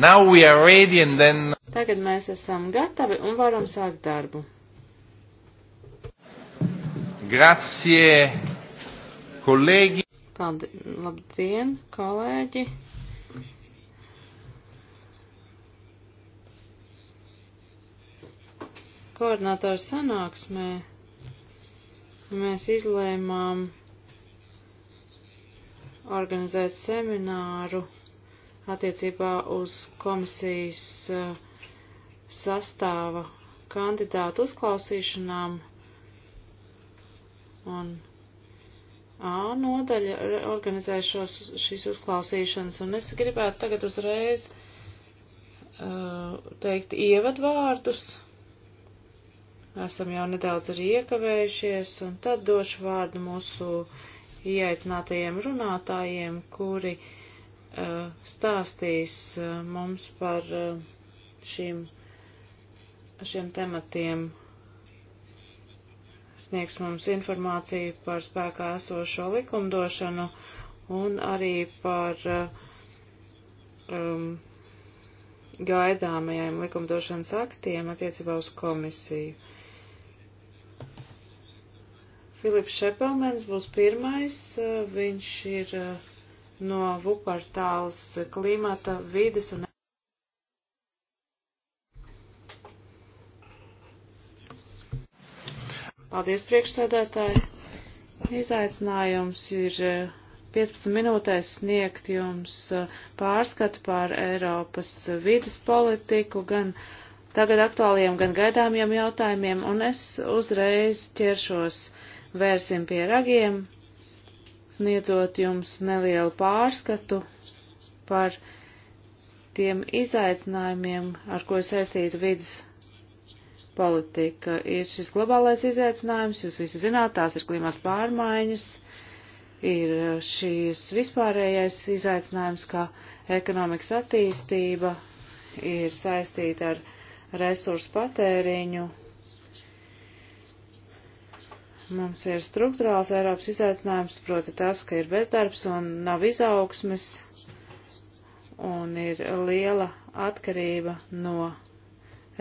Now we are ready and then... Tagad mēs esam gatavi un varam sākt darbu. Grazie, kolēģi. Paldi, labdien, kolēģi. Koordinātoru sanāksmē mēs izlēmām organizēt semināru attiecībā uz komisijas eh, sastāva kandidātu uzklausīšanām un A nodaļa organizē šos, šīs uzklausīšanas, un es gribētu tagad uzreiz uh, teikt ievadvārdus. Esam jau nedaudz arī iekavējušies, un tad došu vārdu mūsu ieaicinātajiem runātājiem, kuri uh, Eh, stāstīs eh, mums par eh, šīm, šiem tematiem, sniegs mums informāciju par spēkā esošo likumdošanu un arī par um, gaidāmajiem likumdošanas aktiem attiecībā uz komisiju. Filips Šepelmens būs pirmais, viņš ir uh, no Vukartāls klimata vides un. Paldies, priekšsēdētāji. Izaicinājums ir 15 eh, minūtēs sniegt jums eh, pārskatu par Eiropas vides politiku, gan tagad aktuāliem, gan gaidāmiem jautājumiem, un es uzreiz ķeršos vērsim pie ragiem sniedzot jums nelielu pārskatu par tiem izaicinājumiem, ar ko saistīta vidas politika. Ir šis globālais izaicinājums, jūs visi zināt, tās ir klimata pārmaiņas, ir šīs vispārējais izaicinājums, kā ekonomikas attīstība ir saistīta ar resursu patēriņu Mums ir struktūrāls Eiropas izaicinājums, proti tas, ka ir bezdarbs un nav izaugsmes un ir liela atkarība no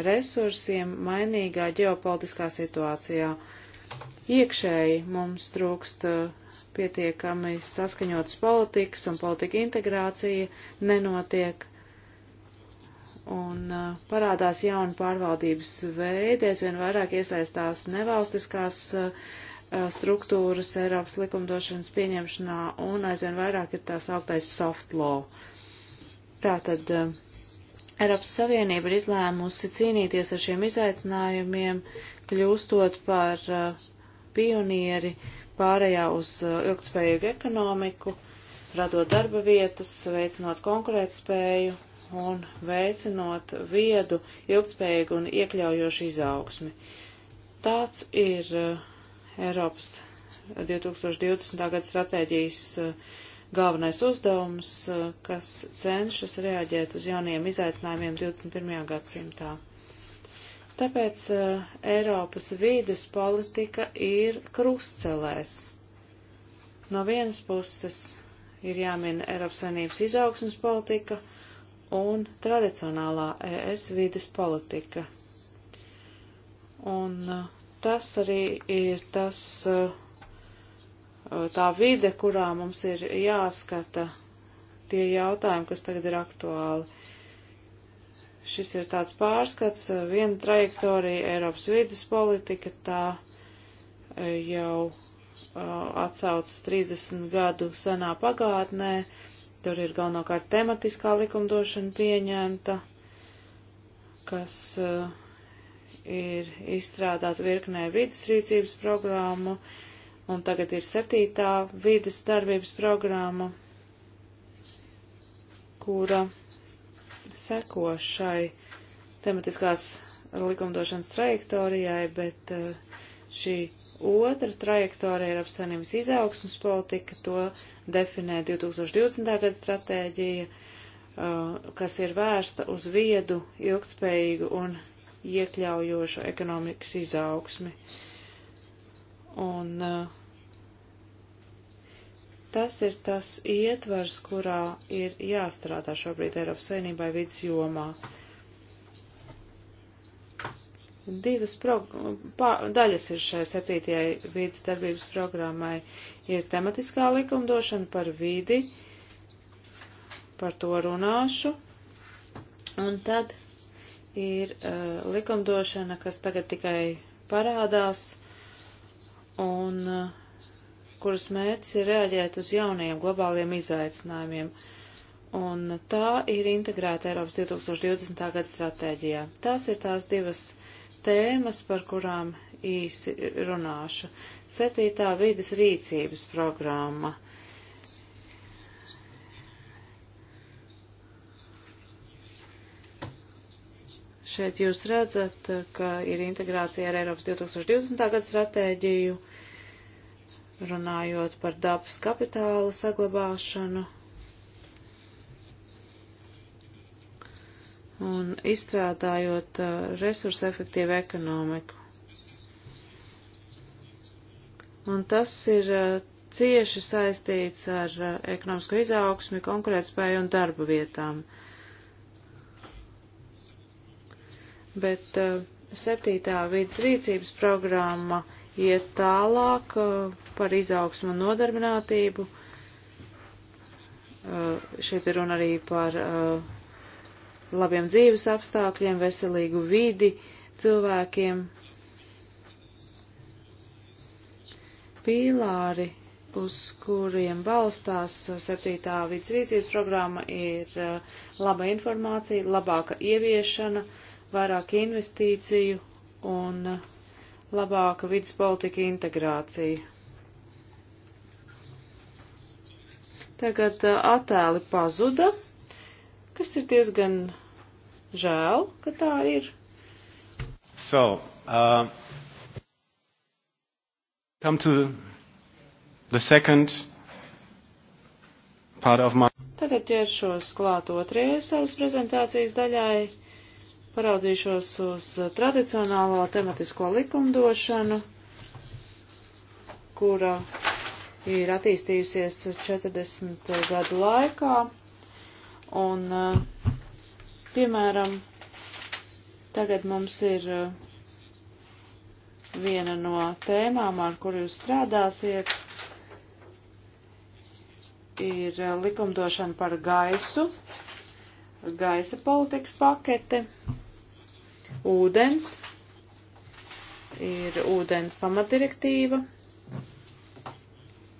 resursiem mainīgā ģeopolitiskā situācijā. Iekšēji mums trūkst uh, pietiekami saskaņotas politikas un politika integrācija nenotiek un uh, parādās jauni pārvaldības veidi, aizvien vairāk iesaistās nevalstiskās uh, uh, struktūras Eiropas likumdošanas pieņemšanā un aizvien vairāk ir tās augtais soft law. Tātad Eiropas Savienība ir izlēmusi cīnīties ar šiem izaicinājumiem, kļūstot par pionieri pārējā uz ilgtspējīgu ekonomiku, radot darba vietas, veicinot konkurētspēju un veicinot viedu, ilgspējīgu un iekļaujošu izaugsmi. Tāds ir eh, Eiropas 2020. gada stratēģijas eh, galvenais uzdevums, eh, kas cenšas reaģēt uz jauniem izaicinājumiem 21. gadsimtā. Tāpēc Eiropas vīdes politika ir krustcelēs. No vienas puses ir jāmin Eiropas Savienības izaugsmas politika, un tradicionālā ES vides politika. Un uh, tas arī ir tas, uh, tā vide, kurā mums ir jāskata tie jautājumi, kas tagad ir aktuāli. Šis ir tāds pārskats, uh, viena trajektorija Eiropas vides politika, tā jau atsaucas 30 gadu senā pagātnē, Tur ir galvenokārt tematiskā likumdošana pieņemta, kas uh, ir izstrādāta virknē vidas rīcības programmu, un tagad ir septītā vidas darbības programma, kura seko šai tematiskās likumdošanas trajektorijai, bet uh, Šī otra trajektorija Eiropas Savienības izaugsmas politika, to definē 2020. gada stratēģija, uh, kas ir vērsta uz viedu, ilgtspējīgu un iekļaujošu ekonomikas izaugsmi. Un uh, tas ir tas ietvars, kurā ir jāstrādā šobrīd Eiropas Savienībai vidas jomā. Divas pā, daļas ir šai septītajai vīdes darbības programmai. Ir tematiskā likumdošana par vidi, par to runāšu, un tad ir uh, likumdošana, kas tagad tikai parādās, un uh, kuras mērķis ir reaģēt uz jaunajiem globāliem izaicinājumiem. Un tā ir integrēta Eiropas 2020. gada stratēģijā. Tās ir tās divas tēmas, par kurām īsi runāšu. Septītā vides rīcības programma. Šeit jūs redzat, ka ir integrācija ar Eiropas 2020. gada stratēģiju, runājot par dabas kapitāla saglabāšanu un izstrādājot uh, resursu efektīvu ekonomiku. Un tas ir uh, cieši saistīts ar uh, ekonomisko izaugsmi, konkurētspēju un darba vietām. Bet septītā vidas rīcības programma iet tālāk par izaugsmu un nodarbinātību. Šeit ir runa arī par uh, labiem dzīves apstākļiem, veselīgu vidi cilvēkiem. Pīlāri, uz kuriem balstās septītā vidas rīcības programma, ir uh, laba informācija, labāka ieviešana, vairāk investīciju un uh, labāka vidas politika integrācija. Tagad uh, attēli pazuda kas ir diezgan žēl, ka tā ir. So, uh, come to the second part of my. Tagad ķeršos klāt otrajai savas prezentācijas daļai, paraudzīšos uz tradicionālo tematisko likumdošanu, kura ir attīstījusies 40 gadu laikā Un, eh, piemēram, tagad mums ir eh, viena no tēmām, ar kur jūs strādāsiet, ir eh, likumdošana par gaisu, gaisa politikas pakete, ūdens, ir ūdens pamatdirektīva,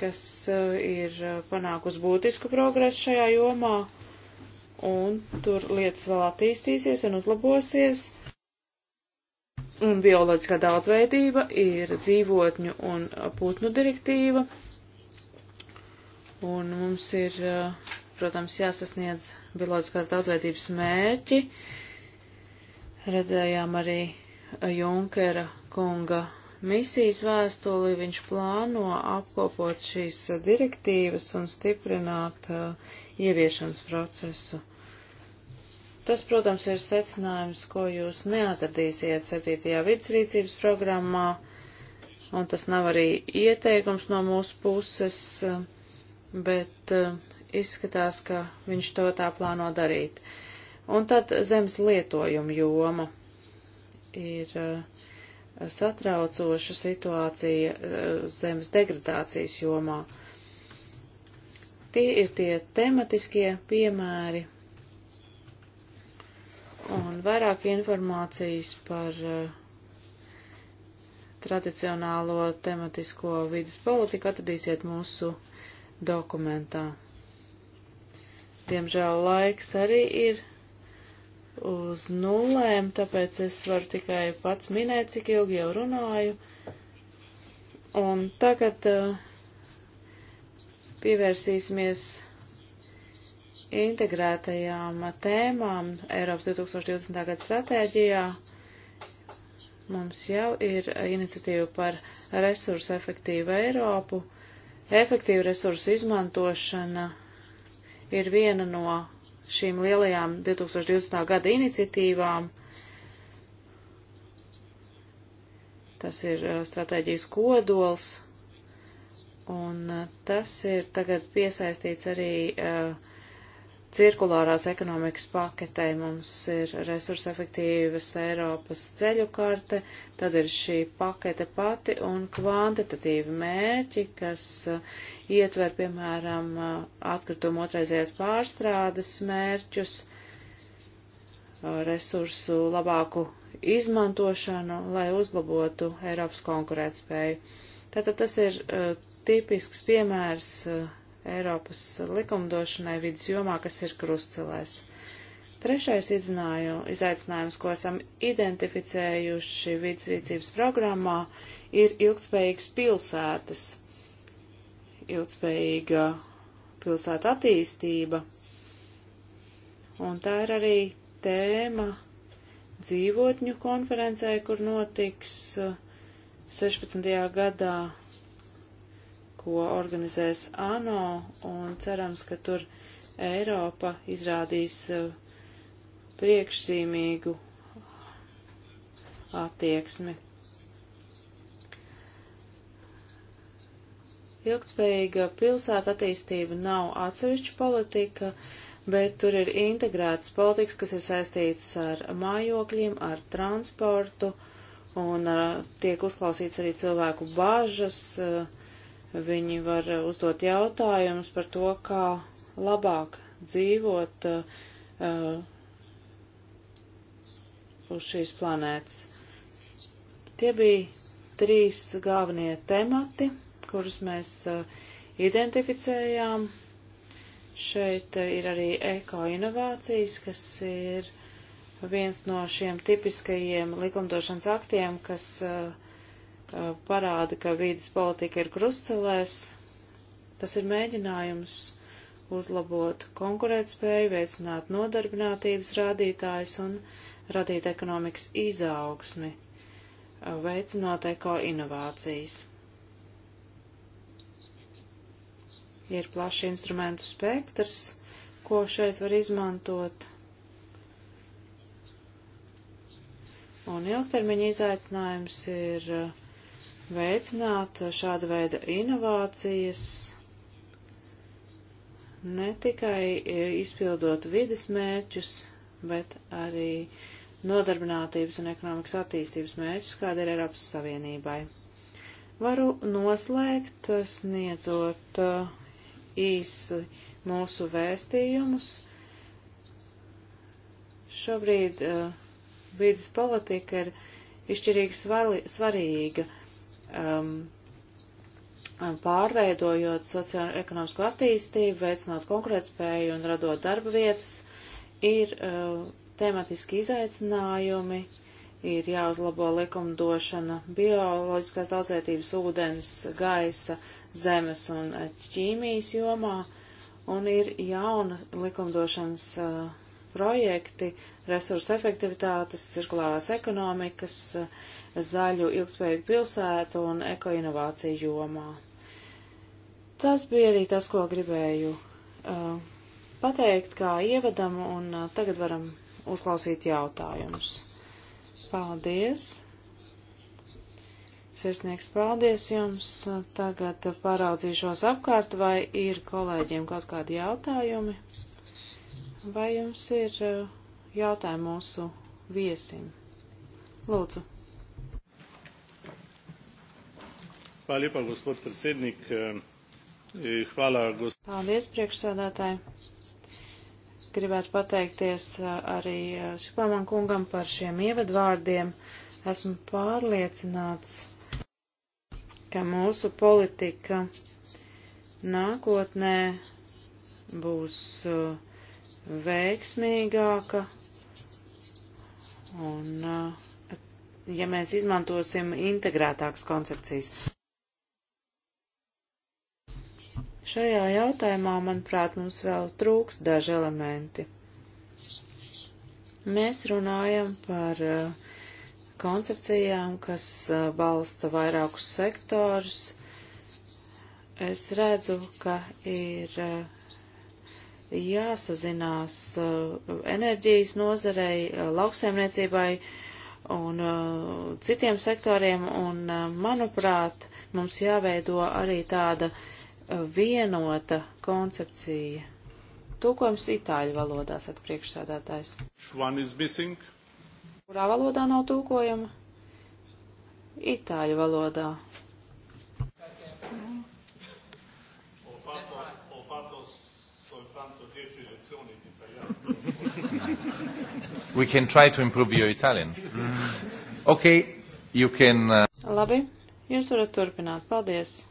kas ir panākusi būtisku progresu šajā jomā un tur lietas vēl attīstīsies un uzlabosies. Un bioloģiskā daudzveidība ir dzīvotņu un putnu direktīva. Un mums ir, protams, jāsasniedz bioloģiskās daudzveidības mērķi. Redzējām arī Junkera kunga misijas vēstuli, viņš plāno apkopot šīs direktīvas un stiprināt uh, ieviešanas procesu. Tas, protams, ir secinājums, ko jūs neatradīsiet 7. vidusrīcības programmā, un tas nav arī ieteikums no mūsu puses, uh, bet uh, izskatās, ka viņš to tā plāno darīt. Un tad zemes lietojuma joma ir uh, satraucoša situācija eh, zemes degradācijas jomā. Tie ir tie tematiskie piemēri un vairāk informācijas par uh, tradicionālo tematisko vidas politiku atradīsiet mūsu dokumentā. Diemžēl laiks arī ir uz nulēm, tāpēc es varu tikai pats minēt, cik ilgi jau runāju. Un tagad uh, pievērsīsimies integrētajām tēmām Eiropas 2020. gada stratēģijā. Mums jau ir iniciatīva par resursu efektīvu Eiropu. Efektīva resursu izmantošana ir viena no šīm lielajām 2020. gada iniciatīvām. Tas ir eh, stratēģijas kodols, un eh, tas ir tagad piesaistīts arī uh, cirkulārās ekonomikas paketē mums ir resursa efektīvas Eiropas ceļu karte, tad ir šī pakete pati un kvantitatīvi mērķi, kas uh, ietver, piemēram, uh, atkritumu otraizējās pārstrādes mērķus, uh, resursu labāku izmantošanu, lai uzlabotu Eiropas konkurētspēju. Tātad tas ir uh, tipisks piemērs uh, Eiropas likumdošanai vidas jomā, kas ir krustcelēs. Trešais izaicinājums, ko esam identificējuši vidas rīcības programmā, ir ilgspējīgas pilsētas, ilgspējīga pilsēta attīstība, un tā ir arī tēma dzīvotņu konferencē, kur notiks 16. Eh, gadā ko organizēs ANO, un cerams, ka tur Eiropa izrādīs eh, priekšzīmīgu attieksmi. Ilgtspējīga pilsēta attīstība nav atsevišķa politika, bet tur ir integrētas politikas, kas ir saistītas ar mājokļiem, ar transportu, un ar, eh, tiek uzklausīts arī cilvēku bažas, uh, Viņi var uzdot jautājumus par to, kā labāk dzīvot uh, uz šīs planētas. Tie bija trīs galvenie temati, kurus mēs uh, identificējām. Šeit uh, ir arī ekoinovācijas, kas ir viens no šiem tipiskajiem likumdošanas aktiem, kas uh, Uh, parāda, ka vīdas politika ir krustcelēs. Tas ir mēģinājums uzlabot konkurētspēju, veicināt nodarbinātības rādītājus un radīt ekonomikas izaugsmi, uh, veicinot eko inovācijas. Ir plašs instrumentu spektrs, ko šeit var izmantot. Un ilgtermiņa izaicinājums ir uh, veicināt šāda veida inovācijas ne tikai izpildot vides mērķus, bet arī nodarbinātības un ekonomikas attīstības mērķus, kāda ir Eiropas Savienībai. Varu noslēgt, sniedzot uh, īsi mūsu vēstījumus. Šobrīd uh, vides politika ir izšķirīgi svarīga um, pārveidojot sociālo-ekonomisko attīstību, veicinot konkurētspēju un radot darba vietas, ir uh, tematiski izaicinājumi, ir jāuzlabo likumdošana bioloģiskās daudzveidības ūdens, gaisa, zemes un uh, ķīmijas jomā, un ir jauna likumdošanas uh, projekti resursu efektivitātes, cirkulārās ekonomikas, uh, zaļu ilgspējīgu pilsētu un ekoinovāciju jomā. Tas bija arī tas, ko gribēju uh, pateikt kā ievadam, un uh, tagad varam uzklausīt jautājumus. Paldies! Sirsnieks, paldies jums! Tagad paraudzīšos apkārt, vai ir kolēģiem kaut kādi jautājumi? Vai jums ir uh, jautājumi mūsu viesim? Lūdzu! Hvala lepa, gospod predsednik. Eh, eh, hvala, gospod. Paldies, priekšsēdētāji. Gribētu pateikties eh, arī Šipaman kungam par šiem ievadvārdiem. Esmu pārliecināts, ka mūsu politika nākotnē būs veiksmīgāka un ja mēs izmantosim integrētākas koncepcijas. Šajā jautājumā, manuprāt, mums vēl trūks daži elementi. Mēs runājam par uh, koncepcijām, kas uh, balsta vairākus sektorus. Es redzu, ka ir uh, jāsazinās enerģijas nozarei, lauksaimniecībai un citiem sektoriem, un, manuprāt, mums jāveido arī tāda vienota koncepcija. Tūkojums itāļu valodā, saka priekšsādātājs. Kurā valodā nav tūkojuma? Itāļu valodā. We can try to improve your Italian. Okay, you can. Uh... Labi, jūs varat turpināt. Paldies.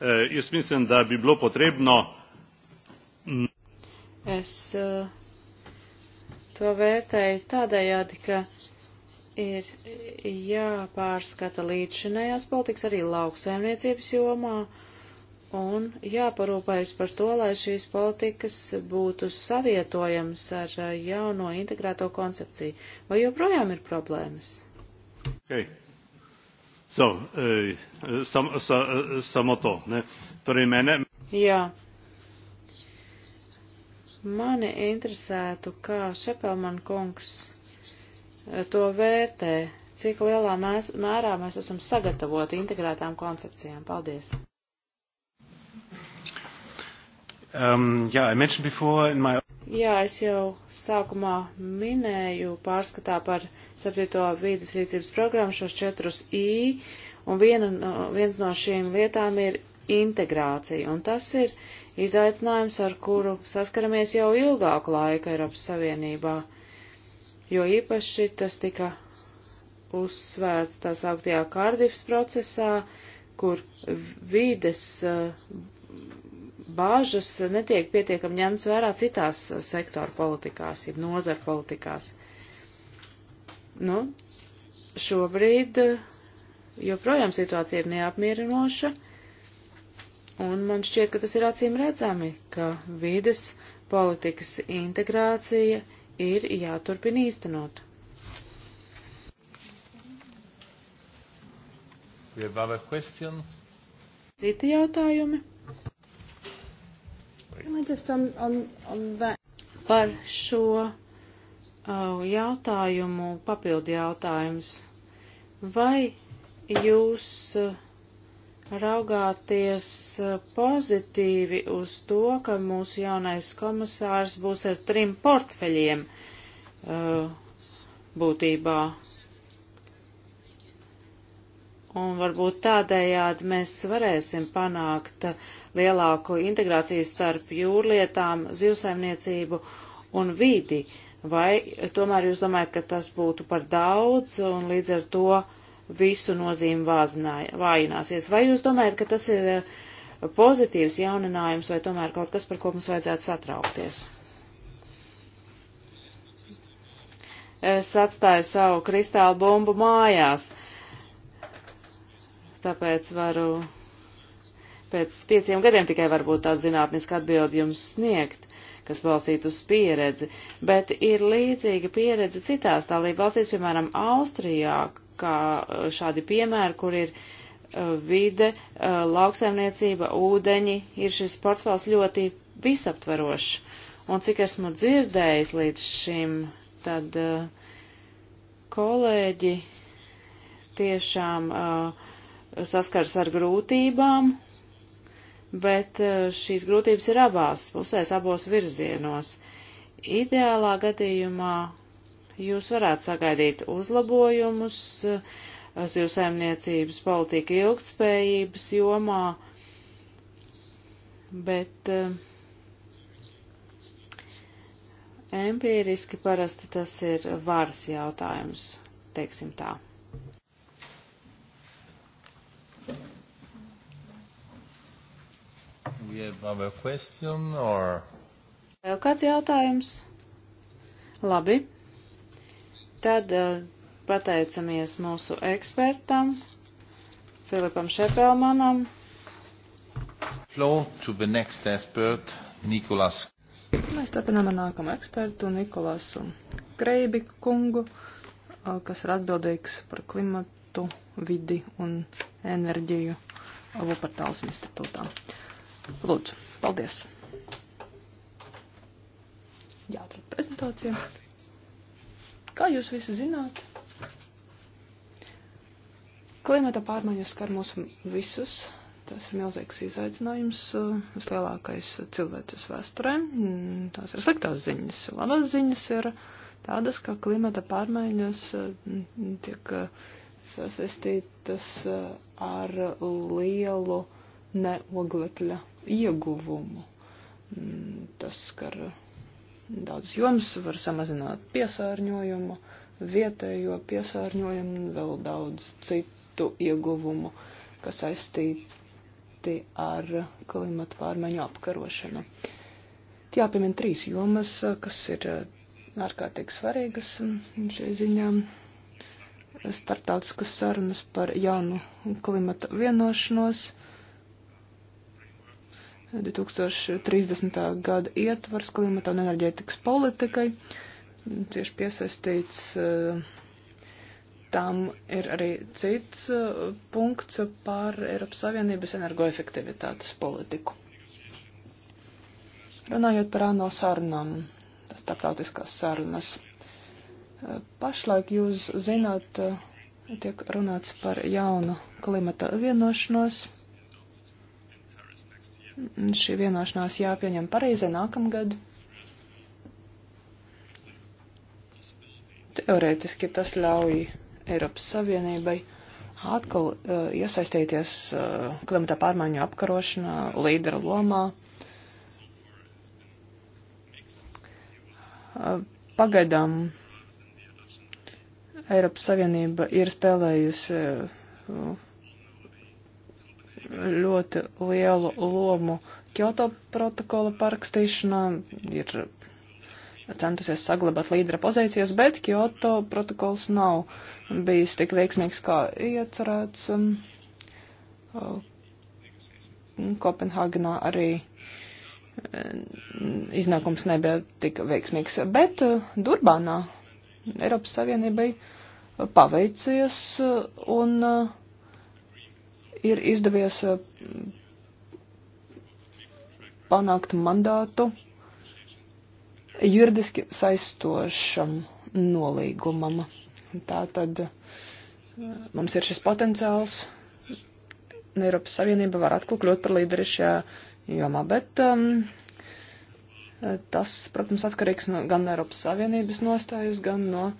Eh, jaz mislim, da bi bilo potrebno. Es eh, to vērtēju tādējādi, ka ir jāpārskata līdzinējās politikas arī lauksaimniecības jomā un jāparūpējas par to, lai šīs politikas būtu savietojams ar eh, jauno integrēto koncepciju. Vai joprojām ir problēmas? Okay. So, e, sam, sa, e, samo to. Ne? Torej mene... Jā. Mani interesētu, kā Šepelman kungs e, to vērtē, cik lielā mēs, mērā mēs esam sagatavoti integrētām koncepcijām. Paldies! Um, yeah, I mentioned before in my Jā, es jau sākumā minēju pārskatā par 7. vīdas rīcības programmu šos četrus I, un viena, viens no šīm lietām ir integrācija, un tas ir izaicinājums, ar kuru saskaramies jau ilgāku laiku Eiropas Savienībā, jo īpaši tas tika uzsvērts tā sauktajā Kārdivas procesā, kur vīdes uh, bāžas netiek pietiekam ņemts vērā citās sektoru politikās, jeb nozar politikās. Nu, šobrīd eh, joprojām situācija ir neapmierinoša, un man šķiet, ka tas ir acīm redzami, ka vides politikas integrācija ir jāturpina īstenot. Citi jautājumi? Sorry. Par šo uh, jautājumu, papildu jautājums. Vai jūs uh, raugāties uh, pozitīvi uz to, ka mūsu jaunais komisārs būs ar trim portfeļiem būtībā un varbūt tādējādi mēs varēsim panākt lielāku integrāciju starp jūrlietām, zivsaimniecību un vidi. Vai tomēr jūs domājat, ka tas būtu par daudz un līdz ar to visu nozīmi vājināsies? Vai jūs domājat, ka tas ir eh, pozitīvs jauninājums vai tomēr kaut kas, par ko mums vajadzētu satraukties? Es atstāju savu kristālu bumbu mājās. Uh, tāpēc varu pēc pieciem gadiem tikai varbūt tādu zinātnisku atbildi jums sniegt, kas balstīt uz pieredzi, bet ir līdzīga pieredze citās dalību valstīs, piemēram, Austrijā, kā eh, šādi piemēri, kur ir eh, vide, eh, lauksaimniecība, ūdeņi, ir šis portfels ļoti visaptverošs. Un cik esmu dzirdējis līdz šim, tad kolēģi tiešām uh, saskars ar grūtībām, bet eh, šīs grūtības ir abās pusēs, abos virzienos. Ideālā gadījumā jūs varētu sagaidīt uzlabojumus eh, zivsaimniecības politika ilgtspējības jomā, bet eh, empīriski parasti tas ir varas jautājums, teiksim tā. Or... Vēl kāds jautājums? Labi. Tad uh, pateicamies mūsu ekspertam, Filipam Šepelmanam. Flow to the next expert, Nikolas. Mēs turpinām ar nākamu ekspertu, Nikolasu Kreibiku kungu, eh, kas ir atbildīgs par klimatu, vidi un enerģiju Vopatāls institūtā. Lūdzu, paldies. Jāatrod prezentācija. Kā jūs visi zināt, klimata pārmaiņas skar mūs visus. Tas ir milzīgs izaicinājums, uh, vislielākais cilvēces vēsturē. Mm, tās ir sliktās ziņas. Labās ziņas ir tādas, ka klimata pārmaiņas uh, tiek uh, sasistītas ar lielu uh, neoglekļa ieguvumu. Mm, Tas skar daudzas jomas, var samazināt piesārņojumu, vietējo piesārņojumu un vēl daudz citu ieguvumu, kas aizstīti ar klimatu pārmaiņu apkarošanu. Jāpiemina trīs jomas, kas ir ārkārtīgi svarīgas šai ziņā starptautiskas sarunas par jaunu klimata vienošanos, 2030. gada ietvars klimata un enerģētikas politikai. Tieši piesaistīts eh, tam ir arī cits eh, punkts par Eiropas Savienības energoefektivitātes politiku. Runājot par ANO sarunām, starptautiskās sarunas. Eh, pašlaik jūs zināt, tiek runāts par jaunu klimata vienošanos Šī vienošanās jāpieņem Parīzē nākamgad. Teorētiski tas ļauj Eiropas Savienībai atkal uh, iesaistīties uh, klimata pārmaiņu apkarošanā, līdera lomā. Uh, pagaidām Eiropas Savienība ir spēlējusi uh, ļoti lielu lomu Kyoto protokola parakstīšanā, ir centusies saglabāt līdera pozīcijas, bet Kyoto protokols nav bijis tik veiksmīgs, kā iecerēts. Um, uh, Kopenhāgenā arī um, iznākums nebija tik veiksmīgs, bet uh, Durbānā Eiropas Savienībai paveicies uh, un uh, ir izdevies eh, panākt mandātu juridiski saistošam nolīgumam. Tātad eh, mums ir šis potenciāls. Eiropas Savienība var atkal kļūt par līderi šajā jomā, bet um, tas, protams, atkarīgs no, gan no Eiropas Savienības nostājas, gan no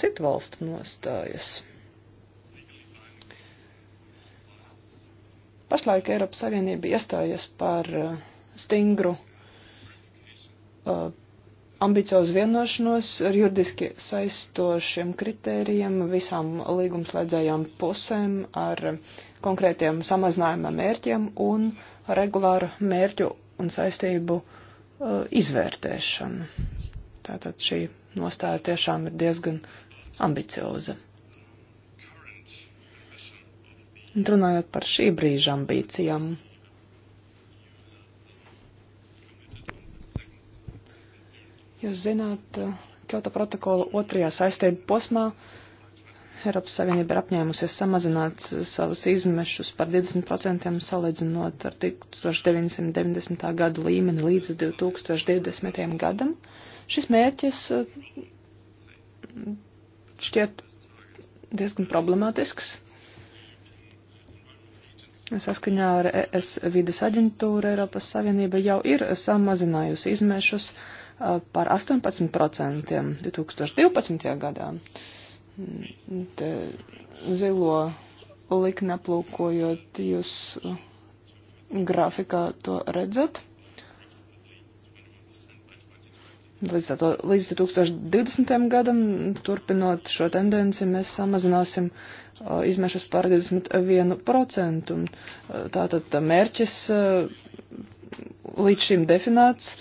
citu valstu nostājas. Pašlaik Eiropas Savienība iestājas par eh, stingru, eh, ambiciozu vienošanos ar juridiski saistošiem kritērijiem visām līgumslēdzējām pusēm ar konkrētiem samazinājuma mērķiem un regulāru mērķu un saistību eh, izvērtēšanu. Tātad šī nostāja tiešām ir diezgan ambicioza. Un runājot par šī brīža ambīcijām. Jūs zināt, Kyoto protokola otrajā saistību posmā Eiropas Savienība ir apņēmusies samazināt savus izmešus par 20% salīdzinot ar 1990. gadu līmeni līdz 2020. gadam. Šis mērķis eh, šķiet diezgan problemātisks. Saskaņā ar ES vides aģentūru Eiropas Savienība jau ir samazinājusi izmešus par 18% 2012. gadā. Mm, te zilo likni aplūkojot, jūs grafikā to redzat. Līdz, tā, līdz 2020. gadam, turpinot šo tendenci, mēs samazināsim uh, izmešus par 21%. Uh, tātad tā uh, mērķis uh, līdz šim definēts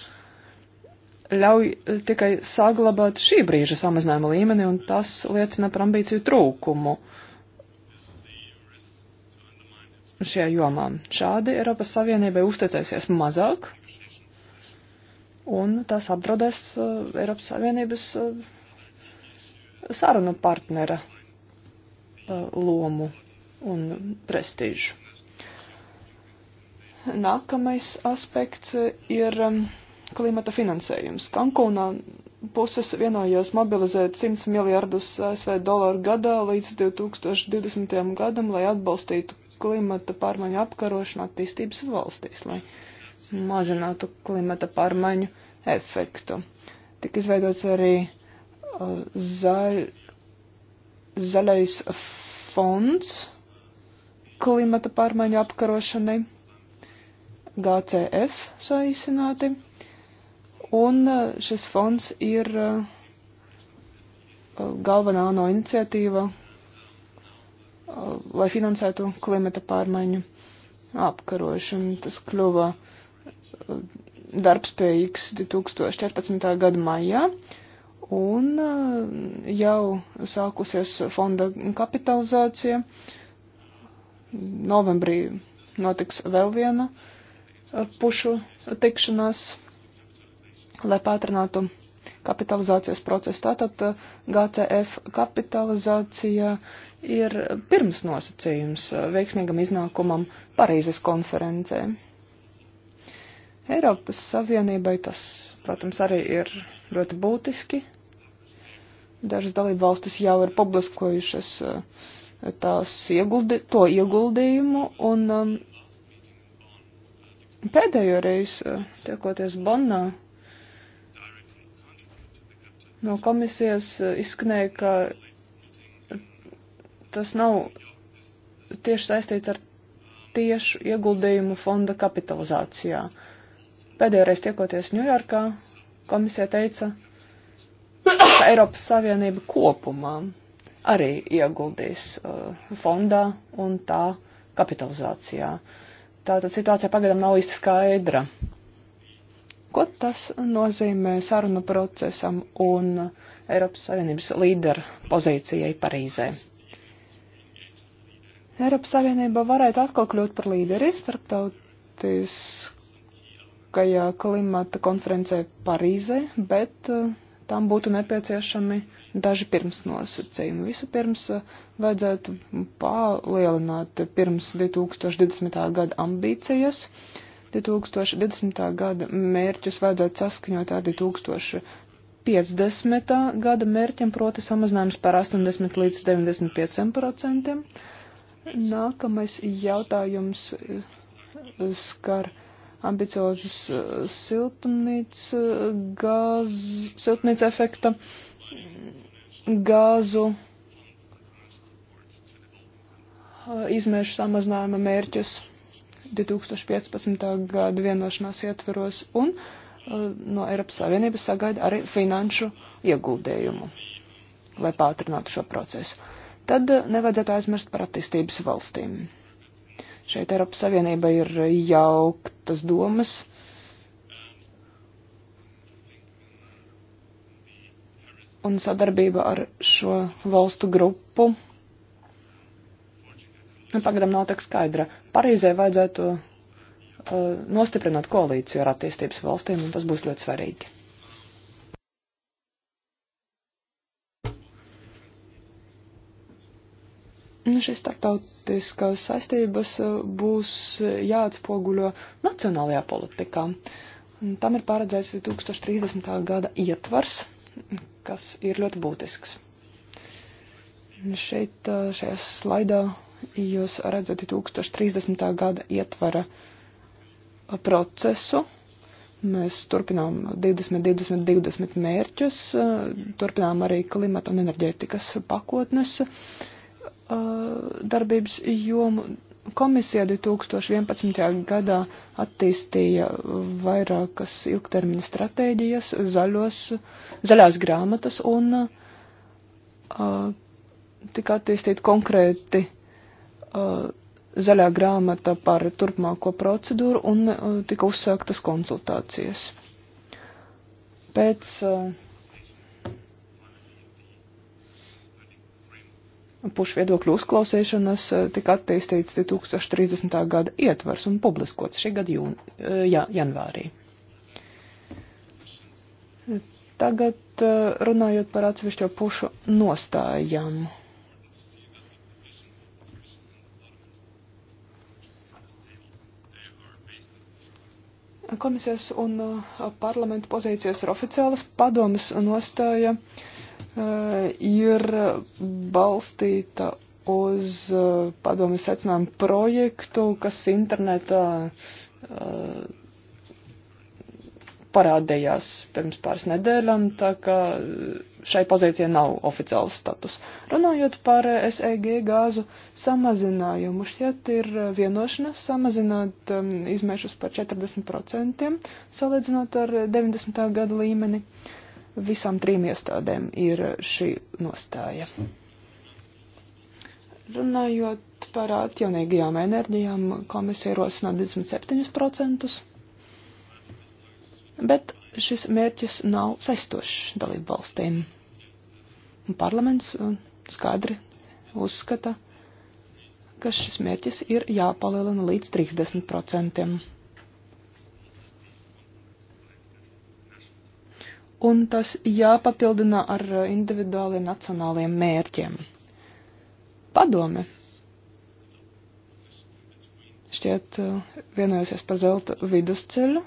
ļauj uh, tikai saglabāt šī brīža samazinājuma līmeni, un tas liecina par ambīciju trūkumu šajā jomā. Šādi Eiropas Savienībai uzticēsies mazāk un tas apdraudēs uh, Eiropas Savienības uh, sarunu partnera uh, lomu un prestīžu. Nākamais aspekts ir um, klimata finansējums. Kankūnā puses vienojās mobilizēt 100 miljardus ASV dolāru gadā līdz 2020. gadam, lai atbalstītu klimata pārmaiņu apkarošanu attīstības valstīs, lai uh, mazinātu klimata pārmaiņu efektu. Tik izveidots arī uh, zaļ, zaļais fonds klimata pārmaiņu apkarošanai, GCF saīsināti, un uh, šis fonds ir uh, uh, galvenā no iniciatīva, uh, lai finansētu klimata pārmaiņu apkarošanu. Tas kļuva uh, darbspējīgs 2014. gada maijā, un eh, jau sākusies fonda kapitalizācija. Novembrī notiks vēl viena eh, pušu tikšanās, lai pātrinātu kapitalizācijas procesu. Tātad eh, GCF kapitalizācija ir pirms nosacījums veiksmīgam iznākumam Parīzes konferencē. Eiropas Savienībai tas, protams, arī ir ļoti būtiski. Dažas dalību valstis jau ir publiskojušas eh, tās ieguldi, to ieguldījumu, un um, pēdējo reizi, eh, tiekoties Bonnā, no komisijas eh, izskanēja, ka tas nav tieši saistīts ar tiešu ieguldījumu fonda kapitalizācijā. Uh, Pēdējoreiz tiekoties Ņujorkā, komisija teica, ka Eiropas Savienība kopumā arī ieguldīs uh, fondā un tā kapitalizācijā. Tātad situācija pagaidām nav īsti skaidra. Ko tas nozīmē sarunu procesam un Eiropas Savienības līderu pozīcijai Parīzē? Eiropas Savienība varētu atkal kļūt par līderi starptautiskā nākamajā klimata konferencē Parīzē, bet uh, tam būtu nepieciešami daži pirmsnosacījumi. Vispirms uh, vajadzētu palielināt pirms 2020. gada ambīcijas. 2020. gada mērķus vajadzētu saskaņot ar 2050. gada mērķiem, proti samazinājums par 80 līdz 95 procentiem. Nākamais jautājums uh, skar ambiciozus eh, siltumnīca gāzu, siltumnīca efekta gāzu eh, izmēšu samazinājuma mērķus 2015. gada vienošanās ietveros un eh, no Eiropas Savienības sagaida arī finanšu ieguldējumu, lai pātrinātu šo procesu. Tad nevajadzētu aizmirst par attīstības valstīm. Šeit Eiropas Savienība ir jauktas domas. Un sadarbība ar šo valstu grupu nu, pagadam nav tik skaidra. Parīzē vajadzētu uh, nostiprināt koalīciju ar attīstības valstīm, un tas būs ļoti svarīgi. Nu, šīs starptautiskās saistības uh, būs uh, jāatspoguļo nacionālajā politikā. Tam ir paredzēts 2030. gada ietvars, kas ir ļoti būtisks. Šeit, uh, šajā slaidā, jūs redzat 2030. gada ietvara procesu. Mēs turpinām 20, 20, 20 mērķus, turpinām arī klimata un enerģētikas pakotnes. Uh, Uh, darbības jomu. Komisija 2011. gadā attīstīja vairākas ilgtermiņa stratēģijas, zaļos, zaļās grāmatas un uh, tika attīstīti konkrēti uh, zaļā grāmata par turpmāko procedūru un uh, tika uzsāktas konsultācijas. Pēc uh, pušu viedokļu uzklausīšanas eh, tika attīstīts 2030. gada ietvars un publiskots šī gada jūn, eh, jā, janvārī. Tagad eh, runājot par atsevišķo pušu nostājām. Komisijas un parlamenta pozīcijas ir oficiālas padomas nostāja. Uh, Eh, ir balstīta uz eh, padomi secinājumu projektu, kas internetā eh, parādījās pirms pāris nedēļām, tā ka šai pozīcijai nav oficiāls status. Runājot par SEG gāzu samazinājumu, šķiet ir vienošanās samazināt um, izmešus par 40%, salīdzinot ar 90. gada līmeni. Uh, Visām trim iestādēm ir šī nostāja. Runājot par atjaunīgajām enerģijām, komisija rosina 27%, bet šis mērķis nav saistošs dalību valstīm. Parlaments skaidri uzskata, ka šis mērķis ir jāpalielina līdz 30%. un tas jāpapildina ar eh, individuāliem nacionāliem mērķiem. Padome šķiet eh, vienojusies par zelta vidusceļu,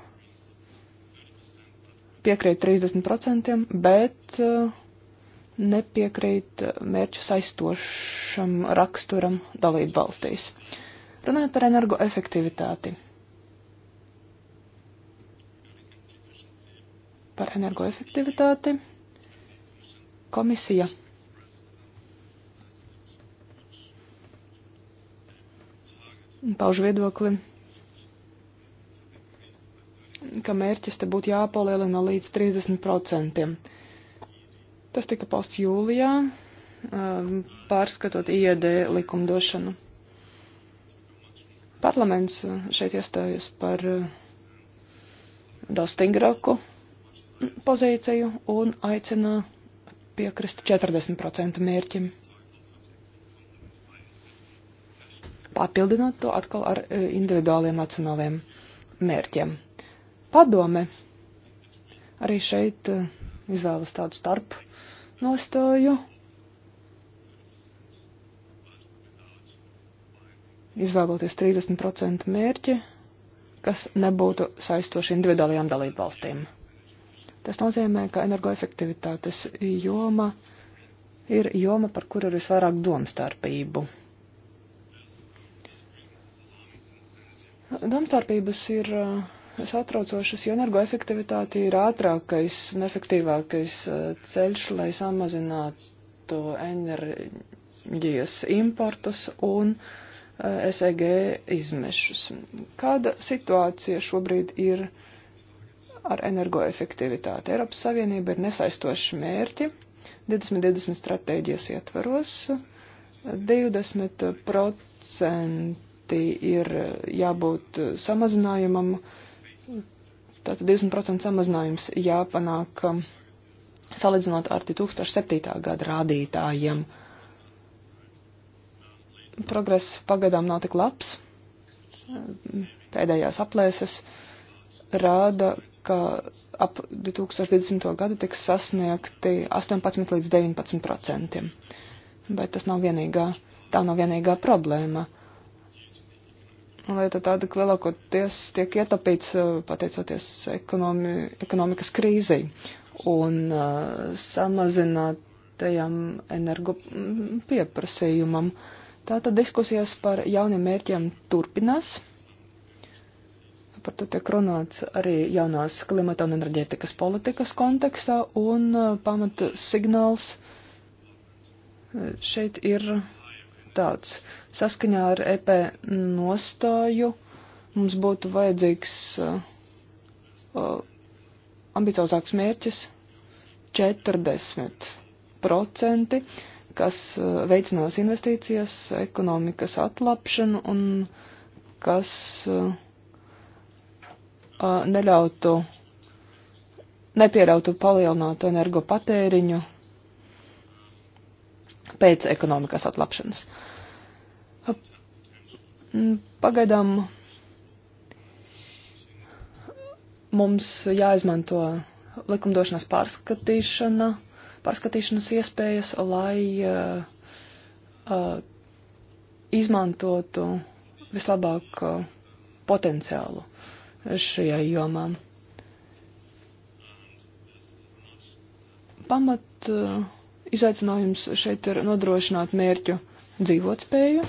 piekrīt 30%, bet eh, nepiekrīt mērķu saistošam raksturam dalību valstīs. Runājot par energoefektivitāti. efektivitāti par energoefektivitāti. Komisija pauž viedokli, ka mērķis te būtu jāpalielina līdz 30%. Tas tika pausts jūlijā, um, pārskatot IED likumdošanu. Parlaments uh, šeit iestājas par uh, daudz stingrāku pozīciju un aicina piekrist 40% mērķim. Papildināt to atkal ar e, individuāliem nacionāliem mērķiem. Padome arī šeit e, izvēlas tādu starp nostāju. Izvēloties 30% mērķi, kas nebūtu saistoši individuālajām dalību valstīm. Tas nozīmē, ka energoefektivitātes joma ir joma, par kuru ir visvairāk domstarpību. Domstarpības ir uh, satraucošas, jo energoefektivitāte ir ātrākais un efektīvākais uh, ceļš, lai samazinātu enerģijas importus un uh, SEG izmešus. Kāda situācija šobrīd ir? ar energoefektivitāti. Eiropas Savienība ir nesaistoši mērķi 2020 stratēģijas ietvaros. 20% ir jābūt samazinājumam, tātad 20% samazinājums jāpanāk um, salīdzinot ar 2007. gada rādītājiem. Progress pagaidām nav tik labs. Pēdējās aplēses rāda, ka ap 2020. gadu tiks sasniegti 18 līdz 19 procentiem. Bet tas nav vienīgā, tā nav vienīgā problēma. Lieta tāda, ka lielākoties tiek ietapīts uh, pateicoties ekonomi, ekonomikas krīzei un uh, samazinātajam energo mm, pieprasījumam. Tātad diskusijas par jauniem mērķiem turpinās. Par to tiek runāts arī jaunās klimata un enerģētikas politikas kontekstā, un uh, pamata signāls uh, šeit ir tāds. Saskaņā ar EP nostāju mums būtu vajadzīgs uh, uh ambiciozāks mērķis 40%, kas uh, veicinās investīcijas, ekonomikas atlapšanu un kas uh, neļautu, nepieļautu palielinātu energo patēriņu pēc ekonomikas atlapšanas. Pagaidām mums jāizmanto likumdošanas pārskatīšana, pārskatīšanas iespējas, lai uh, uh, izmantotu vislabāk uh, potenciālu šajā jomā. Pamat eh, izaicinājums šeit ir nodrošināt mērķu dzīvotspēju.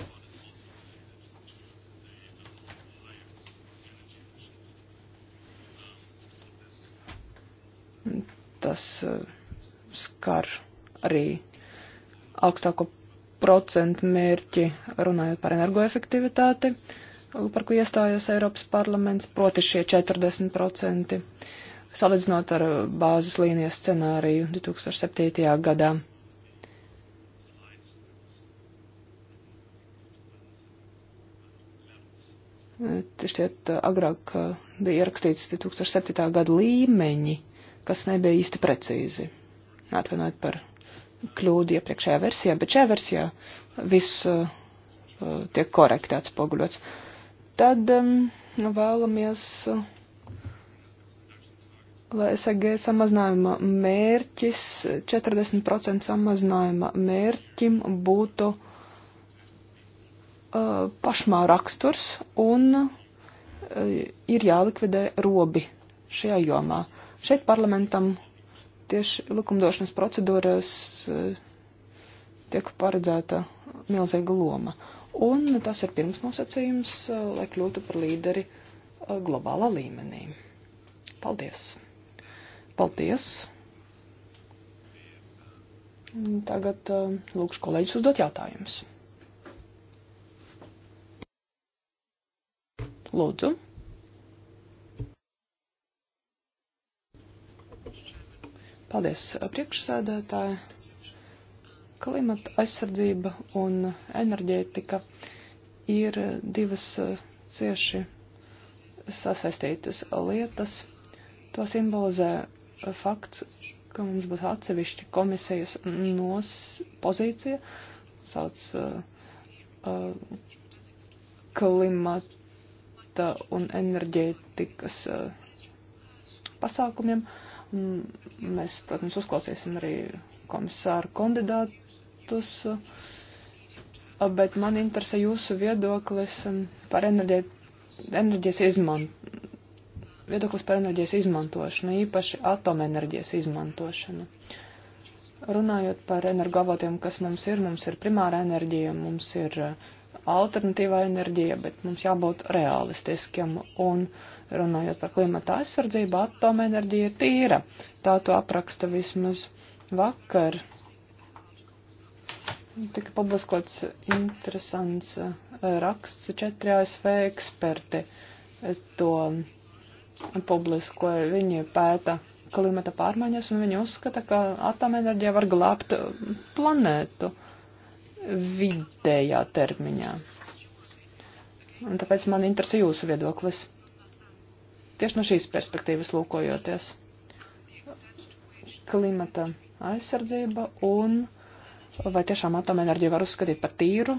Tas eh, skar arī augstāko procentu mērķi runājot par energoefektivitāti. Uh, par ko iestājas Eiropas parlaments, proti šie 40%, salīdzinot ar uh, bāzes līnijas scenāriju 2007. gadā. šķiet, uh, agrāk uh, bija ierakstīts 2007. gada līmeņi, kas nebija īsti precīzi. Atvainojiet par kļūdu iepriekšējā versijā, bet šajā versijā viss uh, tiek korekti atspoguļots. Tad um, nu, vēlamies, uh, lai SAG samazinājuma mērķis, 40% samazinājuma mērķim būtu uh, pašmā raksturs un uh, ir jālikvidē robi šajā jomā. Šeit parlamentam tieši likumdošanas procedūras uh, tiek paredzēta milzīga loma. Uh, Un tas ir pirmsnosacījums, eh, lai kļūtu par līderi eh, globālā līmenī. Paldies! Paldies! Tagad eh, lūkšu kolēģis uzdot jautājumus. Lūdzu. Paldies, priekšsēdētāji. Klimata aizsardzība un enerģētika ir divas eh, cieši sasaistītas lietas. To simbolizē fakts, ka mums būs atsevišķa komisijas nos pozīcija, sauc uh, uh, klimata un enerģētikas uh, pasākumiem. Mēs, protams, uzklausīsim arī komisāru kandidātu datus, bet man interesē jūsu viedoklis um, par enerģē, enerģijas izmantošanu. Viedoklis par enerģijas izmantošanu, īpaši atomenerģijas izmantošanu. Runājot par energoavotiem, kas mums ir, mums ir primāra enerģija, mums ir uh, alternatīvā enerģija, bet mums jābūt realistiskiem. Un runājot par klimata aizsardzību, atomenerģija ir tīra. Tā to apraksta vismaz vakar Tika publiskots interesants eh, raksts, četri ASV eksperti eh, to publiskoja. Viņi pēta klimata pārmaiņas un viņi uzskata, ka atomenerģija var glābt eh, planētu vidējā termiņā. Un tāpēc man interesē jūsu viedoklis. Tieši no šīs perspektīvas lūkojoties. Klimata aizsardzība un Vai tiešām atomenerģiju var uzskatīt par tīru?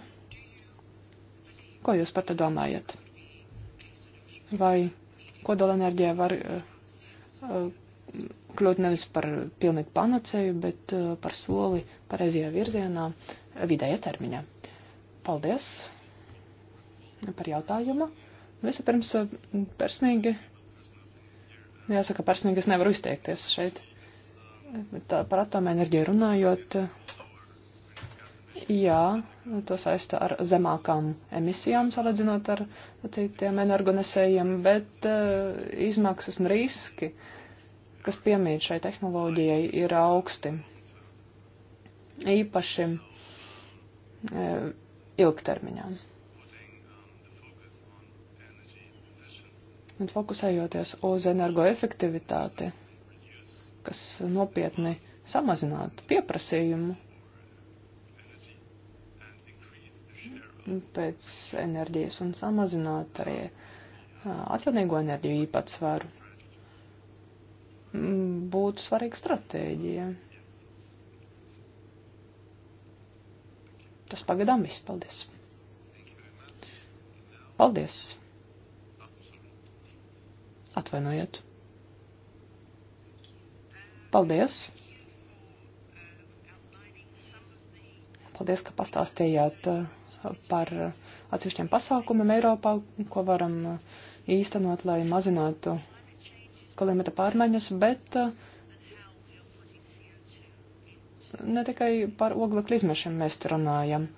Ko jūs par to domājat? Vai kodolenerģija var uh, kļūt nevis par pilnīgu panaceju, bet uh, par soli pareizajā virzienā vidējā termiņā? Paldies par jautājumu. Vispirms personīgi, jāsaka, personīgi es nevaru izteikties šeit. Tā par atomenerģiju runājot. Uh, Jā, to saista ar zemākām emisijām salīdzinot ar citiem energonesējiem, bet uh, izmaksas un riski, kas piemīt šai tehnoloģijai, ir augsti. Īpaši uh, ilgtermiņā. Un fokusējoties uz energoefektivitāti, kas nopietni samazinātu pieprasījumu pēc enerģijas un samazināt arī atjaunīgo enerģiju īpatsvaru. Mm, būtu svarīga stratēģija. Tas pagadām viss. Paldies. Paldies. Atvainojiet. Paldies. Paldies, ka pastāstījāt. Uh, par atsevišķiem pasākumiem Eiropā, ko varam uh, īstenot, lai mazinātu klimata pārmaiņas, bet uh, ne tikai par oglekļa izmešiem mēs runājam.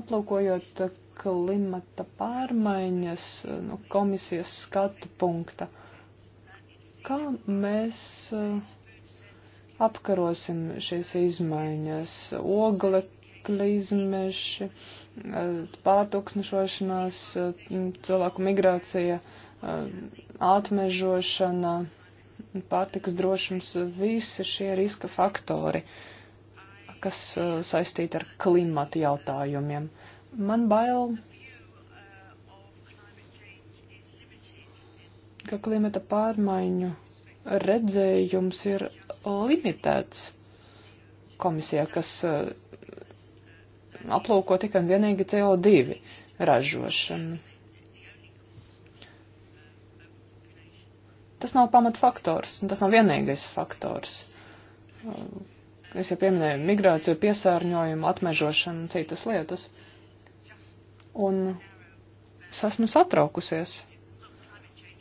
Aplūkojot uh, klimata pārmaiņas no komisijas skatu punkta, kā mēs apkarosim šīs izmaiņas, oglekļa klizmeši, eh, pārtūksnešošanās, eh, cilvēku migrācija, eh, atmežošana, pārtikas drošums, visi šie riska faktori, kas saistīti ar klimata jautājumiem. Man bail, ka klimata pārmaiņu redzējums ir limitēts komisijā, kas aplūko tikai un vienīgi CO2 ražošanu. Tas nav pamatfaktors, un tas nav vienīgais faktors. Es jau pieminēju migrāciju, piesārņojumu, atmežošanu un citas lietas. Un es esmu satraukusies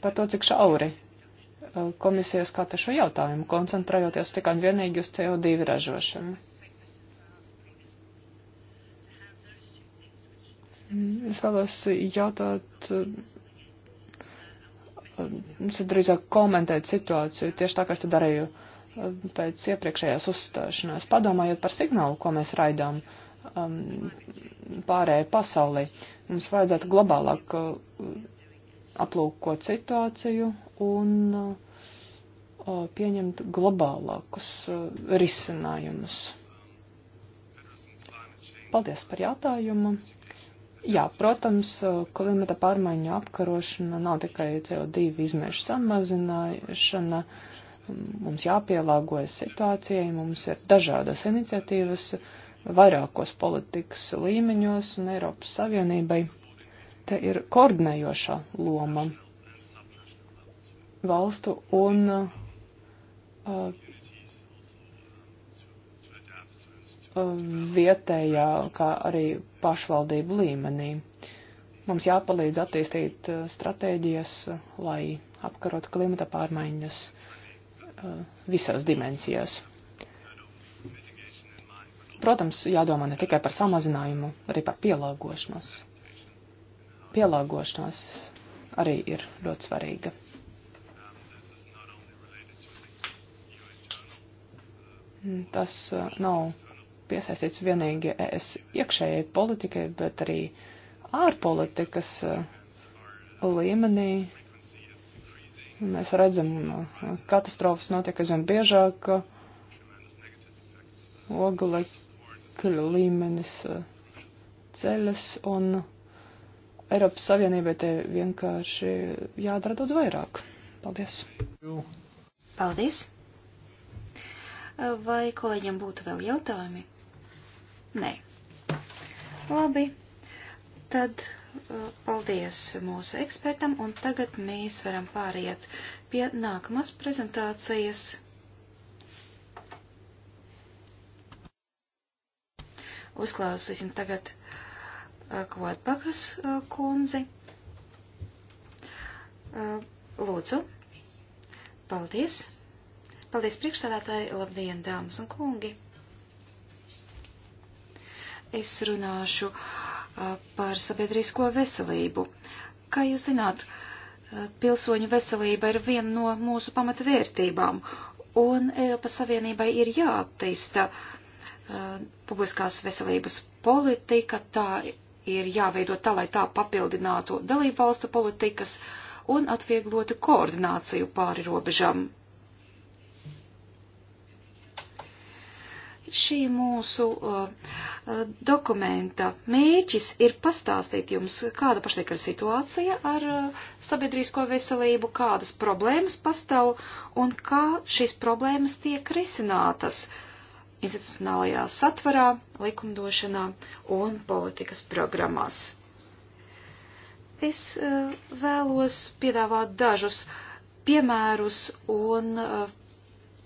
par to, cik šauri eh, komisijas skata šo jautājumu, koncentrējoties tikai un vienīgi uz CO2 ražošanu. Es vēlos jautāt, drīzāk komentēt situāciju, tieši tā, kā es to darīju um, pēc iepriekšējās uzstāšanās, padomājot par signālu, ko mēs raidām um, pārējai pasaulī. Mums vajadzētu globālāk uh, aplūkot situāciju un uh, pieņemt globālākus uh, risinājumus. Paldies par jautājumu. Jā, protams, uh, klimata pārmaiņu apkarošana nav tikai CO2 izmešu samazināšana. Mums jāpielāgojas situācijai, mums ir dažādas iniciatīvas vairākos politikas līmeņos un Eiropas Savienībai. Te ir koordinējošā loma valstu un uh, vietējā, kā arī pašvaldību līmenī. Mums jāpalīdz attīstīt uh, stratēģijas, uh, lai apkarot klimata pārmaiņas uh, visās dimensijās. Protams, jādomā ne tikai par samazinājumu, arī par pielāgošanos. Pielāgošanās arī ir ļoti svarīga. Tas nav piesaistīts vienīgi es iekšējai politikai, bet arī ārpolitikas uh, līmenī. Mēs redzam, uh, katastrofas notiek aizvien biežāk, uh, oglekļa līmenis ceļas un Eiropas Savienībai te vienkārši jādara daudz vairāk. Paldies! Paldies! Vai kolēģiem būtu vēl jautājumi? Nē. Labi. Tad uh, paldies mūsu ekspertam, un tagad mēs varam pāriet pie nākamās prezentācijas. Uzklausīsim tagad uh, Kvotbakas uh, kundzi. Lūdzu. Paldies. Paldies priekšstādātāji. Labdien, dāmas un kungi. Es runāšu par sabiedrisko veselību. Kā jūs zināt, pilsoņu veselība ir viena no mūsu pamatvērtībām, un Eiropas Savienībai ir jāattīsta uh, publiskās veselības politika, tā ir jāveido tā, lai tā papildinātu dalību valstu politikas un atvieglotu koordināciju pāri robežam. šī mūsu uh, uh dokumenta mēķis ir pastāstīt jums, kāda pašlaik ir situācija ar uh, sabiedrīsko veselību, kādas problēmas pastāv un kā šīs problēmas tiek risinātas institucionālajā satvarā, likumdošanā un politikas programmās. Es uh, vēlos piedāvāt dažus piemērus un uh,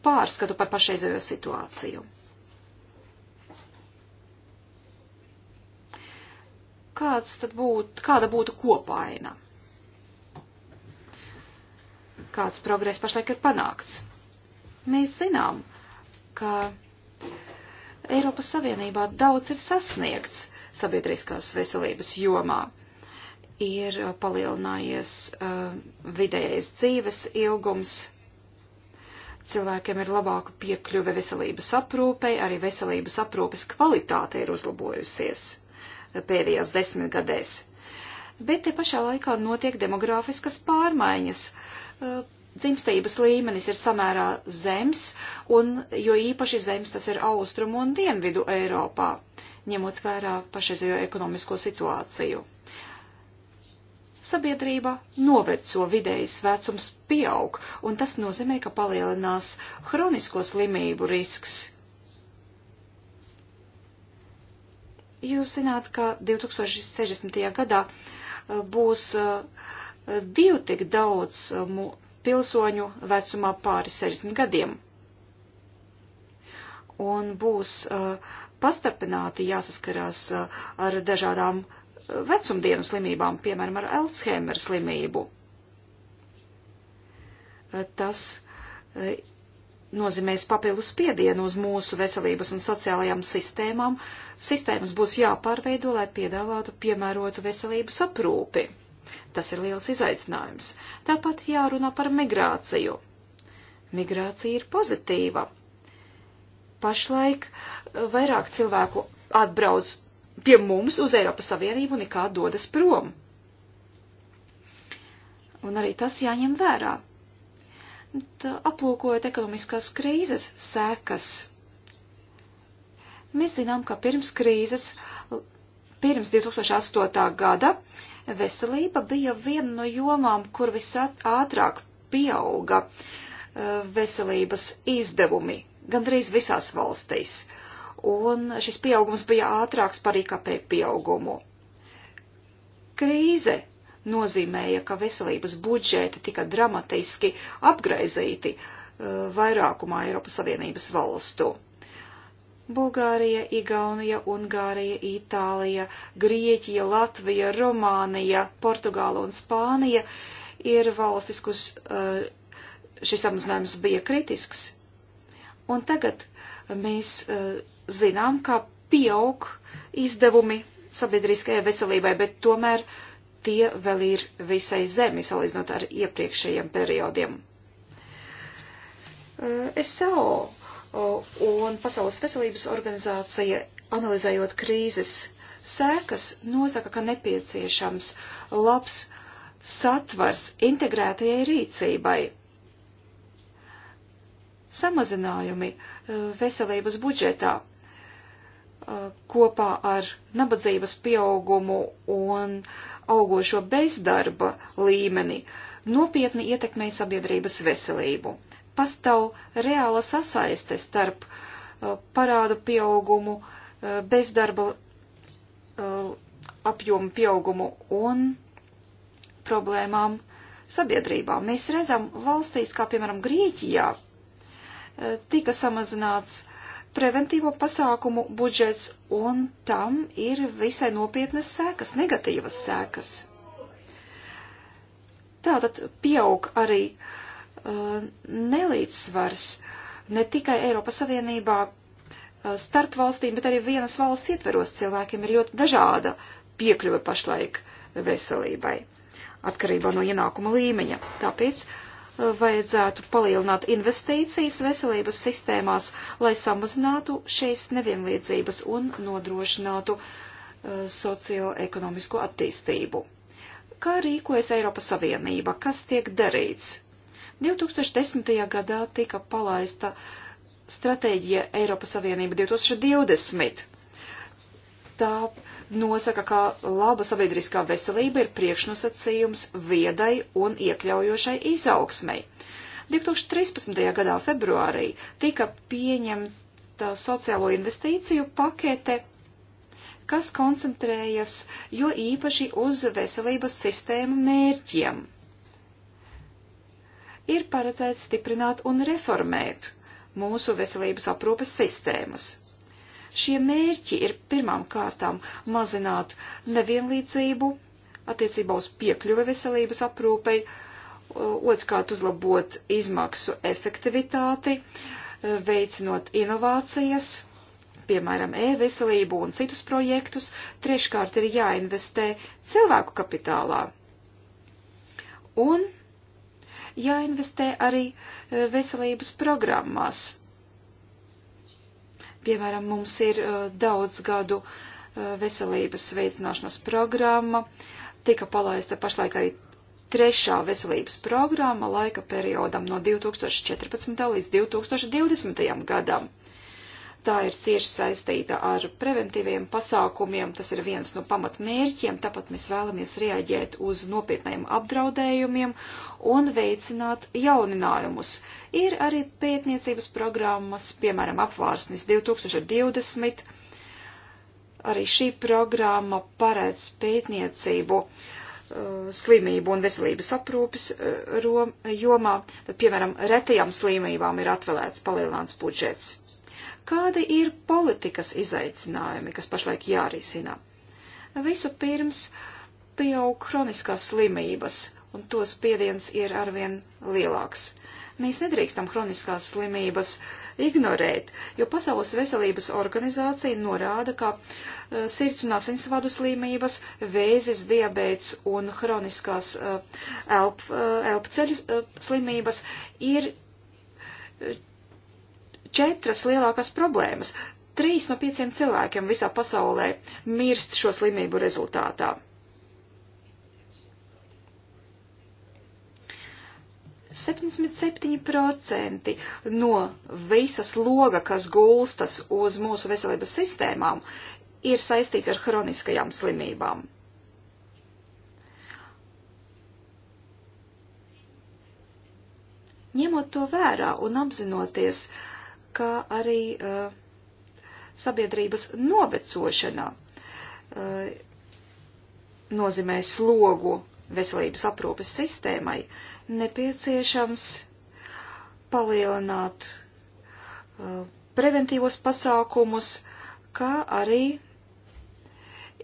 pārskatu par pašreizējo situāciju. kāds tad būtu, kāda būtu kopaina? Kāds progress pašlaik ir panākts? Mēs zinām, ka Eiropas Savienībā daudz ir sasniegts sabiedriskās veselības jomā. Ir palielinājies uh, vidējais dzīves ilgums, cilvēkiem ir labāka piekļuve veselības aprūpei, arī veselības aprūpes kvalitāte ir uzlabojusies pēdējās desmitgadēs. Bet te pašā laikā notiek demogrāfiskas pārmaiņas. Dzimstības līmenis ir samērā zems, un jo īpaši zems tas ir austrumu un dienvidu Eiropā, ņemot vērā pašreizējo ekonomisko situāciju. Sabiedrība noveco vidējas vecums pieaug, un tas nozīmē, ka palielinās hronisko slimību risks Jūs zināt, ka 2060. gadā uh, būs uh, divu tik daudz uh, pilsoņu vecumā pāri 60 gadiem. Un būs pastarpināti jāsaskarās ar dažādām vecumdienu slimībām, piemēram, ar Alzheimer slimību. Tas nozīmēs papildus spiedienu uz mūsu veselības un sociālajām sistēmām. Sistēmas būs jāpārveido, lai piedāvātu piemērotu veselības aprūpi. Tas ir liels izaicinājums. Tāpat jārunā par migrāciju. Migrācija ir pozitīva. Pašlaik eh, vairāk cilvēku atbrauc pie mums uz Eiropas Savienību nekā dodas prom. Un arī tas jāņem vērā aplūkojot ekonomiskās krīzes sekas. Mēs zinām, ka pirms krīzes, pirms 2008. gada, veselība bija viena no jomām, kur visātrāk pieauga e, veselības izdevumi gandrīz visās valstīs. Un šis pieaugums bija ātrāks par IKP pieaugumu. Krīze nozīmēja, ka veselības budžeti tika dramatiski apgraizīti uh, vairākumā Eiropas Savienības valstu. Bulgārija, Igaunija, Ungārija, Itālija, Grieķija, Latvija, Romānija, Portugāla un Spānija ir valstis, kuras uh, šis samazinājums bija kritisks. Un tagad mēs uh, zinām, ka pieaug izdevumi sabiedriskajai veselībai, bet tomēr uh, tie vēl ir visai zemi salīdzinot ar iepriekšējiem periodiem. Eh, SAO eh, un Pasaules veselības organizācija analizējot krīzes sēkas nosaka, ka nepieciešams labs satvars integrētajai rīcībai. Samazinājumi eh, veselības budžetā kopā ar nabadzības pieaugumu un augošo bezdarba līmeni nopietni ietekmē sabiedrības veselību. Pastāv reāla sasaiste starp uh, parādu pieaugumu, uh, bezdarba uh, apjomu pieaugumu un problēmām sabiedrībā. Mēs redzam valstīs, kā piemēram Grieķijā, tika samazināts preventīvo pasākumu budžets, un tam ir visai nopietnas sēkas, negatīvas sēkas. Tātad pieaug arī uh, nelīdzsvars ne tikai Eiropas Savienībā uh, starp valstīm, bet arī vienas valsts ietveros cilvēkiem ir ļoti dažāda piekļuve pašlaik veselībai, atkarībā no ienākuma līmeņa. Tāpēc uh, vajadzētu palielināt investīcijas veselības sistēmās, lai samazinātu šīs nevienlīdzības un nodrošinātu uh, socioekonomisko attīstību. Kā rīkojas Eiropas Savienība? Kas tiek darīts? 2010. gadā tika palaista stratēģija Eiropas Savienība 2020. Tā nosaka, ka laba sabiedriskā veselība ir priekšnosacījums viedai un iekļaujošai izaugsmai. 2013. gadā februārī tika pieņemta sociālo investīciju pakete, kas koncentrējas jo īpaši uz veselības sistēmu mērķiem. Ir paredzēts stiprināt un reformēt mūsu veselības aprūpes sistēmas. Šie mērķi ir pirmām kārtām mazināt nevienlīdzību attiecībā uz piekļuvi veselības aprūpei, otrkārt uzlabot izmaksu efektivitāti, veicinot inovācijas, piemēram, e-veselību un citus projektus, treškārt ir jāinvestē cilvēku kapitālā. Un jāinvestē arī e, veselības programmās, Piemēram, mums ir uh, daudz gadu uh, veselības veicināšanas programma, tika palaista pašlaik arī trešā veselības programma laika periodam no 2014. līdz 2020. gadam. Tā ir cieši saistīta ar preventīviem pasākumiem, tas ir viens no pamatmērķiem, tāpat mēs vēlamies reaģēt uz nopietniem apdraudējumiem un veicināt jauninājumus. Ir arī pētniecības programmas, piemēram, apvārsnis 2020. Arī šī programma paredz pētniecību uh, slimību un veselības aprūpes uh, jomā, tad, piemēram, retajām slimībām ir atvēlēts palielināts budžets Kādi ir politikas izaicinājumi, kas pašlaik jārisina? Visu pirms pieaug kroniskās slimības, un to spiediens ir arvien lielāks. Mēs nedrīkstam kroniskās slimības ignorēt, jo Pasaules veselības organizācija norāda, ka uh, sirds un asinsvadu slimības, vēzis, diabēts un kroniskās uh, eh, elp, uh, elpceļu slimības ir četras lielākās problēmas. Trīs no pieciem cilvēkiem visā pasaulē mirst šo slimību rezultātā. Septiņdesmit septiņi procenti no visas loga, kas gulstas uz mūsu veselības sistēmām, ir saistīts ar hroniskajām slimībām. Ņemot to vērā un apzinoties, uh, kā arī uh, sabiedrības novecošanā uh, nozīmē slogu veselības aprūpes sistēmai, nepieciešams palielināt uh, preventīvos pasākumus, kā arī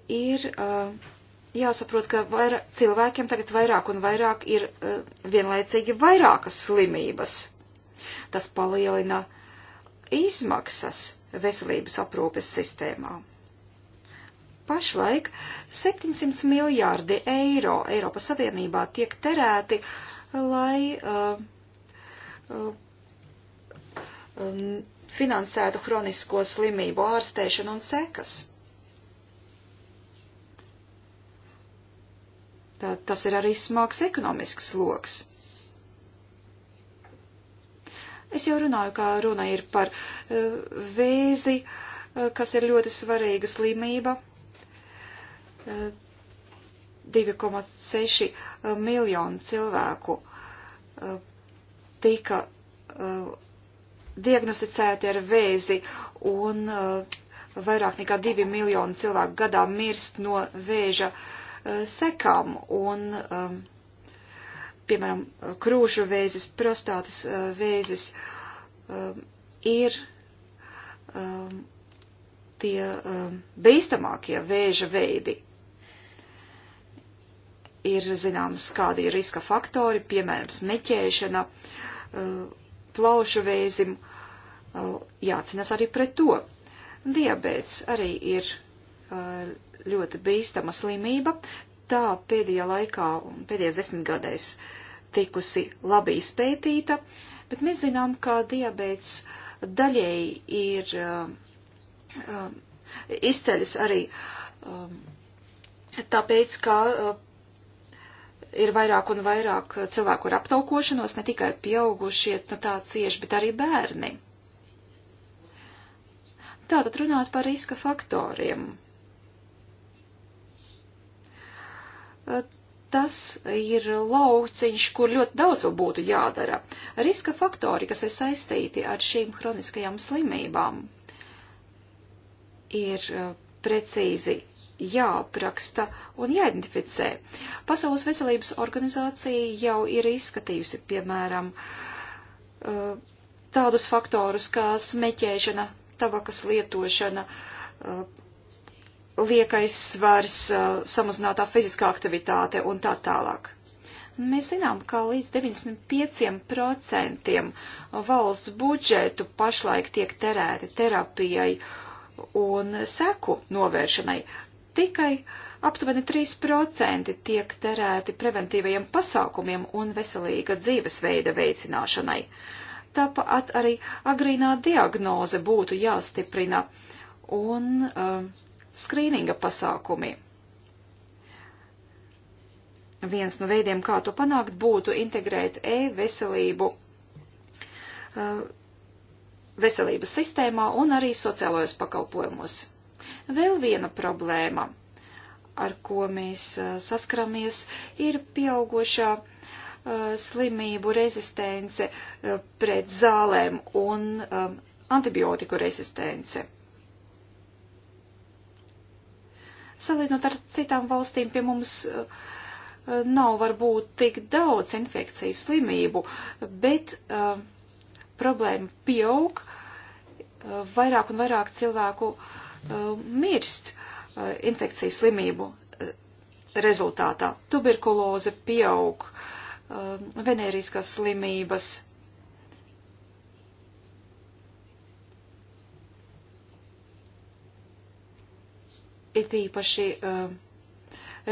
ir uh, jāsaprot, ka vairāk, cilvēkiem tagad vairāk un vairāk ir uh, vienlaicīgi vairākas slimības. Tas palielina uh, izmaksas veselības aprūpes sistēmā. Pašlaik 700 miljārdi eiro Eiropas Savienībā tiek terēti, lai uh, uh, um, finansētu hronisko slimību ārstēšanu un sekas. Tā, tas ir arī smags ekonomisks sloks. Es jau runāju, kā runa ir par eh, vēzi, eh, kas ir ļoti svarīga slimība. 2,6 eh, miljonu cilvēku tika diagnosticēti ar vēzi un vairāk nekā 2 miljoni cilvēku gadā mirst no vēža sekām. Un, um, piemēram, krūšu vēzis, prostātas vēzis, ir tie bīstamākie vēža veidi. Ir zināms, kādi ir riska faktori, piemēram, smēķēšana, plaušu vēzim, jācenas arī pret to. Diabēts arī ir ļoti bīstama slimība, tā pēdējā laikā un pēdējās desmitgadēs tikusi labi izpētīta, bet mēs zinām, ka diabēts daļēji ir uh, um, izceļas arī um, tāpēc, ka um, ir vairāk un vairāk cilvēku ar aptaukošanos, ne tikai pieaugušie no nu, tā cieši, bet arī bērni. Tātad runāt par riska faktoriem. tas ir lauciņš, kur ļoti daudz vēl būtu jādara. Riska faktori, kas ir saistīti ar šīm kroniskajām slimībām, ir uh, precīzi jāapraksta un jāidentificē. Pasaules veselības organizācija jau ir izskatījusi, piemēram, uh, tādus faktorus kā smēķēšana, tabakas lietošana, uh, liekais svars, uh, samazinātā fiziskā aktivitāte un tā tālāk. Mēs zinām, ka līdz 95% valsts budžetu pašlaik tiek terēti terapijai un seku novēršanai. Tikai aptuveni 3% tiek terēti preventīvajiem pasākumiem un veselīga dzīvesveida veicināšanai. Tāpat arī agrīnā diagnoze būtu jāstiprina un uh, skrīninga pasākumi. Viens no veidiem, kā to panākt, būtu integrēt e-veselību uh, veselības sistēmā un arī sociālajos pakalpojumos. Vēl viena problēma, ar ko mēs uh, saskaramies, ir pieaugušā uh, slimību rezistence pret zālēm un antibiotiku rezistence. Salīdzinot ar citām valstīm, pie mums eh, eh, nav varbūt tik daudz infekciju slimību, bet uh, problēma pieaug, uh, vairāk un vairāk cilvēku uh, mirst infekciju slimību rezultātā. Tuberkuloze pieaug, venēriskās slimības it īpaši uh,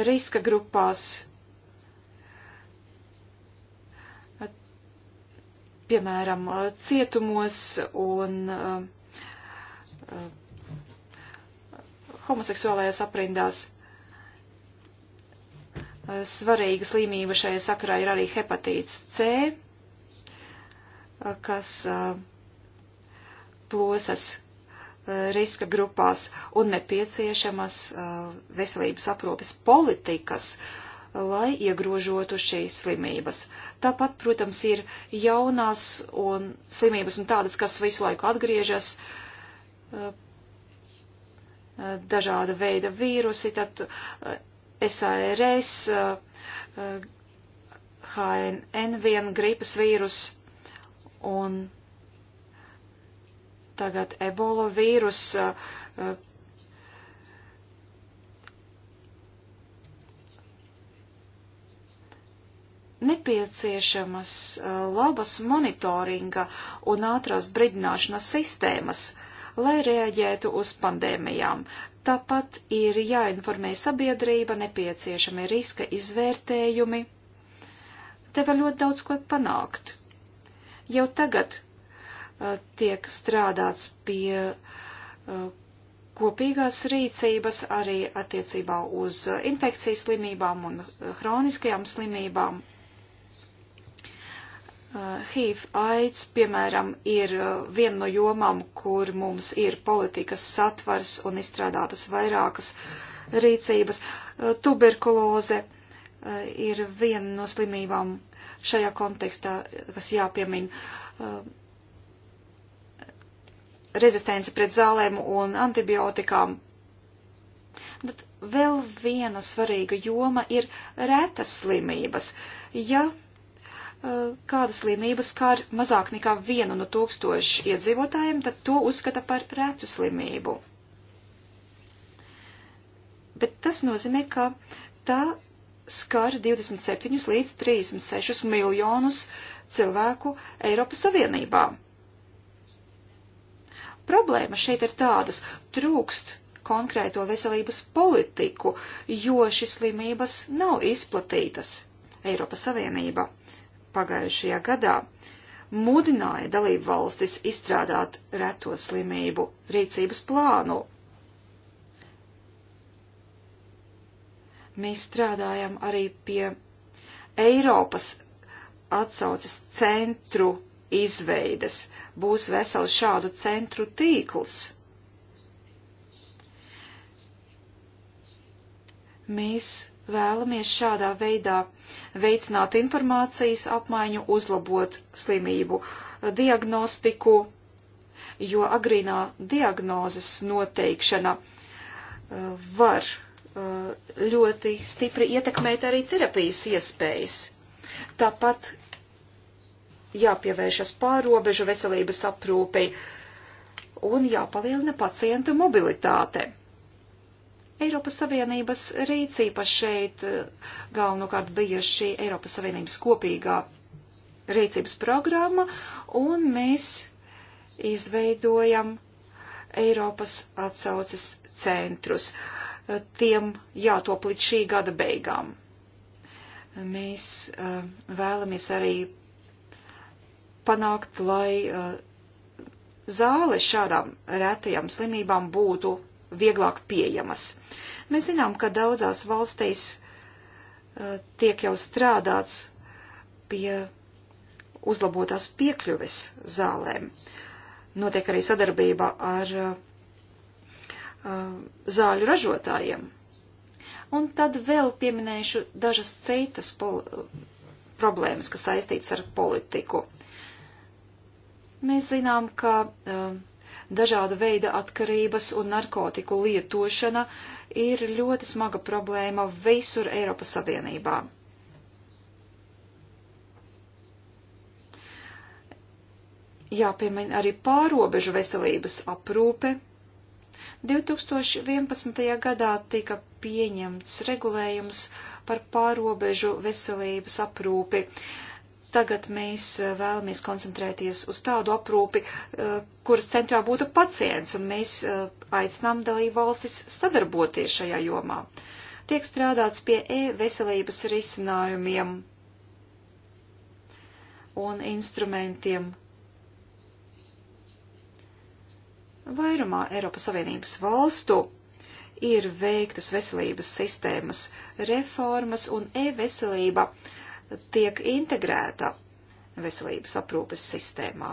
riska grupās, at, piemēram, cietumos un uh, homoseksuālajās aprindās. Uh, svarīga slimība šajā sakarā ir arī hepatīts C, uh, kas plosas Eh, riska grupās un nepieciešamas eh, veselības aprūpes politikas, lai iegrožotu šīs slimības. Tāpat, protams, ir jaunās un slimības un tādas, kas visu laiku atgriežas, eh, dažāda veida vīrusi, tad SARS, HNN1 gripas vīrus un Tagad ebolu vīrus. Nepieciešamas labas monitoringa un ātrās brīdināšanas sistēmas, lai reaģētu uz pandēmijām. Tāpat ir jāinformē sabiedrība, nepieciešami riska izvērtējumi. Te var ļoti daudz ko panākt. Jau tagad Eh, tiek strādāts pie eh, kopīgās rīcības arī attiecībā uz eh, infekcijas slimībām un hroniskajām slimībām. HIV aids, piemēram, ir viena no jomām, kur mums ir politikas satvars un izstrādātas vairākas rīcības. Tuberkuloze ir viena no slimībām šajā kontekstā, kas jāpiemina rezistence pret zālēm un antibiotikām. Bet vēl viena svarīga joma ir retas slimības. Ja eh, kāda slimība skar mazāk nekā vienu no tūkstošu iedzīvotājiem, tad to uzskata par retu slimību. Bet tas nozīmē, ka tā skar 27 līdz 36 miljonus cilvēku Eiropas Savienībā. Problēma šeit ir tādas, trūkst konkrēto veselības politiku, jo šis slimības nav izplatītas. Eiropas Savienība pagājušajā gadā mudināja dalību valstis izstrādāt reto slimību rīcības plānu. Mēs strādājam arī pie Eiropas atsaucas centru izveidas. Būs vesels šādu centru tīkls. Mēs vēlamies šādā veidā veicināt informācijas apmaiņu, uzlabot slimību diagnostiku, jo agrīnā diagnozes noteikšana uh, var uh, ļoti stipri ietekmēt arī terapijas iespējas. Tāpat jāpievēršas pārobežu veselības aprūpei un jāpalielina pacientu mobilitāte. Eiropas Savienības rīcība šeit eh, galvenokārt bija šī Eiropas Savienības kopīgā rīcības programma, un mēs izveidojam Eiropas atsauces centrus. Eh, tiem jātop līdz šī gada beigām. Mēs eh, vēlamies arī panākt, lai eh, zāle šādām retajām slimībām būtu vieglāk pieejamas. Mēs zinām, ka daudzās valstīs eh, tiek jau strādāts pie uzlabotās piekļuves zālēm. Notiek arī sadarbība ar eh, zāļu ražotājiem. Un tad vēl pieminēšu dažas citas problēmas, kas saistītas ar politiku. Mēs zinām, ka um, dažāda veida atkarības un narkotiku lietošana ir ļoti smaga problēma visur Eiropas Savienībā. Jāpiemina arī pārobežu veselības aprūpe. 2011. gadā tika pieņemts regulējums par pārobežu veselības aprūpi. Uh, Tagad mēs eh, vēlamies koncentrēties uz tādu aprūpi, eh, kuras centrā būtu pacients, un mēs eh, aicinām dalību valstis sadarboties šajā jomā. Tiek strādāts pie e-veselības risinājumiem un instrumentiem. Vairumā Eiropas Savienības valstu ir veiktas veselības sistēmas reformas un e-veselība uh, tiek integrēta veselības aprūpes sistēmā.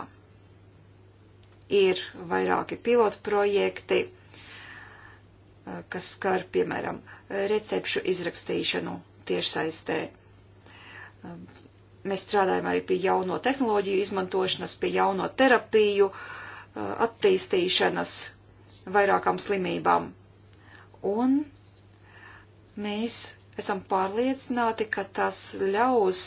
Ir vairāki pilotu projekti, eh, kas skar, piemēram, recepšu izrakstīšanu tiešsaistē. Eh, mēs strādājam arī pie jauno tehnoloģiju izmantošanas, pie jauno terapiju eh, attīstīšanas vairākām slimībām. Un mēs Esam pārliecināti, ka tas ļaus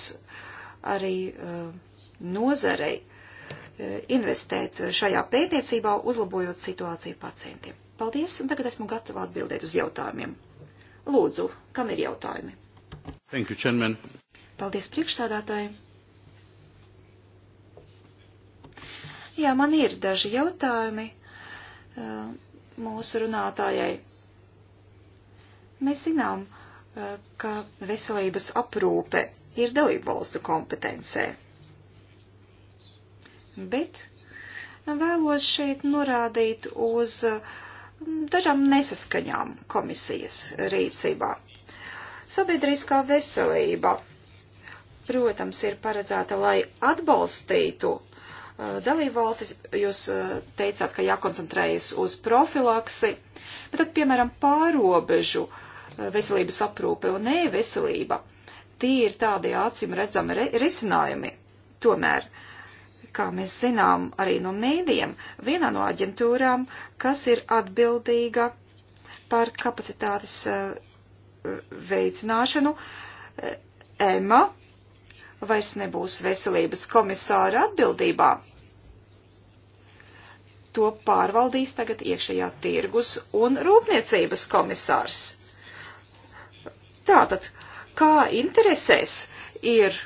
arī eh, nozarei eh, investēt šajā pētniecībā, uzlabojot situāciju pacientiem. Paldies, un tagad esmu gatava atbildēt uz jautājumiem. Lūdzu, kam ir jautājumi? Thank you, Chairman. Paldies priekšsādātāji. Jā, man ir daži jautājumi eh, mūsu runātājai. Mēs zinām, ka veselības aprūpe ir dalību valstu kompetencē. Bet vēlos šeit norādīt uz dažām nesaskaņām komisijas rīcībā. Sabiedriskā veselība, protams, ir paredzēta, lai atbalstītu uh, dalībvalstis, jūs uh, teicāt, ka jākoncentrējas uz profilaksi, bet tad, piemēram, pārobežu uh, veselības aprūpe un e-veselība. Tie ir tādi acīm redzami re risinājumi. Tomēr, kā mēs zinām arī no mēdiem, vienā no aģentūrām, kas ir atbildīga par kapacitātes eh, veicināšanu, eh, EMA vairs nebūs veselības komisāra atbildībā. To pārvaldīs tagad iekšējā tirgus un rūpniecības komisārs. Tātad, kā interesēs ir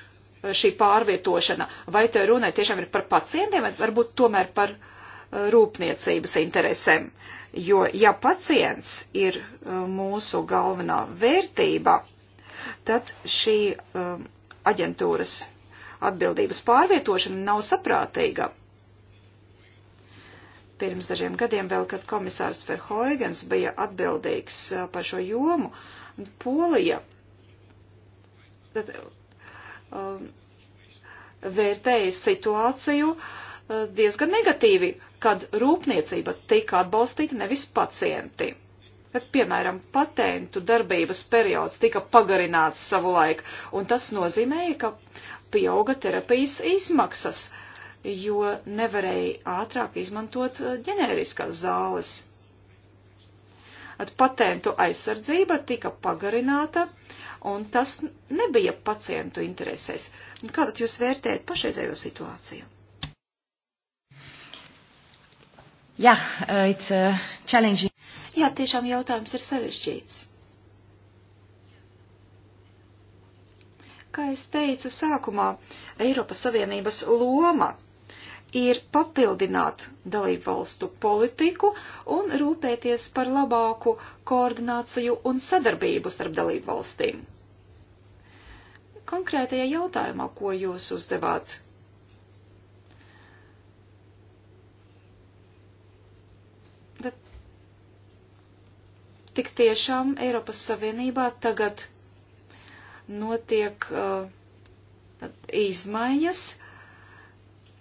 šī pārvietošana? Vai te runa tiešām ir par pacientiem, vai varbūt tomēr par eh, rūpniecības interesēm? Jo, ja pacients ir eh, mūsu galvenā vērtība, tad šī um, aģentūras atbildības pārvietošana nav saprātīga. Pirms dažiem gadiem vēl, kad komisārs Verhoigens bija atbildīgs par šo jomu, uh, Polija tad, um, vērtēja situāciju uh, diezgan negatīvi, kad rūpniecība tika atbalstīta nevis pacienti. Bet, piemēram, patentu darbības periods tika pagarināts savulaik, un tas nozīmēja, ka pieauga terapijas izmaksas, jo nevarēja ātrāk izmantot uh, ģenēriskās zāles patentu aizsardzība tika pagarināta, un tas nebija pacientu interesēs. Kā tad jūs vērtējat pašreizējo situāciju? Jā, yeah, it's uh, challenging. Jā, tiešām jautājums ir sarežģīts. Kā es teicu sākumā, Eiropas Savienības loma ir papildināt dalību valstu politiku un rūpēties par labāku koordināciju un sadarbību starp dalību valstīm. Konkrētajā jautājumā, ko jūs uzdevāt, tik tiešām Eiropas Savienībā tagad notiek uh, izmaiņas,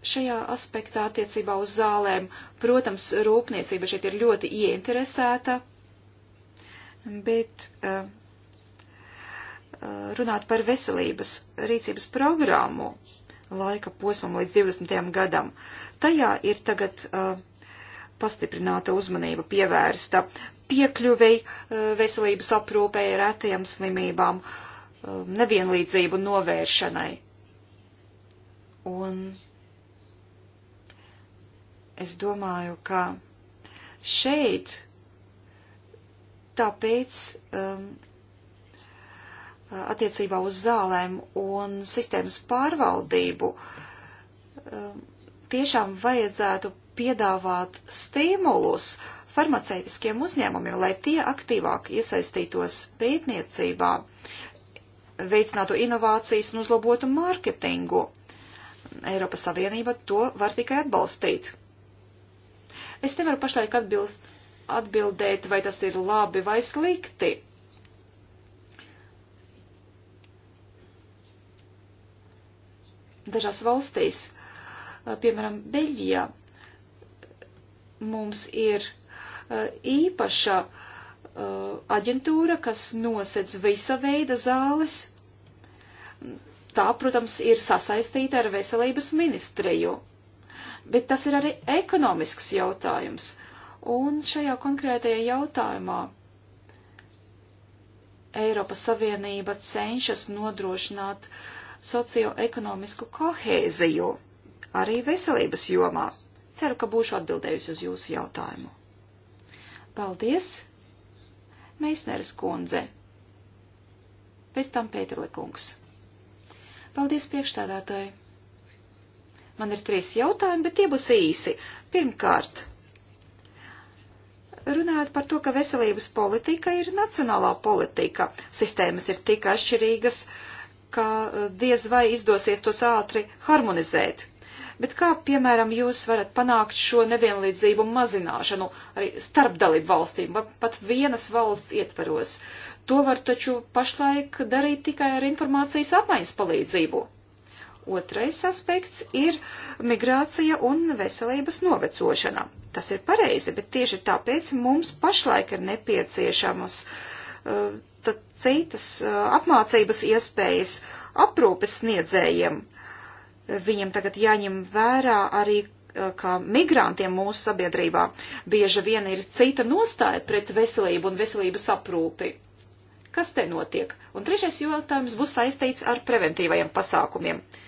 šajā aspektā attiecībā uz zālēm. Protams, rūpniecība šeit ir ļoti ieinteresēta, bet uh, runāt par veselības rīcības programmu laika posmam līdz 20. gadam. Tajā ir tagad uh, pastiprināta uzmanība pievērsta piekļuvei uh, veselības aprūpei retajām slimībām, nevienlīdzību novēršanai. Un Es domāju, ka šeit tāpēc um, attiecībā uz zālēm un sistēmas pārvaldību um, tiešām vajadzētu piedāvāt stimulus farmaceitiskiem uzņēmumiem, lai tie aktīvāk iesaistītos pētniecībā, veicinātu inovācijas un uzlabotu mārketingu. Eiropas Savienība to var tikai atbalstīt. Es nevaru pašlaik atbilst, atbildēt, vai tas ir labi vai slikti. Dažās valstīs, piemēram, Beļģijā, mums ir īpaša aģentūra, kas nosedz visa veida zāles. Tā, protams, ir sasaistīta ar veselības ministriju bet tas ir arī ekonomisks jautājums. Un šajā konkrētajā jautājumā Eiropas Savienība cenšas nodrošināt socioekonomisku kohēziju arī veselības jomā. Ceru, ka būšu atbildējusi uz jūsu jautājumu. Paldies, Meisneres kundze. Pēc tam Pēterle kungs. Paldies priekšstādātāji. Man ir trīs jautājumi, bet tie būs īsi. Pirmkārt, runājot par to, ka veselības politika ir nacionālā politika. Sistēmas ir tik atšķirīgas, ka eh, diez vai izdosies tos ātri harmonizēt. Bet kā, piemēram, jūs varat panākt šo nevienlīdzību mazināšanu arī starp dalību valstīm vai pat vienas valsts ietveros? To var taču pašlaik darīt tikai ar informācijas apmaiņas palīdzību. Otrais aspekts ir migrācija un veselības novecošana. Tas ir pareizi, bet tieši tāpēc mums pašlaik ir nepieciešamas uh, citas uh, apmācības iespējas aprūpes sniedzējiem. Viņiem tagad jāņem vērā arī, uh, kā migrantiem mūsu sabiedrībā bieži vien ir cita nostāja pret veselību un veselības aprūpi kas te notiek. Un trešais jautājums būs saistīts ar preventīvajiem pasākumiem. Uh,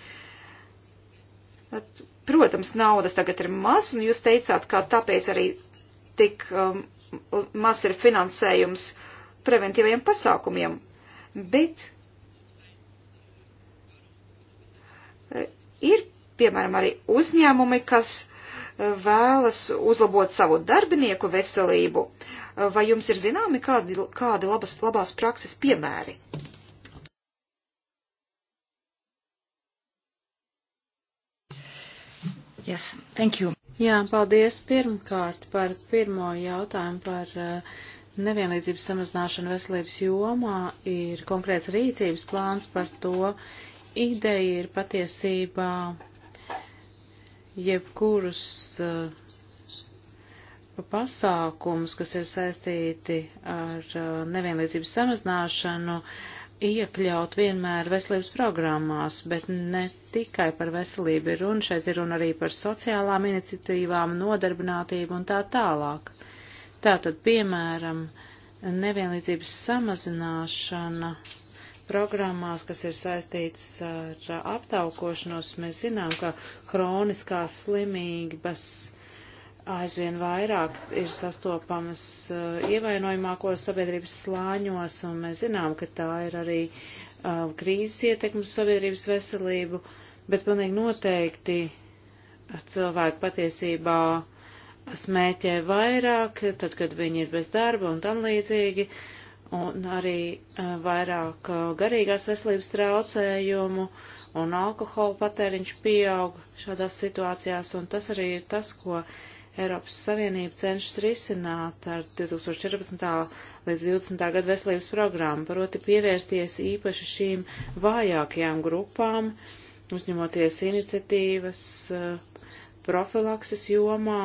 Protams, naudas tagad ir maz, un jūs teicāt, ka tāpēc arī tik um, maz ir finansējums preventīvajiem pasākumiem. Bet e, ir, piemēram, arī uzņēmumi, kas e, vēlas uzlabot savu darbinieku veselību. E, vai jums ir zināmi kādi, kādi labas, labās prakses piemēri? Yes, thank you. Jā, paldies pirmkārt par pirmo jautājumu par uh, nevienlīdzības samazināšanu veselības jomā. Ir konkrēts rīcības plāns par to. Ideja ir patiesībā jebkurus uh, eh, pasākums, kas ir saistīti ar eh, nevienlīdzības samazināšanu, uh, iekļaut vienmēr veselības programmās, bet ne tikai par veselību ir runa, šeit ir runa arī par sociālām iniciatīvām, nodarbinātību un tā tālāk. Tātad, piemēram, nevienlīdzības samazināšana programmās, kas ir saistītas ar aptaukošanos, mēs zinām, ka hroniskās slimības aizvien vairāk ir sastopamas uh, ievainojumākos sabiedrības slāņos, un mēs zinām, ka tā ir arī uh, krīzes ietekmes uz sabiedrības veselību, bet pilnīgi noteikti cilvēki patiesībā smēķē vairāk, tad, kad viņi ir bez darba un tam līdzīgi, un arī uh, vairāk garīgās veselības traucējumu un alkohola patēriņš pieaug šādās situācijās, un tas arī ir tas, ko Eiropas Savienība cenšas risināt ar 2014. līdz 2020. gadu veselības programmu, proti pievērsties īpaši šīm vājākajām grupām, uzņemoties iniciatīvas eh, profilakses jomā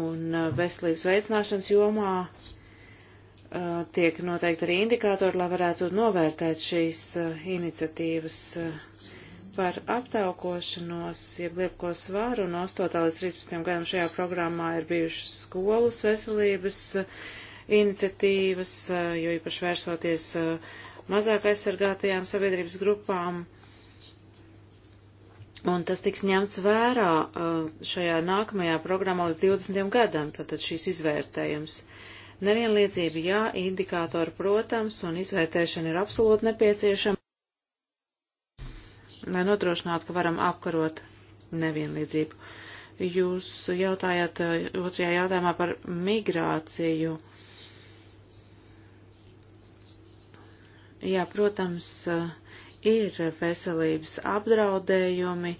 un eh, veselības veicināšanas jomā. Eh, tiek noteikti arī indikātori, lai varētu novērtēt šīs iniciatīvas par aptaukošanos, jeb liepko svaru, no 8. līdz 13. gadam šajā programmā ir bijušas skolas veselības eh, iniciatīvas, eh, jo īpaši vērsoties eh, mazāk aizsargātajām sabiedrības grupām. Un tas tiks ņemts vērā šajā nākamajā programmā līdz 20. gadam, tātad šīs izvērtējums. Nevienlīdzība jā, indikātori, protams, un izvērtēšana ir absolūti nepieciešama lai nodrošinātu, ka varam apkarot nevienlīdzību. Jūs jautājāt uh, otrajā jautājumā par migrāciju. Jā, protams, uh, ir veselības apdraudējumi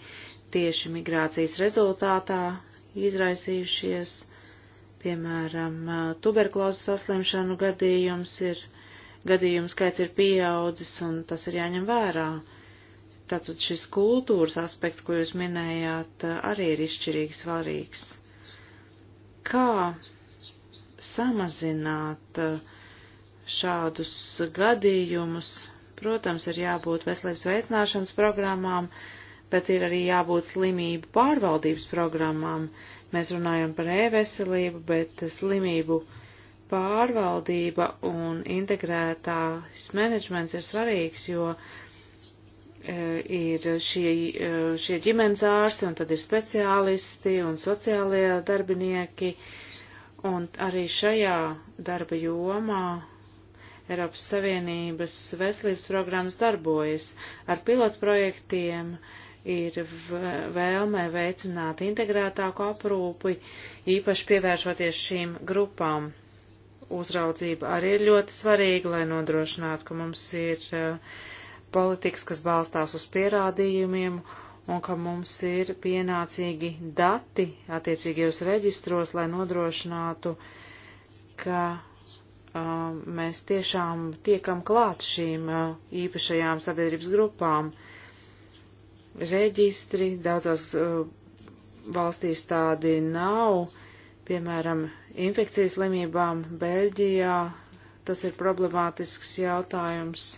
tieši migrācijas rezultātā izraisījušies. Piemēram, uh, tuberkulozes saslimšanu gadījums ir, gadījums skaits ir pieaudzis un tas ir jāņem vērā. Uh, Tātad šis kultūras aspekts, ko jūs minējāt, arī ir izšķirīgi svarīgs. Kā samazināt šādus gadījumus? Protams, ir jābūt veselības veicināšanas programmām, bet ir arī jābūt slimību pārvaldības programmām. Mēs runājam par e-veselību, bet slimību pārvaldība un integrētās menedžments ir svarīgs, jo uh, Eh, ir šie, eh, šie ģimenes ārsti, un tad ir speciālisti un sociālie darbinieki. Un arī šajā darba jomā Eiropas Savienības veselības programmas darbojas. Ar pilotprojektiem ir vēlmē veicināt integrētāku aprūpi, īpaši pievēršoties šīm grupām. Uzraudzība arī ir ļoti svarīga, lai nodrošinātu, ka mums ir uh, politikas, kas balstās uz pierādījumiem un ka mums ir pienācīgi dati attiecīgajos reģistros, lai nodrošinātu, ka um, mēs tiešām tiekam klāt šīm uh, īpašajām sabiedrības grupām. Reģistri daudzās uh, valstīs tādi nav, piemēram, infekcijas slimībām Beļģijā. Tas ir problemātisks jautājums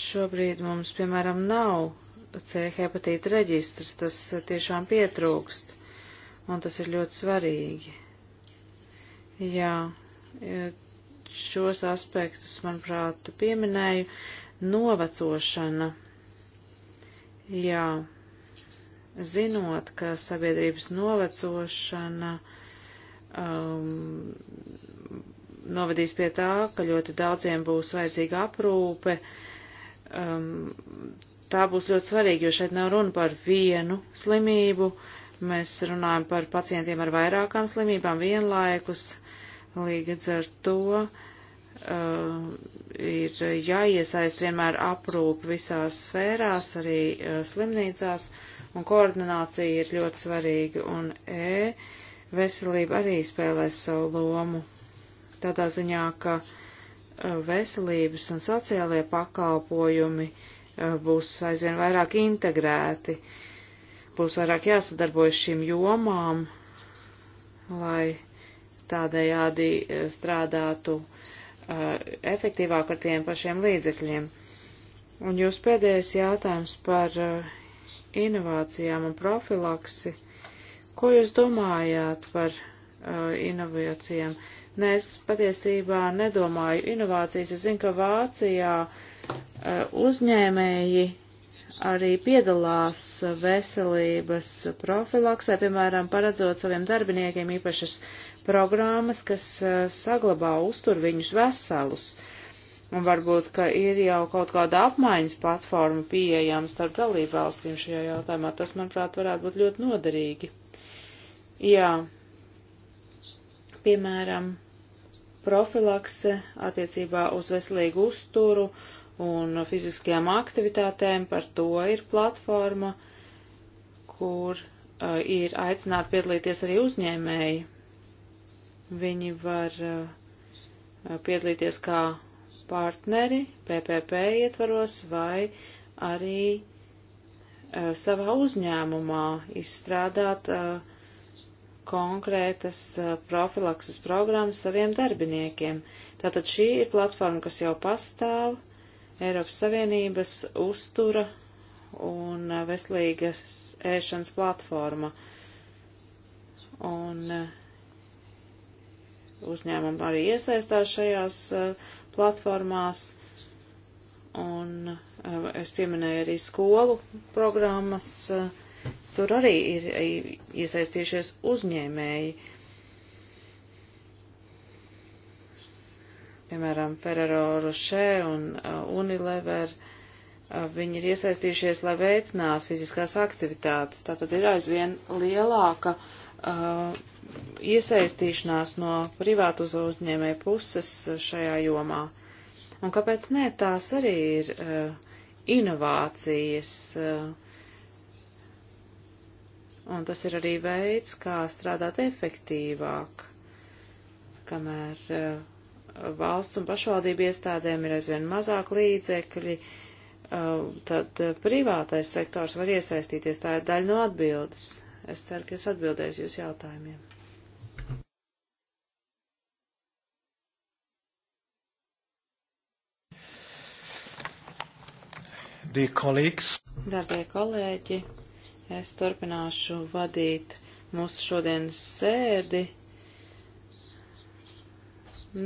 Šobrīd mums, piemēram, nav C hepatīta reģistrs, tas tiešām pietrūkst, un tas ir ļoti svarīgi. Jā, e, šos aspektus, manuprāt, pieminēju. Novecošana. Jā, zinot, ka sabiedrības novecošana um, novedīs pie tā, ka ļoti daudziem būs vajadzīga aprūpe, uh, um, tā būs ļoti svarīga, jo šeit nav runa par vienu slimību, mēs runājam par pacientiem ar vairākām slimībām vienlaikus, līdz ar to uh, ir jāiesaist vienmēr aprūp visās sfērās, arī uh, slimnīcās, un koordinācija ir ļoti svarīga, un e, veselība arī spēlēs savu lomu. Tādā ziņā, ka uh, Eh, veselības un sociālajie pakalpojumi eh, būs aizvien vairāk integrēti, būs vairāk jāsadarbojas šīm jomām, lai tādējādi eh, strādātu efektīvāk ar tiem pašiem līdzekļiem. Un jūs pēdējais jautājums par inovācijām un profilaksi. Ko jūs domājāt par inovācijām? Nē, es patiesībā nedomāju inovācijas. Es zinu, ka Vācijā eh, uzņēmēji arī piedalās veselības profilaksē, piemēram, paredzot saviem darbiniekiem īpašas programmas, kas eh, saglabā uztur viņus veselus. Un varbūt, ka ir jau kaut kāda apmaiņas platforma pieejama starp dalībvalstīm šajā jautājumā. Tas, manuprāt, varētu būt ļoti noderīgi. Jā, piemēram, profilakse attiecībā uz veselīgu uzturu un fiziskajām aktivitātēm. Par to ir platforma, kur uh, ir aicināti piedalīties arī uzņēmēji. Viņi var uh, piedalīties kā partneri PPP ietvaros vai arī uh, savā uzņēmumā izstrādāt uh, konkrētas eh, profilakses programmas saviem darbiniekiem. Tātad šī ir platforma, kas jau pastāv Eiropas Savienības uztura un eh, veselīgas ēšanas platforma. Un eh, uzņēmumi arī iesaistās šajās platformās. Un es pieminēju arī skolu programmas. Uh, Tur arī ir iesaistījušies uzņēmēji. Piemēram, Ferrero Rocher un Unilever. Viņi ir iesaistījušies, lai veicinātu fiziskās aktivitātes. Tātad ir aizvien lielāka uh, iesaistīšanās no privātu uzņēmēju puses šajā jomā. Un kāpēc nē, tās arī ir uh, inovācijas. Uh, un tas ir arī veids, kā strādāt efektīvāk, kamēr uh, valsts un pašvaldību iestādēm ir aizvien mazāk līdzekļi, uh, tad eh, privātais sektors var iesaistīties. Tā ir daļa no atbildes. Es ceru, ka es atbildēšu jūs jautājumiem. Darbie kolēģi, Es turpināšu vadīt mūsu šodienas sēdi.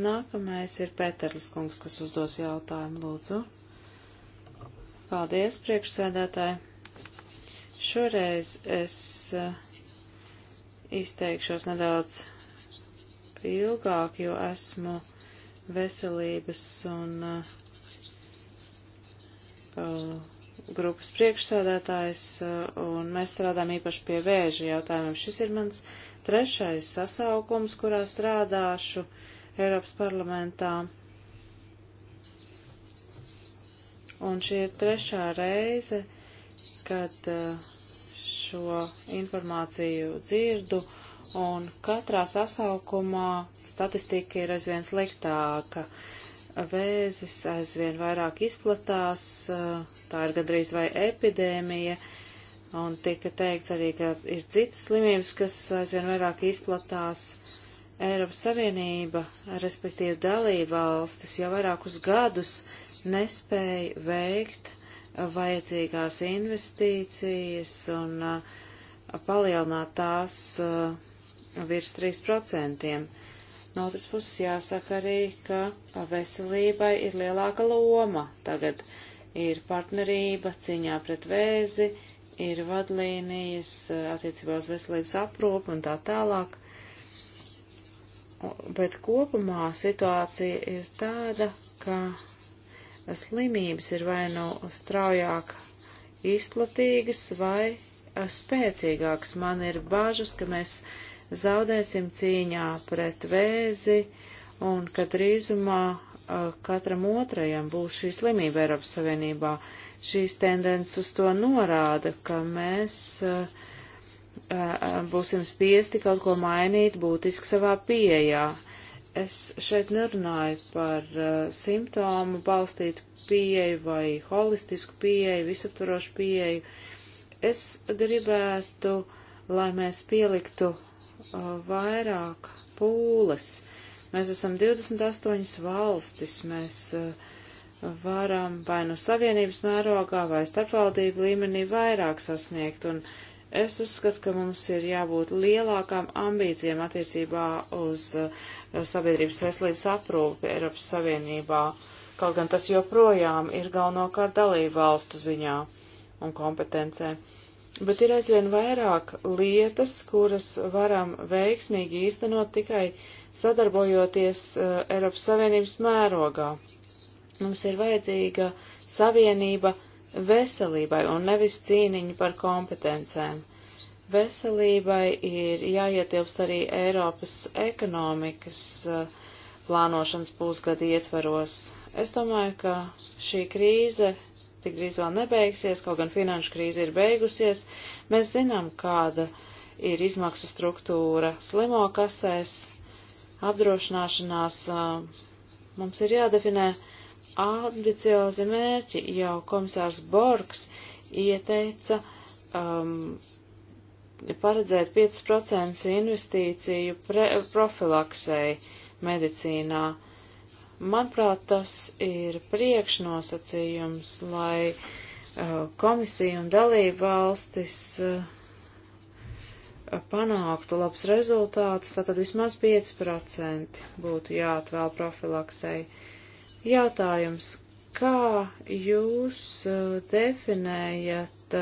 Nākamais ir Pēterlis kungs, kas uzdos jautājumu, lūdzu. Paldies, priekšsēdētāji. Šoreiz es eh, izteikšos nedaudz ilgāk, jo esmu veselības un uh, grupas priekšsādātājs, uh, un mēs strādājam īpaši pie vēža jautājumiem. Šis ir mans trešais sasaukums, kurā strādāšu Eiropas parlamentā. Un šī ir trešā reize, kad uh, šo informāciju dzirdu, un katrā sasaukumā statistika ir aizvien sliktāka. Uh, vēzis aizvien vairāk izplatās, eh, tā ir gadrīz vai epidēmija, un tika teikts arī, ka ir citas slimības, kas aizvien vairāk izplatās. Eiropas Savienība, respektīvi dalībvalstis, jau vairākus gadus nespēja veikt vajadzīgās investīcijas un eh, palielināt tās eh, virs 3%. No otras puses jāsaka arī, ka veselībai ir lielāka loma. Tagad ir partnerība cīņā pret vēzi, ir vadlīnijas eh, attiecībā uz veselības aprūpu un tā tālāk. Bet kopumā situācija ir tāda, ka slimības ir vai nu straujāk izplatīgas vai eh, spēcīgākas. Man ir bažas, ka mēs zaudēsim cīņā pret vēzi un ka drīzumā katram otrajam būs šī slimība Eiropas Savienībā. Šīs tendences uz to norāda, ka mēs būsim spiesti kaut ko mainīt būtiski savā pieejā. Es šeit nerunāju par simptomu balstītu pieeju vai holistisku pieeju, visaptvarošu pieeju. Es gribētu, lai mēs pieliktu vairāk pūles. Mēs esam 28 valstis, mēs varam vai nu no savienības mērogā, vai starpvaldību līmenī vairāk sasniegt, un es uzskatu, ka mums ir jābūt lielākām ambīcijām attiecībā uz sabiedrības veselības aprūpi Eiropas Savienībā, kaut gan tas joprojām ir galvenokārt dalību valstu ziņā un kompetencē bet ir aizvien vairāk lietas, kuras varam veiksmīgi īstenot tikai sadarbojoties uh, Eiropas Savienības mērogā. Mums ir vajadzīga savienība veselībai un nevis cīniņa par kompetencēm. Veselībai ir jāietilpst arī Eiropas ekonomikas uh, plānošanas pusgada ietvaros. Es domāju, ka šī krīze tik drīz vēl nebeigsies, kaut gan finanšu krīze ir beigusies. Mēs zinām, kāda ir izmaksu struktūra slimo kasēs, apdrošināšanās. Mums ir jādefinē ambiciozi mērķi, jau komisārs Borgs ieteica um, paredzēt 5% investīciju profilaksei medicīnā. Uh, Manuprāt, tas ir priekšnosacījums, lai uh, komisija un dalība valstis uh, panāktu labs rezultātus, tātad vismaz 5% būtu jāatvēl profilaksei. Jautājums, kā jūs uh, definējat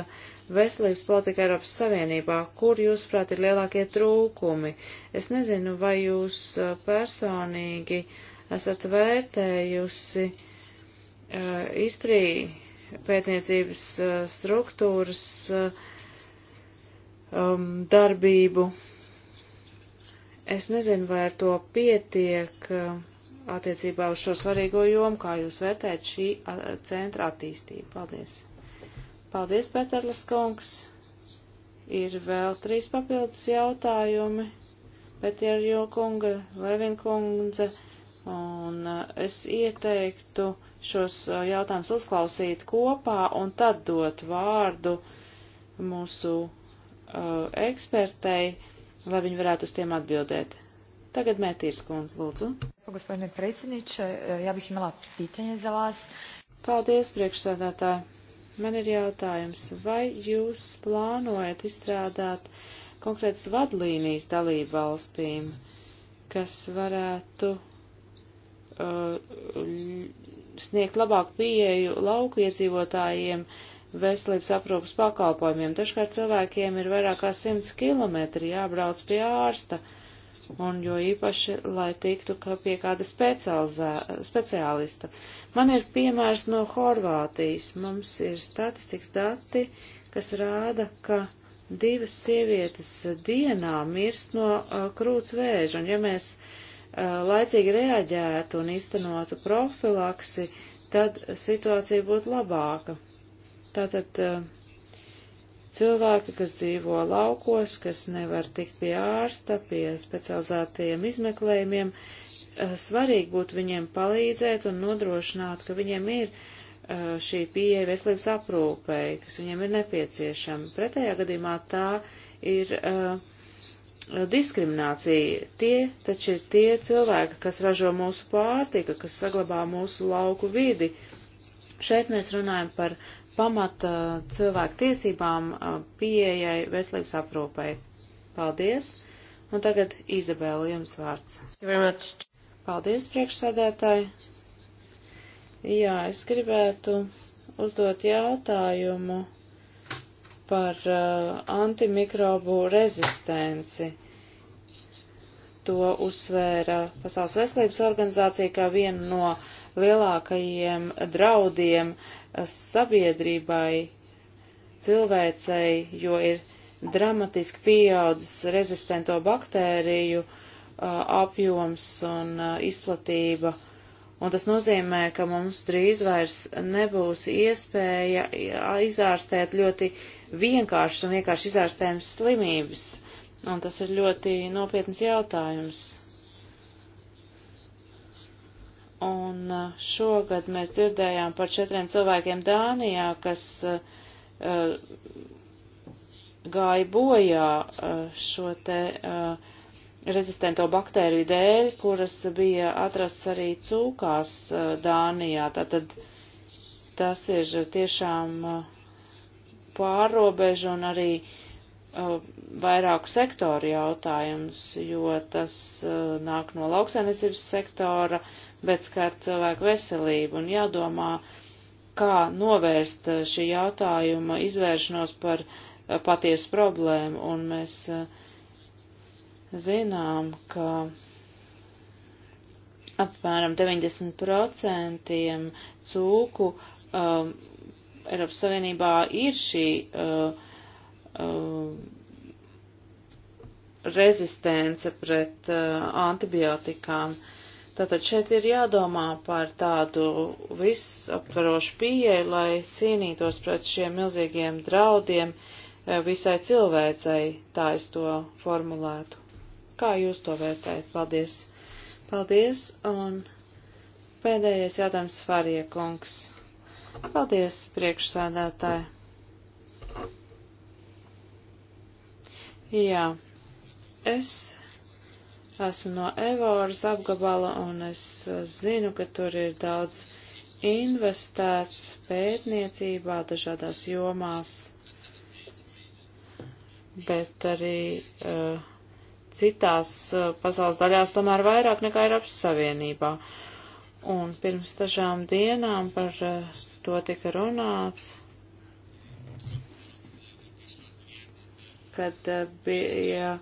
veselības politiku Eiropas Savienībā, kur jūs prāt ir lielākie trūkumi? Es nezinu, vai jūs personīgi uh, esat vērtējusi uh, izprī pētniecības uh, struktūras uh, um, darbību. Es nezinu, vai ar to pietiek uh, attiecībā uz šo svarīgo jomu, kā jūs vērtējat šī uh, centra attīstību. Paldies! Paldies, Pēterlis kungs! Ir vēl trīs papildus jautājumi, bet ir jo kunga, Levin kundze. Uh, Un uh, es ieteiktu šos uh, jautājumus uzklausīt kopā un tad dot vārdu mūsu uh, ekspertei, lai viņi varētu uz tiem atbildēt. Tagad Mētīrs Kunz, lūdzu. Gospodine predsjedniče, e, ja bih imala pitanje za vas. Paldies, priekšsēdētāji. Man ir jautājums, vai jūs plānojat izstrādāt konkrētas vadlīnijas dalību valstīm, kas varētu Uh, sniegt labāku pieeju lauku iedzīvotājiem veselības aprūpas pakalpojumiem. Dažkārt cilvēkiem ir vairāk kā simts kilometri jābrauc pie ārsta, un jo īpaši, lai tiktu pie kāda speciālista. Man ir piemērs no Horvātijas. Mums ir statistikas dati, kas rāda, ka divas sievietes dienā mirst no uh, krūts vēža, un ja mēs uh, laicīgi reaģētu un iztenotu profilaksi, tad situācija būtu labāka. Tātad eh, cilvēki, kas dzīvo laukos, kas nevar tikt pie ārsta, pie specializētajiem izmeklējumiem, eh, svarīgi būtu viņiem palīdzēt un nodrošināt, ka viņiem ir eh, šī pieeja veselības aprūpēji, kas viņiem ir nepieciešama. Pretējā gadījumā tā ir uh, diskriminācija. Tie taču ir tie cilvēki, kas ražo mūsu pārtika, kas saglabā mūsu lauku vidi. Šeit mēs runājam par pamata cilvēku tiesībām pieejai veselības aprūpai. Paldies! Un tagad Izabela jums vārds. Paldies, priekšsādētāji! Jā, es gribētu uzdot jautājumu par uh, antimikrobu rezistenci. To uzsvēra Pasaules veselības organizācija kā vienu no lielākajiem draudiem sabiedrībai, cilvēcei, jo ir dramatiski pieaudzis rezistento baktēriju uh, apjoms un uh, izplatība. Un tas nozīmē, ka mums drīz vairs nebūs iespēja izārstēt ļoti uh, vienkāršas un vienkārši izārstējams slimības, un tas ir ļoti nopietnas jautājums. Un šogad mēs dzirdējām par četriem cilvēkiem Dānijā, kas uh, gāja bojā uh, šo te uh, rezistento baktēriju dēļ, kuras bija atrasts arī cūkās Dānijā. Tātad tas ir tiešām pārobežu un arī uh, vairāku sektoru jautājums, jo tas uh, nāk no lauksainiecības sektora, bet skar cilvēku veselību un jādomā, kā novērst uh, šī jautājuma izvēršanos par uh, patiesu problēmu. Un mēs uh, zinām, ka apmēram 90% cūku um, Eiropas Savienībā ir šī uh, uh, rezistence pret uh, antibiotikām. Tātad šeit ir jādomā par tādu visaptvarošu pieeju, lai cīnītos pret šiem milzīgiem draudiem uh, visai cilvēcei, tā es to formulētu. Kā jūs to vērtējat? Paldies! Paldies! Un pēdējais jautājums Farie kungs. Paldies, priekšsēdētāji. Jā, es esmu no Evoras apgabala un es eh, zinu, ka tur ir daudz investēts pētniecībā dažādās jomās, bet arī uh, citās uh, pasaules daļās tomēr vairāk nekā Eiropas Savienībā. Un pirms dažām dienām par uh, to tika runāts, kad eh, bija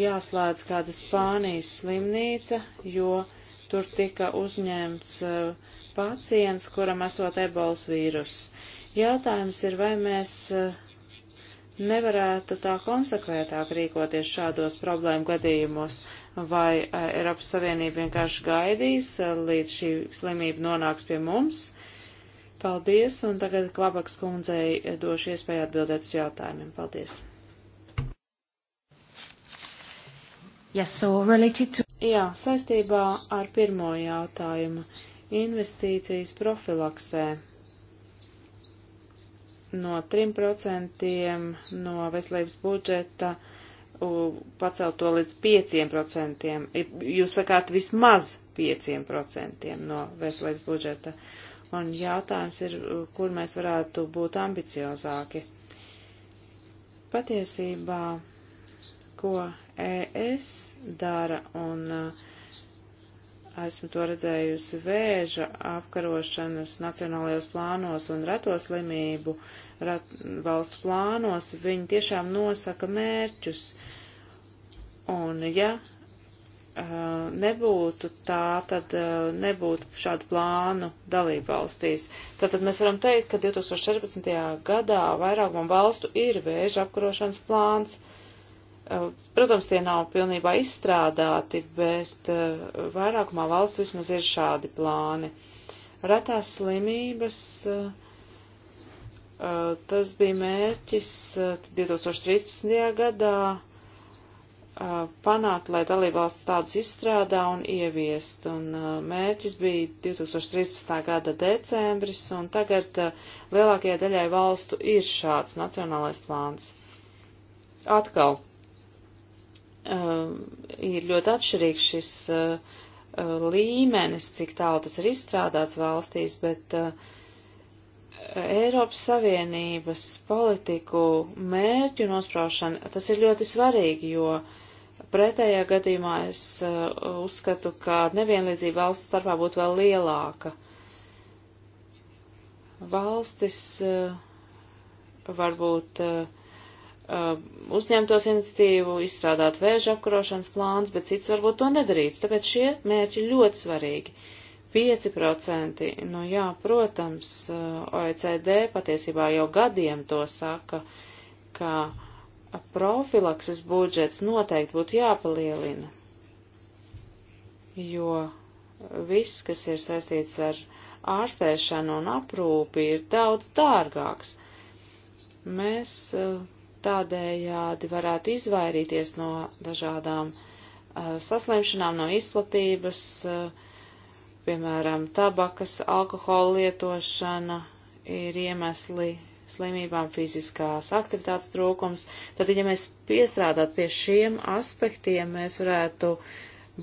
jāslēdz kāda Spānijas slimnīca, jo tur tika uzņemts eh, pacients, kuram esot ebols vīrus. Jautājums ir, vai mēs eh, nevarētu tā konsekventāk rīkoties šādos problēmu gadījumos, vai Eiropas Savienība vienkārši gaidīs, līdz šī slimība nonāks pie mums, uh, Paldies, un tagad Klabaks kundzei došu iespēju atbildēt uz jautājumiem. Paldies. Yes, so to... Jā, saistībā ar pirmo jautājumu - investīcijas profilaksē no 3% no veselības budžeta pacelt to līdz 5%. Jūs sakāt vismaz 5% no veselības budžeta. Uh, Un jautājums ir, kur mēs varētu būt ambiciozāki. Patiesībā, ko ES dara un uh, esmu to redzējusi vēža apkarošanas nacionālajos plānos un reto slimību rat, valstu plānos, viņi tiešām nosaka mērķus. Un ja Uh, nebūtu tā, tad uh, nebūtu šādu plānu dalību valstīs. Tātad mēs varam teikt, ka 2014. gadā vairākumam valstu ir vēža apkarošanas plāns. Uh, protams, tie nav pilnībā izstrādāti, bet vairākumā valstu vismaz ir šādi plāni. Ratās slimības, tas bija mērķis 2013. gadā Uh, panākt, lai dalībvalsts tādus izstrādā un ieviest. Un uh, mērķis bija 2013. gada decembris, un tagad uh, lielākajai daļai valstu ir šāds nacionālais plāns. Atkal ir ļoti atšķirīgs šis līmenis, cik tālu tas ir izstrādāts valstīs, bet uh, Eiropas Savienības politiku mērķu nospraušana, tas ir ļoti svarīgi, jo Pretējā gadījumā es uh, uzskatu, ka nevienlīdzība valsts starpā būtu vēl lielāka. Valstis uh, varbūt uh, uzņemtos iniciatīvu, izstrādāt vēža apkarošanas plāns, bet cits varbūt to nedarītu. Tāpēc šie mērķi ļoti svarīgi. 5%, nu jā, protams, OECD patiesībā jau gadiem to saka, ka profilakses budžets noteikti būtu jāpalielina, jo viss, kas ir saistīts ar ārstēšanu un aprūpi, ir daudz dārgāks. Mēs eh, tādējādi varētu izvairīties no dažādām eh, saslimšanām, no izplatības, eh, piemēram, tabakas, alkohola lietošana ir iemesli slimībām, fiziskās aktivitātes trūkums. Tad, ja mēs piestrādāt pie šiem aspektiem, mēs varētu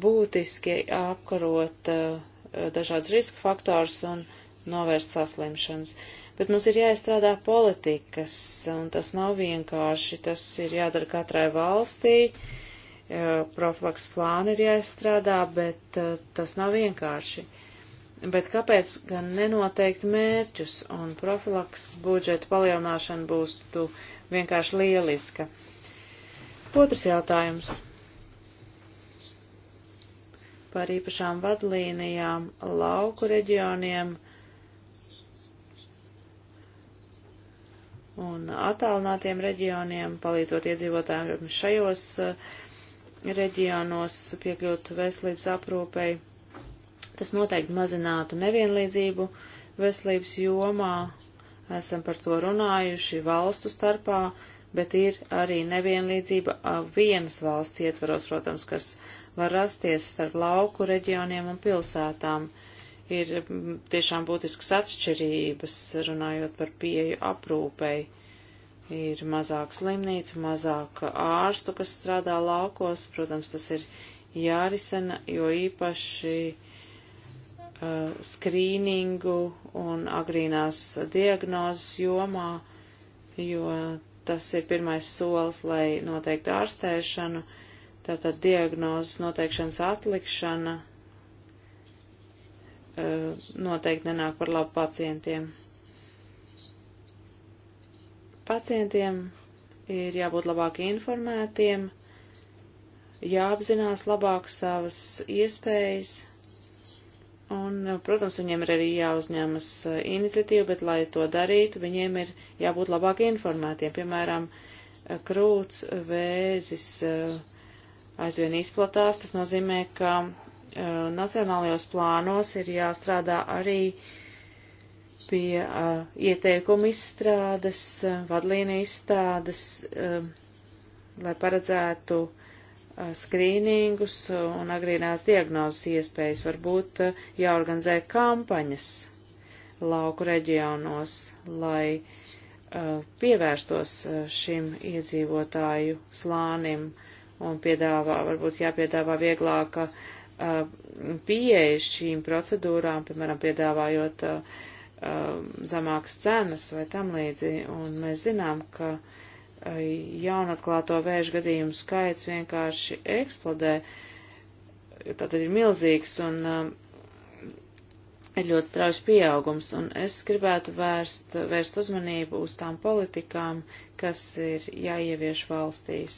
būtiski apkarot uh, dažādas riska faktors un novērst saslimšanas. Bet mums ir jāizstrādā politikas, un tas nav vienkārši, tas ir jādara katrai valstī, uh, profilaks plāni ir jāizstrādā, bet uh, tas nav vienkārši. Uh, bet kāpēc gan nenoteikt mērķus un profilaks budžeta palielināšana būs tu vienkārši lieliska? Otrs jautājums par īpašām vadlīnijām lauku reģioniem un attālinātiem reģioniem, palīdzot iedzīvotājiem šajos eh, reģionos piekļūt veselības aprūpei. Tas noteikti mazinātu nevienlīdzību veselības jomā, esam par to runājuši valstu starpā, bet ir arī nevienlīdzība vienas valsts ietvaros, protams, kas var rasties starp lauku reģioniem un pilsētām. Ir tiešām būtiskas atšķirības, runājot par pieju aprūpei. Ir mazāk slimnīcu, mazāk ārstu, kas strādā laukos, protams, tas ir jārisina, jo īpaši uh, Uh, skrīningu un agrīnās diagnozes jomā, jo tas ir pirmais solis, lai noteiktu ārstēšanu, tātad diagnozes noteikšanas atlikšana uh, noteikti nenāk par labu pacientiem. Pacientiem ir jābūt labāk informētiem, jāapzinās labāk savas iespējas Un, eh, protams, viņiem ir arī jāuzņemas eh, iniciatīva, bet, lai to darītu, viņiem ir jābūt labāk informētiem. Piemēram, eh, krūts, vēzis aizvien izplatās. Tas nozīmē, ka nacionālajos plānos ir jāstrādā arī pie ieteikumu izstrādes, vadlīnijas izstrādes, lai paredzētu uh, Eh, skrīningus un agrīnās diagnozes iespējas, varbūt eh, jāorganizē kampaņas lauku reģionos, lai eh, pievērstos šim iedzīvotāju slānim un piedāvā, varbūt jāpiedāvā vieglāka pieeja šīm procedūrām, piemēram, piedāvājot zemākas cenas vai tam līdzi, un mēs zinām, ka uh, jaunatklāto vēža gadījumu skaits vienkārši eksplodē. Tātad ir milzīgs un um, ir ļoti strauji pieaugums, un es gribētu vērst, vērst uzmanību uz tām politikām, kas ir jāievieš valstīs,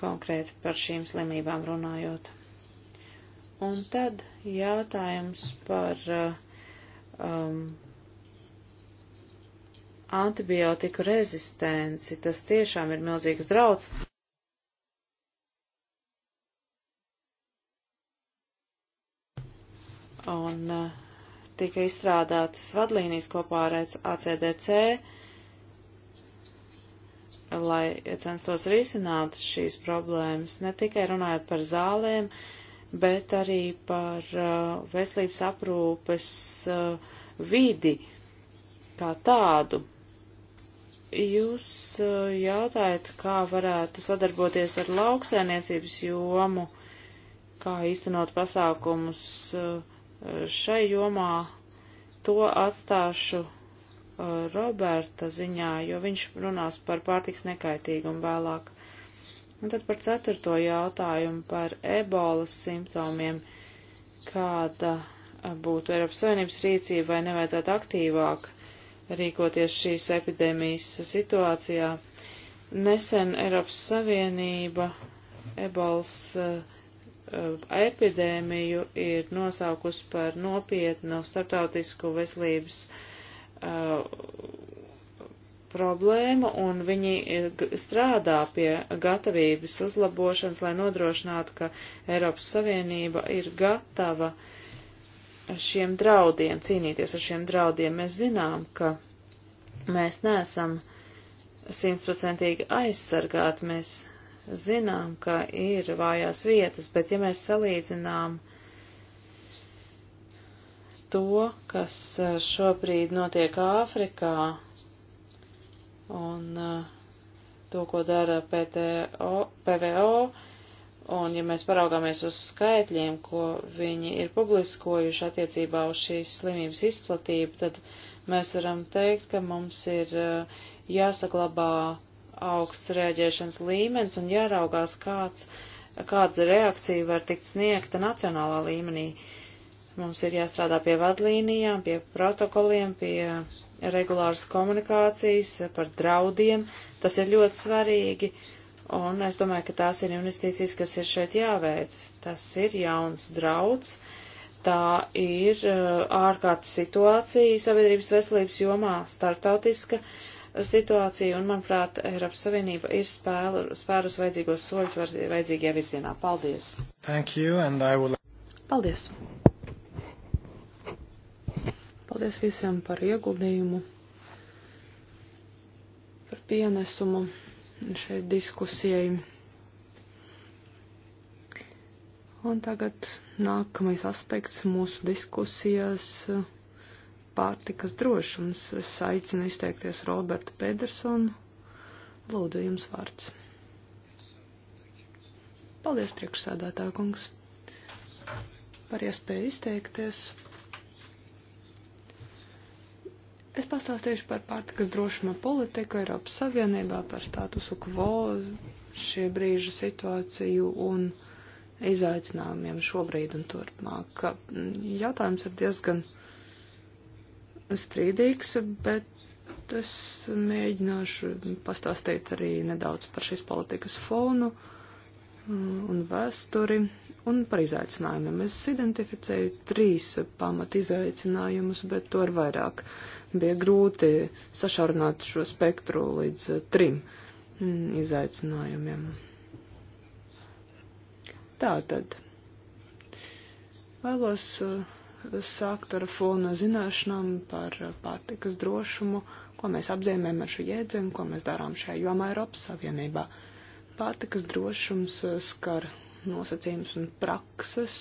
konkrēti par šīm slimībām runājot. Un tad jautājums par uh, um, antibiotiku rezistenci. Tas tiešām ir milzīgs drauds. Un eh, tika izstrādātas vadlīnijas kopā ar ACDC, e lai censtos risināt šīs problēmas, ne tikai runājot par zālēm, bet arī par eh, veselības aprūpes eh, vidi kā tādu Jūs eh, jautājat, kā varētu sadarboties ar lauksainiecības jomu, kā īstenot pasākumus eh, šai jomā. To atstāšu eh, Roberta ziņā, jo viņš runās par pārtiks nekaitīgumu vēlāk. Un tad par ceturto jautājumu par ebolas simptomiem, kāda būtu Eiropas Savienības rīcība vai nevajadzētu aktīvāk rīkoties šīs epidēmijas situācijā. Nesen Eiropas Savienība ebols uh, eh, epidēmiju ir nosaukusi par nopietnu starptautisku veselības uh, problēmu, un viņi eh, strādā pie gatavības uzlabošanas, lai nodrošinātu, ka Eiropas Savienība ir gatava uh, šiem draudiem, cīnīties ar šiem draudiem. Mēs zinām, ka mēs neesam simtprocentīgi aizsargāti, mēs zinām, ka ir vājās vietas, bet ja mēs salīdzinām to, kas eh, šobrīd notiek Āfrikā un eh, to, ko dara PTO, PVO, Un, ja mēs paraugāmies uz skaitļiem, ko viņi ir publiskojuši attiecībā uz šīs slimības izplatību, tad mēs varam teikt, ka mums ir uh, jāsaglabā augsts rēģēšanas līmenis un jāraugās, kāds, kāda reakcija var tikt sniegta nacionālā līmenī. Mums ir jāstrādā pie vadlīnijām, pie protokoliem, pie regulāras komunikācijas par draudiem. Tas ir ļoti svarīgi. Uh, Un es domāju, ka tās ir investīcijas, kas ir šeit jāveic. Tas ir jauns drauds, tā ir uh, ārkārtas situācija sabiedrības veselības jomā, startautiska situācija, un, manuprāt, Eiropas Savienība ir spēlu, spērus vajadzīgos soļus vajadzīgajā virzienā. Paldies! Thank you, and I will... Paldies! Paldies visiem par ieguldījumu, par pienesumu šai diskusijai. Un tagad nākamais aspekts mūsu diskusijas - pārtikas drošums. Es aicinu izteikties Robertu Pedersonu. Lūdzu, jums vārds. Paldies, priekšsēdētā kungs, par iespēju izteikties. Es pastāstīšu par pārtikas drošuma politiku Eiropas Savienībā, par statusu quo, šī brīža situāciju un izaicinājumiem šobrīd un turpmāk. Jautājums ir diezgan strīdīgs, bet es mēģināšu pastāstīt arī nedaudz par šīs politikas fonu un vēsturi un par izaicinājumiem. Es identificēju trīs pamat izaicinājumus, bet to ir vairāk. Bija grūti sašarnāt šo spektru līdz eh, trim mm, izaicinājumiem. Tātad, vēlos eh, sākt ar fona zināšanām par eh, pārtikas drošumu, ko mēs apzīmējam ar šo jēdzienu, ko mēs darām šajā jomā Eiropas Savienībā. Pārtikas drošums skar nosacījums un prakses.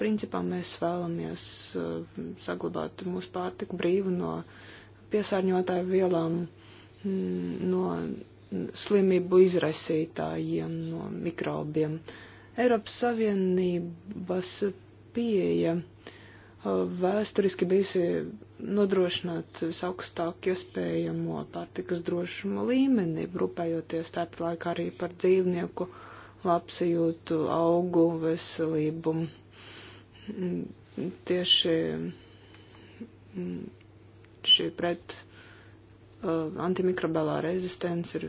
Principā mēs vēlamies eh, saglabāt mūsu pārtiku brīvu no piesārņotāju vielām, mm, no slimību izraisītājiem, no mikrobiem. Eiropas Savienības pieeja eh, vēsturiski bijusi nodrošināt visaugstāk iespējamo pārtikas drošuma līmeni, rūpējoties tāpat laikā arī par dzīvnieku uh, labsajūtu, augu, veselību. Tieši šī pret uh, antimikrobiālā rezistence ir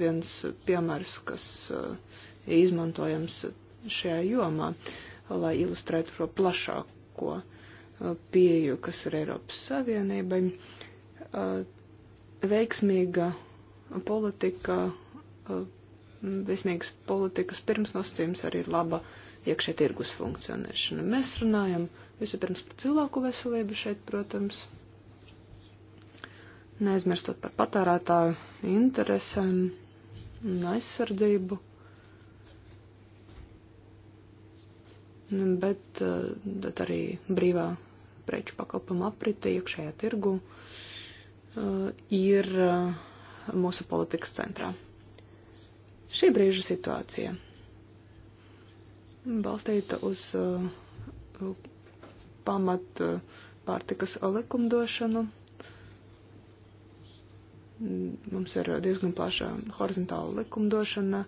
viens piemērs, kas uh, izmantojams šajā jomā, lai ilustrētu šo plašāko uh, pieju, kas ir Eiropas Savienībai. Uh, veiksmīga politika uh, vismīgas politikas pirmsnosacījums arī ir laba iekšē tirgus funkcionēšana. Mēs runājam vispirms par cilvēku veselību šeit, protams, neaizmirstot par patērētāju interesēm un aizsardzību. Bet tad eh, arī brīvā preču pakalpama aprite iekšējā tirgu eh, ir eh, mūsu politikas centrā šī brīža situācija. Balstīta uz uh, pamat uh, pārtikas likumdošanu. Mums ir diezgan plaša horizontāla likumdošana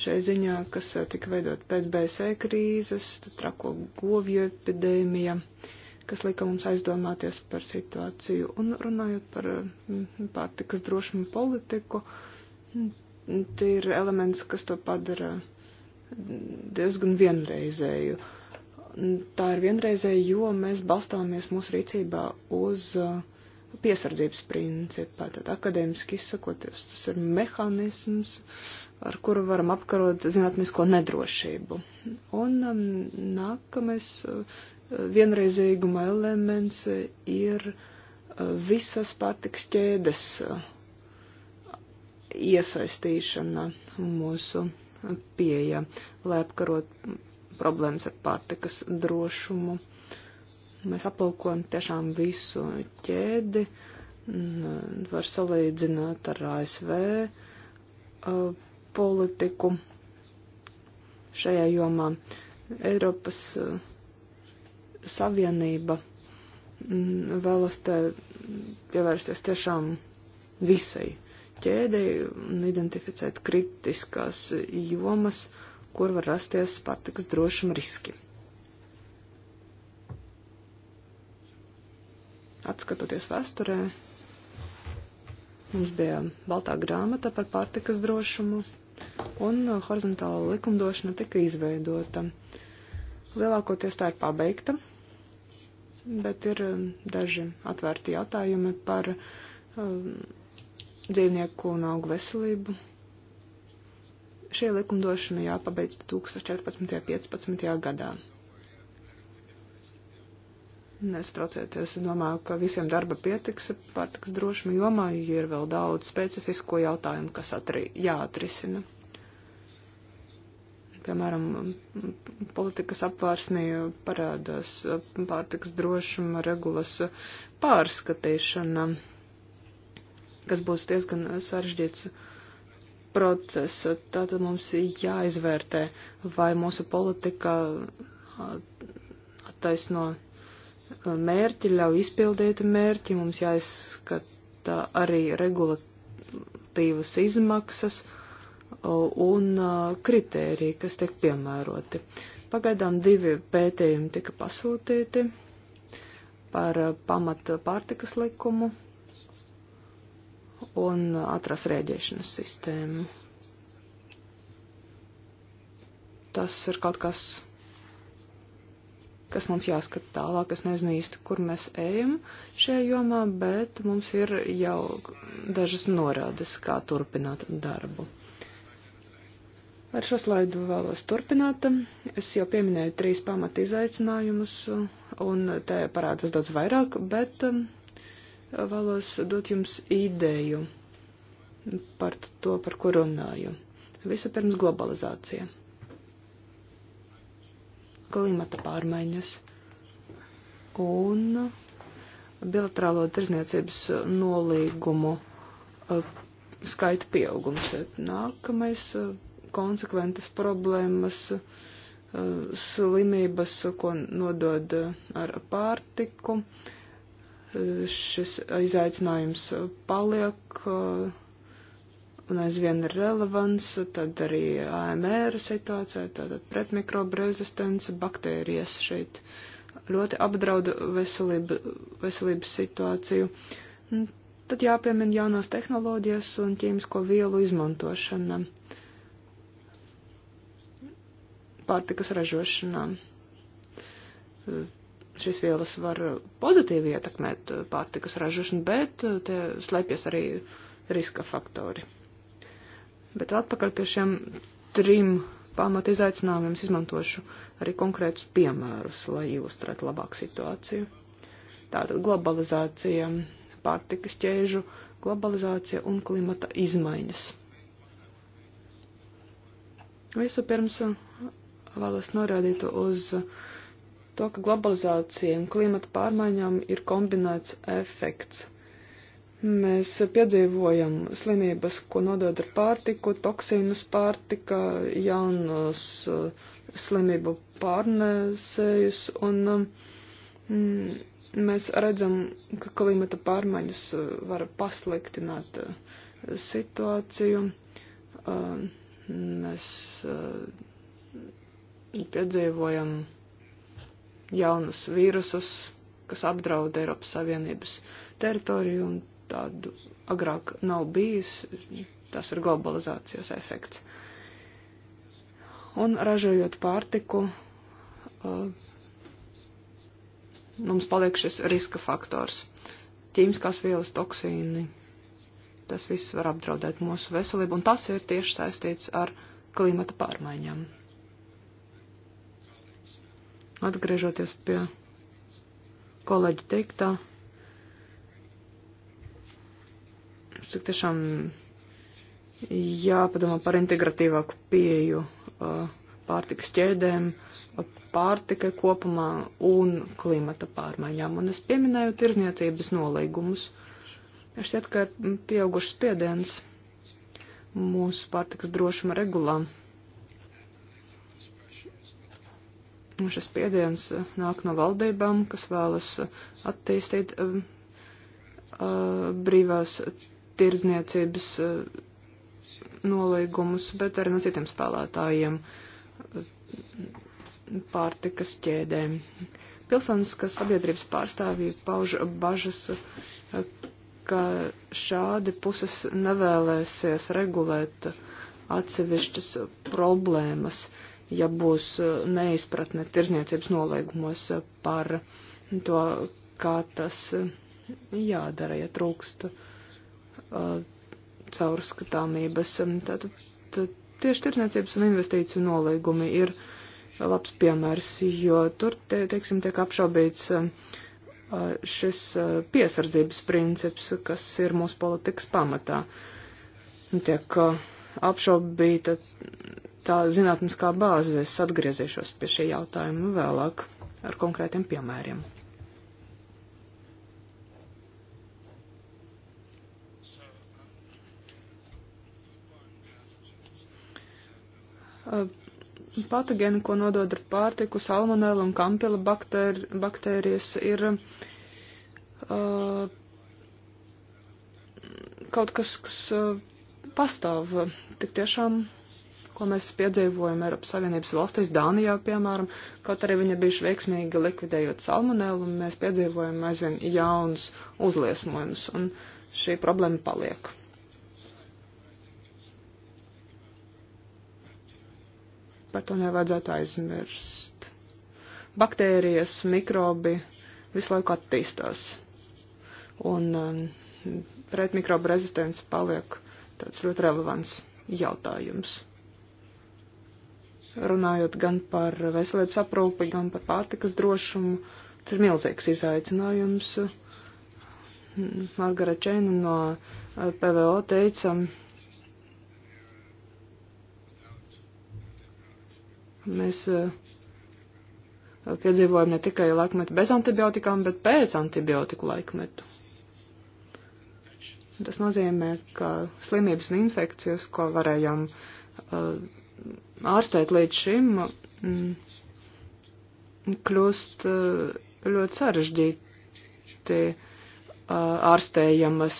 šai ziņā, kas uh, tika veidot pēc BSE krīzes, trako govju epidēmija, kas lika mums aizdomāties par situāciju. Un runājot par uh, pārtikas drošumu politiku, Tie ir elements, kas to padara diezgan vienreizēju. Tā ir vienreizēja, jo mēs balstāmies mūsu rīcībā uz uh, piesardzības principā. Tad akadēmiski izsakoties, tas ir mehānisms, ar kuru varam apkarot zinātnisko nedrošību. Un um, nākamais uh, vienreizīguma elements ir uh, visas patiks ķēdes iesaistīšana mūsu pieeja, lai apkarot problēmas ar pārtikas drošumu. Mēs aplūkojam tiešām visu ķēdi, var salīdzināt ar ASV politiku šajā jomā. Eiropas Savienība vēlas te pievērsties tiešām visai ķēdei un identificēt kritiskās jomas, kur var rasties pārtikas drošuma riski. Atskatoties vēsturē, mums bija baltā grāmata par pārtikas drošumu, un horizontāla likumdošana tika izveidota. Lielākoties tā ir pabeigta, bet ir um, daži atvērti jautājumi par um, dzīvnieku un augu veselību. Šie likumdošana jāpabeidz 2014. un 2015. gadā. Nestraucieties, domāju, ka visiem darba pietiks pārtiks drošuma jomā, jo ir vēl daudz specifisko jautājumu, kas atri, jāatrisina. Piemēram, politikas apvārsnī parādās pārtiks drošuma regulas pārskatīšana kas būs diezgan sarežģīts process. Tātad mums jāizvērtē, vai mūsu politika attaisno mērķi, ļauj izpildīt mērķi, mums jāizskata arī regulatīvas izmaksas un kritēriji, kas tiek piemēroti. Pagaidām divi pētījumi tika pasūtīti par pamata pārtikas likumu un atrast rēģēšanas sistēmu. Tas ir kaut kas, kas mums jāskata tālāk. Es nezinu īsti, kur mēs ejam šajā jomā, bet mums ir jau dažas norādes, kā turpināt darbu. Ar šo slaidu vēlos turpināt. Es jau pieminēju trīs pamata izaicinājumus, un te parādās daudz vairāk, bet vēlos dot jums ideju par to, par ko runāju. Vispirms globalizācija, klimata pārmaiņas un bilaterālo tirzniecības nolīgumu eh, skaita pieaugums. Nākamais eh, konsekventas problēmas, eh, slimības, ko nodod ar pārtiku, šis izaicinājums paliek uh, un aizvien ir relevants, tad arī AMR situācija, tātad pretmikroba rezistence, baktērijas šeit ļoti apdrauda veselību, veselības situāciju. Tad jāpiemina jaunās tehnoloģijas un ķīmisko vielu izmantošana pārtikas ražošanā šīs vielas var pozitīvi ietekmēt eh, pārtikas ražošanu, bet eh, te slēpjas arī riska faktori. Bet atpakaļ pie šiem trim pamat izaicinājumiem es izmantošu arī konkrētus piemērus, lai ilustrētu labāk situāciju. Tātad globalizācija, pārtikas ķēžu globalizācija un klimata izmaiņas. Visu pirms eh, vēlos norādīt uz uh, to, ka globalizācija un klimata pārmaiņām ir kombinēts efekts. Mēs piedzīvojam slimības, ko nodod ar pārtiku, toksīnus pārtika, jaunus eh, slimību pārnēsējus, un um, mm, mēs redzam, ka klimata pārmaiņas eh, var pasliktināt eh, situāciju. Mēs piedzīvojam jaunus vīrusus, kas apdraud Eiropas Savienības teritoriju, un tādu agrāk nav bijis. Tas ir globalizācijas efekts. Un ražojot pārtiku, eh, mums paliek šis riska faktors. Ķīmiskās vielas toksīni, tas viss var apdraudēt mūsu veselību, un tas ir tieši saistīts ar klimata pārmaiņām atgriežoties pie kolēģi teiktā, cik tiešām jāpadomā par integratīvāku pieju pārtikas ķēdēm, pārtikai kopumā un klimata pārmaiņām. Un es pieminēju tirzniecības nolīgumus. Šķiet, ka ir pieaugušas spiediens mūsu pārtikas drošuma regulām. Šis spiediens eh, nāk no valdībām, kas vēlas eh, attīstīt uh, brīvās tirzniecības uh, nolīgumus, bet arī no citiem spēlētājiem pārtikas ķēdēm. Pilsoniskas sabiedrības pārstāvji pauž bažas, ka šādi puses nevēlēsies regulēt atsevišķas problēmas, uh, ja būs e, neizpratne tirzniecības nolaigumos e, par to, kā tas e, jādara, ja trūkst uh, caurskatāmības. Tātad tā, tieši tirzniecības un investīciju nolaigumi ir labs piemērs, jo tur, te, teiksim, tiek apšaubīts uh, šis uh, piesardzības princips, kas ir mūsu politikas pamatā. Tiek apšaubīta tā zinātniskā bāze. Es atgriezīšos pie šī jautājuma vēlāk ar konkrētiem piemēriem. Uh, patogēni, ko nodod ar pārtiku, salmonēla un kampila baktēri, baktērijas, ir uh, kaut kas, kas uh, pastāv tik tiešām ko mēs piedzīvojam Eiropas Savienības valstīs, Dānijā, piemēram, kaut arī viņa bijuši veiksmīgi likvidējot salmonēlu, mēs piedzīvojam aizvien jaunus uzliesmojumus, un šī problēma paliek. Par to nevajadzētu aizmirst. Baktērijas, mikrobi visu laiku attīstās, un um, pret mikrobu rezistents paliek tāds ļoti relevants jautājums runājot gan par veselības aprūpi, gan par pārtikas drošumu. Tas ir milzīgs izaicinājums. Margaret Čēna no eh, PVO teica, mēs eh, piedzīvojam ne tikai laikmetu bez antibiotikām, bet pēc antibiotiku laikmetu. Tas nozīmē, ka slimības un infekcijas, ko varējām uh, ārstēt līdz šim mm, kļūst eh, ļoti sarežģīti eh, ārstējamas,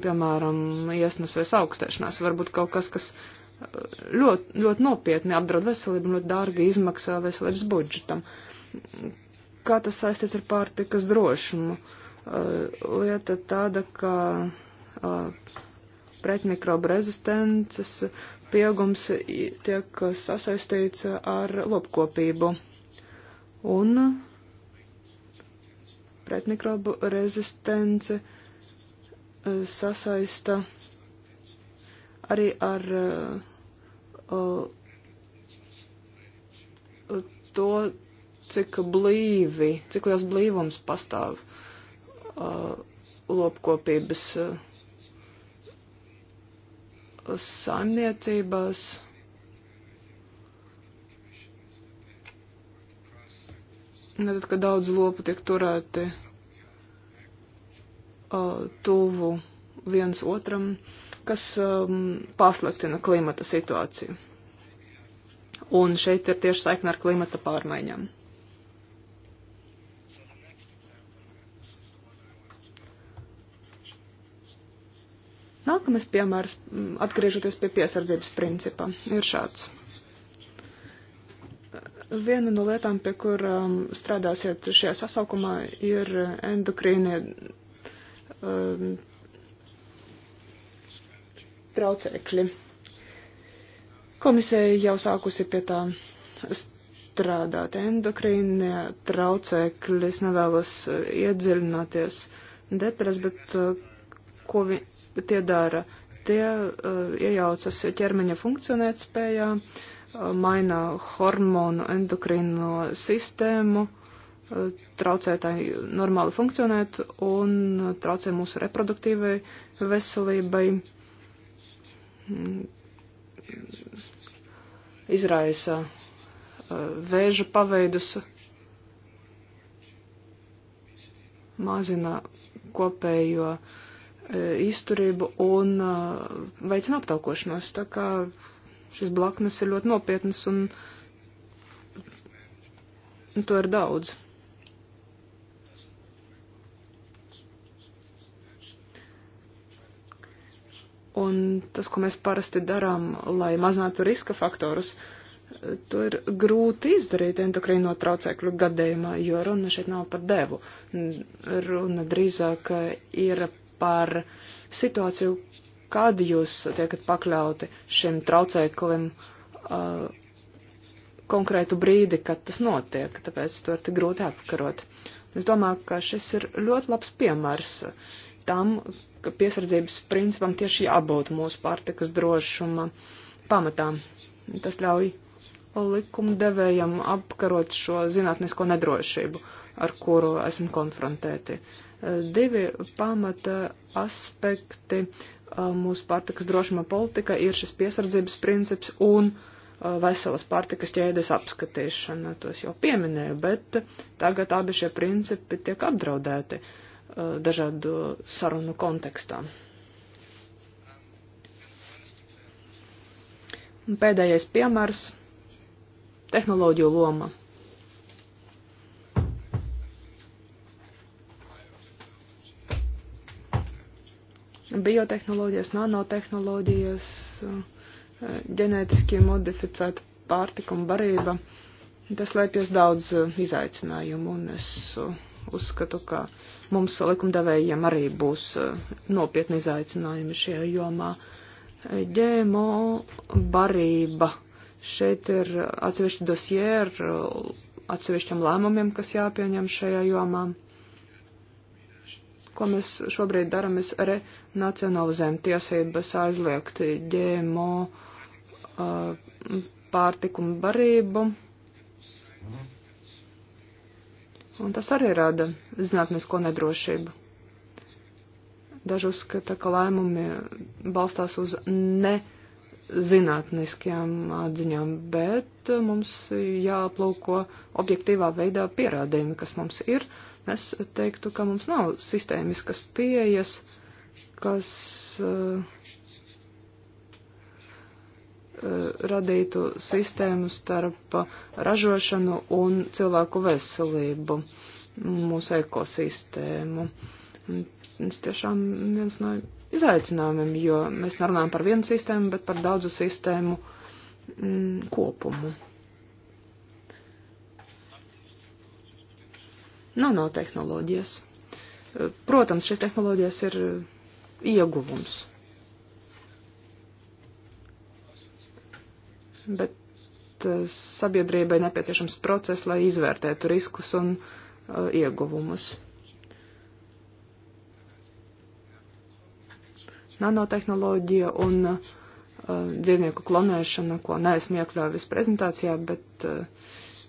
piemēram, iesnas vai augstēšanās. Varbūt kaut kas, kas eh, ļoti, ļoti nopietni apdraud veselību un ļoti dārgi izmaksā veselības budžetam. Kā tas saistīts ar pārtikas drošumu? Lieta tāda, ka pretmikroba rezistences pieaugums tiek sasaistīts ar lopkopību. Un pretmikrobu rezistence e, sasaista arī ar uh, to, cik blīvi, cik liels blīvums pastāv uh, lopkopības uh, saimniecībās. Ne tad, kad daudz lopu tiek turēti uh, tuvu viens otram, kas um, pasliktina klimata situāciju. Un šeit ir tieši saikna ar klimata pārmaiņām. Nākamais piemērs, mm, atgriežoties pie piesardzības principa, ir šāds. Viena no lietām, pie kurām um, strādāsiet šajā sasaukumā, ir endokrīnie um, traucēkļi. Komisija jau sākusi pie tā strādāt. Endokrīnie traucēkļi, es nevēlos uh, iedziļināties detaļas, bet uh, ko vi, tie dara. Tie uh, iejaucas ķermeņa funkcionēt spējā, uh, maina hormonu endokrino sistēmu, uh, traucē tai normāli funkcionēt un uh, traucē mūsu reproduktīvai veselībai. Mm, izraisa uh, vēža paveidus, mazina kopējo uh, E, izturību un e, veicina aptaukošanos. Tā kā šis blaknes ir ļoti nopietnas un, un to ir daudz. Un tas, ko mēs parasti darām, lai mazinātu riska faktorus, e, to ir grūti izdarīt endokrīno traucēkļu gadījumā, jo runa šeit nav par devu. Runa drīzāk ir par situāciju, kādi jūs tiekat pakļauti šim traucēklim uh, konkrētu brīdi, kad tas notiek, tāpēc to ir tik grūti apkarot. Es domāju, ka šis ir ļoti labs piemērs tam, ka piesardzības principam tieši jābūt mūsu pārtikas drošuma pamatām. Tas ļauj likumdevējam apkarot šo zinātnisko nedrošību, ar kuru esam konfrontēti. Eh, divi pamata aspekti eh, mūsu pārtikas drošuma politika ir šis piesardzības princips un eh, veselas pārtikas ķēdes apskatīšana. Tos jau pieminēju, bet tagad abi šie principi tiek apdraudēti dažādu sarunu kontekstā. Pēdējais piemērs tehnoloģiju loma. Biotehnoloģijas, nanotehnoloģijas, ģenētiski modificēta pārtika un barība. Tas liepjas daudz izaicinājumu, un es uzskatu, ka mums likumdevējiem arī būs nopietni izaicinājumi šajā jomā. ģēmo barība Šeit ir atsevišķi dosie ar uh, atsevišķiem lēmumiem, kas jāpieņem šajā jomā. Ko mēs šobrīd darām, mēs renacionalizējam tiesības aizliegt ģēmo uh, pārtiku un barību. Un tas arī rada zinātnisko nedrošību. Daži uzskata, ka lēmumi balstās uz ne zinātniskajām atziņām, bet mums jāplūko objektīvā veidā pierādījumi, kas mums ir. Es teiktu, ka mums nav sistēmiskas pieejas, kas uh, radītu sistēmu starp ražošanu un cilvēku veselību, mūsu ekosistēmu. Tas tiešām viens no izaicinājumiem, jo mēs nerunājam par vienu sistēmu, bet par daudzu sistēmu mm, kopumu. Nanotehnoloģijas. Protams, šīs tehnoloģijas ir ieguvums. Bet eh, sabiedrībai nepieciešams process, lai izvērtētu riskus un uh, ieguvumus. nanotehnoloģija un uh, dzīvnieku klonēšana, ko neesmu iekļāvis prezentācijā, bet uh,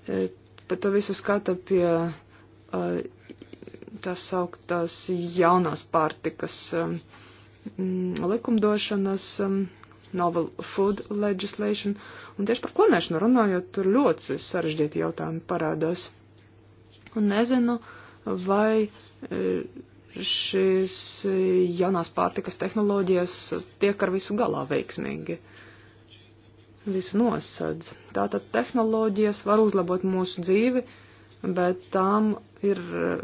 e, pat to visu skata pie uh, tās augtās jaunās pārtikas um, mm, likumdošanas. Um, Novel Food Legislation, un tieši par klonēšanu runājot, tur ļoti sarežģīti jautājumi parādās. Un nezinu, vai e, šīs jaunās pārtikas tehnoloģijas tiek ar visu galā veiksmīgi. Visu nosedz. Tātad tehnoloģijas var uzlabot mūsu dzīvi, bet tām ir eh,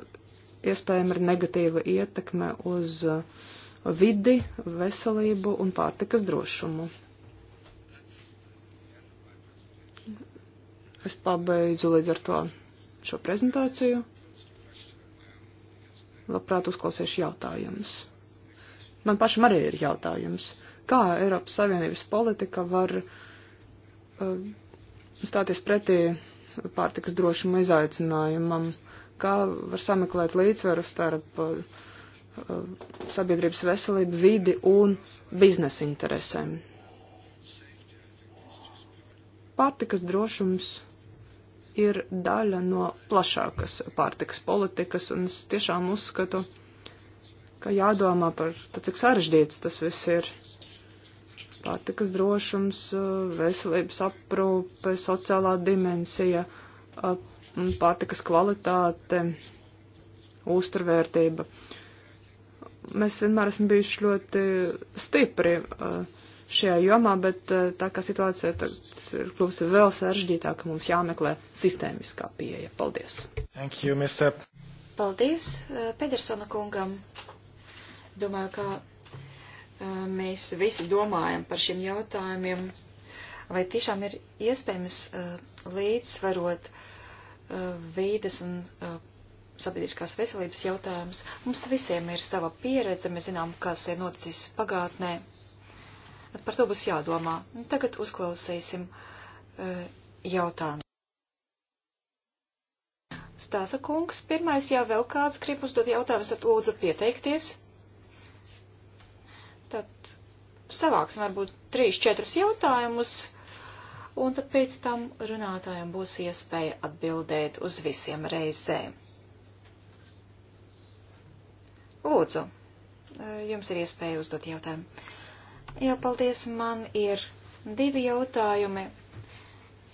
iespējama ir negatīva ietekme uz eh, vidi, veselību un pārtikas drošumu. Es pabeidzu līdz ar to šo prezentāciju labprāt uzklausīšu jautājumus. Man pašam arī ir jautājums, kā Eiropas Savienības politika var uh, stāties pretī pārtikas drošuma izaicinājumam, kā var sameklēt līdzsveru starp uh, uh, sabiedrības veselību, vidi un biznesa interesēm. Pārtikas drošums ir daļa no plašākas pārtikas politikas, un es tiešām uzskatu, ka jādomā par to, cik sarežģīts tas viss ir. Pārtikas drošums, veselības aprūpe, sociālā dimensija, pārtikas kvalitāte, uzturvērtība. Mēs vienmēr esam bijuši ļoti stipri uh, šajā jomā, bet eh, tā kā situācija ir kļuvusi vēl sarežģītāka, mums jāmeklē sistēmiskā pieeja. Paldies! Thank you, Mr. Paldies eh, Pedersona kungam! Domāju, ka eh, mēs visi domājam par šiem jautājumiem, vai tiešām ir iespējams līdzsvarot vīdes un sabiedriskās veselības jautājums. Mums visiem ir sava pieredze, mēs zinām, kas ir noticis pagātnē. Par to būs jādomā. Tagad uzklausīsim eh, jautājumu. Stāsa kungs, pirmais, ja vēl kāds grib uzdot jautājumus, tad lūdzu pieteikties. Tad savāksim varbūt trīs, četrus jautājumus, un tad pēc tam runātājiem būs iespēja atbildēt uz visiem reizē. Lūdzu, eh, jums ir iespēja uzdot jautājumu. Jā, paldies. Man ir divi jautājumi.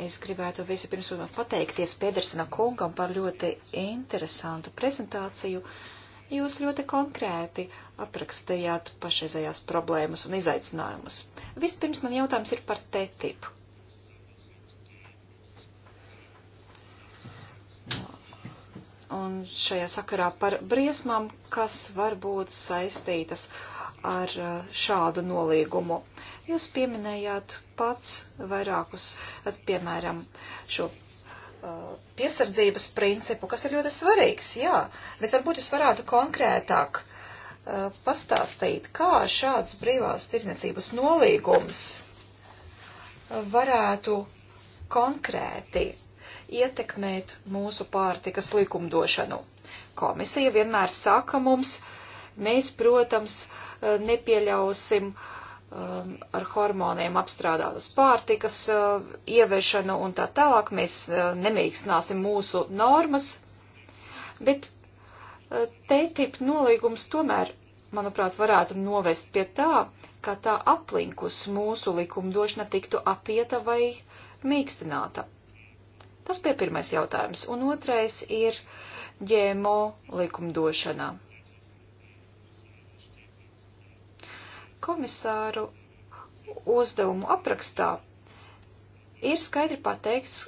Es gribētu visu pirms pateikties Pedersena kungam par ļoti interesantu prezentāciju. Jūs ļoti konkrēti aprakstījāt pašreizējās problēmas un izaicinājumus. Vispirms man jautājums ir par tētipu. Un šajā sakarā par briesmām, kas var būt saistītas ar ar eh, šādu nolīgumu. Jūs pieminējāt pats vairākus, at, piemēram, šo uh, piesardzības principu, kas ir ļoti svarīgs, jā, bet varbūt jūs varētu konkrētāk uh, pastāstīt, kā šāds brīvās tirdzniecības nolīgums varētu konkrēti ietekmēt mūsu pārtikas likumdošanu. Komisija vienmēr saka mums, uh, Mēs, protams, eh, nepieļausim eh, ar hormoniem apstrādātas pārtikas eh, ieviešanu un tā tālāk. Mēs nemīkstināsim mūsu normas, bet TTIP nolīgums tomēr, manuprāt, varētu novest pie tā, ka tā aplinkus mūsu likumdošana tiktu apieta vai mīkstināta. Tas bija pirmais jautājums, un otrais ir ģēmo likumdošana. komisāru uzdevumu aprakstā ir skaidri pateikts,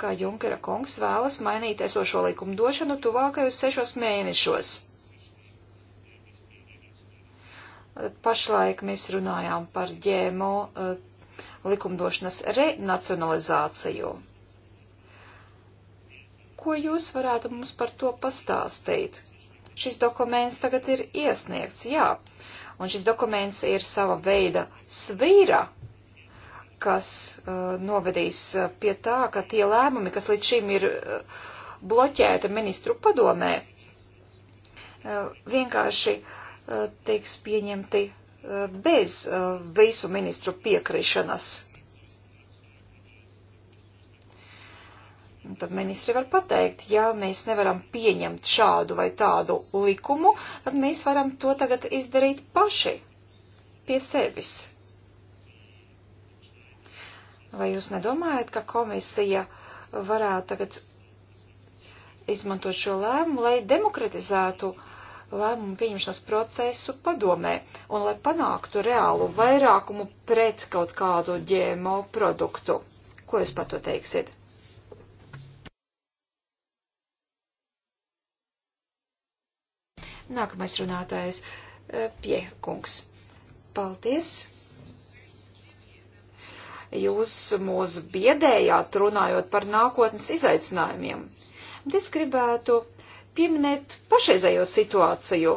ka Junkera kungs vēlas mainīt esošo likumdošanu tuvākajos sešos mēnešos. Pašlaik mēs runājām par ģēmo eh, likumdošanas renacionalizāciju. Ko jūs varētu mums par to pastāstīt? Šis dokuments tagad ir iesniegts, jā. Uh, Un šis dokuments ir sava veida svīra, kas uh, novedīs uh, pie tā, ka tie lēmumi, kas līdz šim ir uh, bloķēti ministru padomē, uh, vienkārši uh, tiks pieņemti uh, bez uh, visu ministru piekrišanas. Tad ministri var pateikt, ja mēs nevaram pieņemt šādu vai tādu likumu, tad mēs varam to tagad izdarīt paši pie sevis. Vai jūs nedomājat, ka komisija varētu tagad izmantot šo lēmumu, lai demokratizētu lēmumu pieņemšanas procesu padomē un lai panāktu reālu vairākumu pret kaut kādu ģēmo produktu? Ko jūs par to teiksiet? Nākamais runātājs eh, Piekungs. Paldies! Jūs mūs biedējāt runājot par nākotnes izaicinājumiem. Bet es gribētu pieminēt pašreizējo situāciju.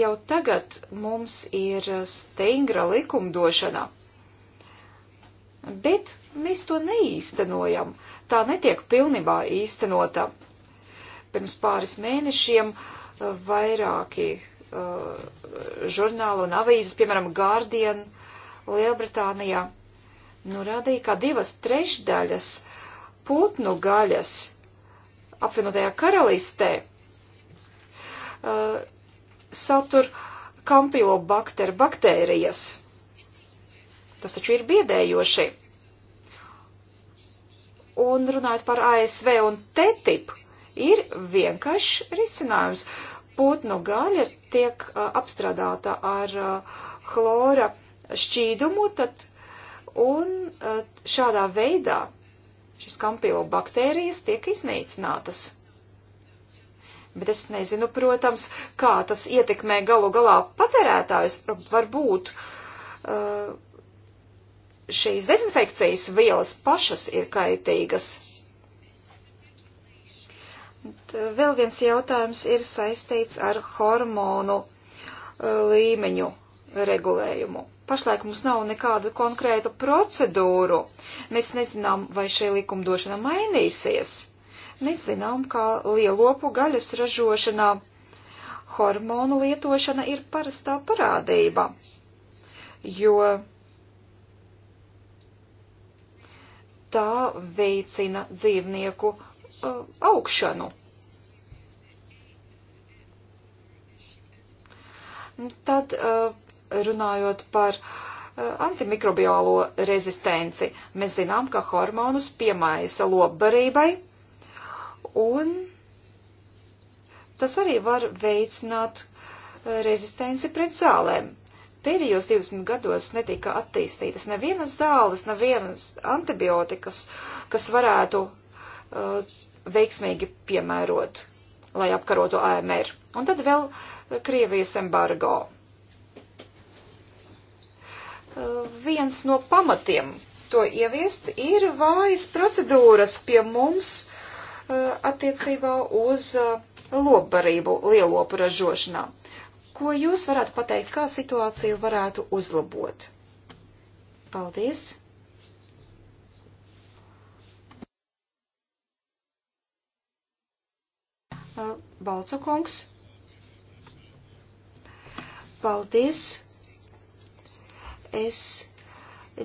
Jau tagad mums ir stingra likumdošana bet mēs to neīstenojam. Tā netiek pilnībā īstenota. Pirms pāris mēnešiem vairāki uh, žurnāli un avīzes, piemēram, Guardian Lielbritānijā, norādīja, nu, ka divas trešdaļas putnu gaļas apvienotajā karalistē uh, satur kampilobakter baktērijas. Tas taču ir biedējoši. Un runājot par ASV un TTIP, ir vienkāršs risinājums. Putnu gaļa tiek uh, apstrādāta ar uh, hlora šķīdumu, tad un uh, šādā veidā šis kampilo baktērijas tiek iznīcinātas. Bet es nezinu, protams, kā tas ietekmē galu galā patērētājus. Varbūt šīs dezinfekcijas vielas pašas ir kaitīgas. Vēl viens jautājums ir saistīts ar hormonu e, līmeņu regulējumu. Pašlaik mums nav nekādu konkrētu procedūru. Mēs nezinām, vai šī likumdošana mainīsies. Mēs zinām, ka lielopu gaļas ražošanā hormonu lietošana ir parastā parādība, jo tā veicina dzīvnieku uh, augšanu. Tad uh, runājot par uh, antimikrobiālo rezistenci, mēs zinām, ka hormonus piemaisa lobbarībai un tas arī var veicināt uh, rezistenci pret zālēm. Pēdējos 20 gados netika attīstītas nevienas zāles, nevienas antibiotikas, kas varētu uh, veiksmīgi piemērot, lai apkarotu AMR. Un tad vēl Krievijas embargo. Viens no pamatiem to ieviest ir vājas procedūras pie mums eh, attiecībā uz eh, lobbarību lielopu ražošanā. Ko jūs varētu pateikt, kā situāciju varētu uzlabot? Paldies! Uh, Balco kungs. Paldies! Es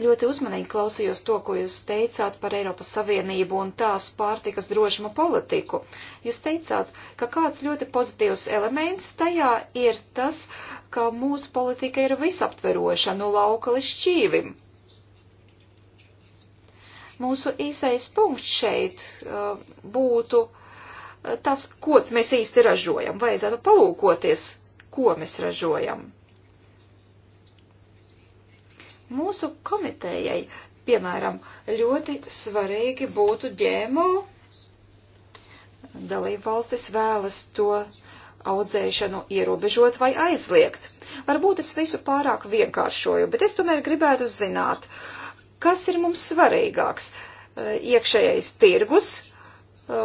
ļoti uzmanīgi klausījos to, ko jūs teicāt par Eiropas Savienību un tās pārtikas drošuma politiku. Jūs teicāt, ka kāds ļoti pozitīvs elements tajā ir tas, ka mūsu politika ir visaptveroša no lauka līdz šķīvim. Mūsu īsais punkts šeit uh, būtu tas, ko mēs īsti ražojam. Vajadzētu palūkoties, ko mēs ražojam. Mūsu komitejai, piemēram, ļoti svarīgi būtu ģēmo. Dalībvalstis vēlas to audzēšanu ierobežot vai aizliegt. Varbūt es visu pārāk vienkāršoju, bet es tomēr gribētu zināt, kas ir mums svarīgāks e, - iekšējais tirgus, e,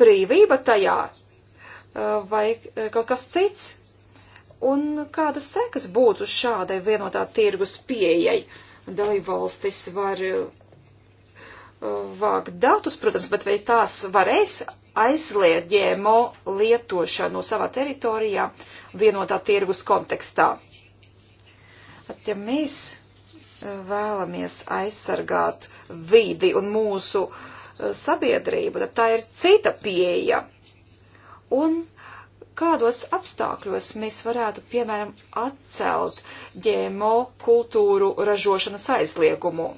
brīvība tajā vai kaut kas cits? Un kādas sekas būtu šādai vienotā tirgus pieejai? Dalībvalstis var vākt datus, protams, bet vai tās varēs aizliet ģēmo lietošanu savā teritorijā vienotā tirgus kontekstā? At, ja mēs vēlamies aizsargāt vidi un mūsu uh, sabiedrību, tad tā ir cita pieeja. Un kādos apstākļos mēs varētu, piemēram, atcelt ģēmo kultūru ražošanas aizliegumu?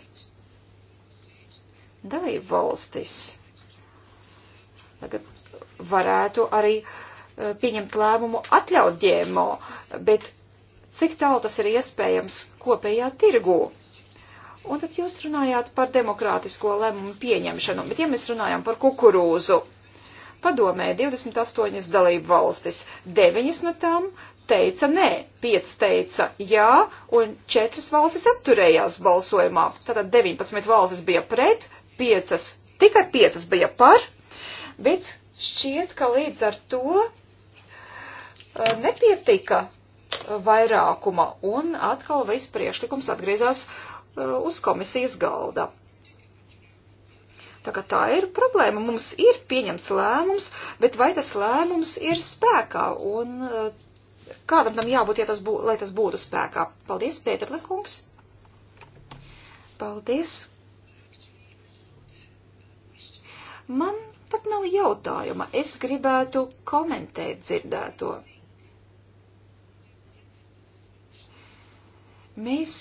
Dalību valstis tagad varētu arī eh, pieņemt lēmumu atļaut ģēmo, bet cik tālu tas ir iespējams kopējā tirgū? Un tad jūs runājāt par demokrātisko lēmumu pieņemšanu, bet ja mēs runājam par kukurūzu, padomē 28 dalību valstis, 9 no tām teica nē, 5 teica jā, un 4 valstis atturējās balsojumā. Tātad 19 valstis bija pret, 5, tikai 5 bija par, bet šķiet, ka līdz ar to eh, nepietika vairākuma, un atkal viss priekšlikums atgriezās uh, Uh, uz komisijas galda. Tā kā tā ir problēma, mums ir pieņems lēmums, bet vai tas lēmums ir spēkā un uh, kādam tam jābūt, ja tas bū, lai tas būtu spēkā? Paldies, Pēterlekungs! Paldies! Man pat nav jautājuma. Es gribētu komentēt dzirdēto. Mēs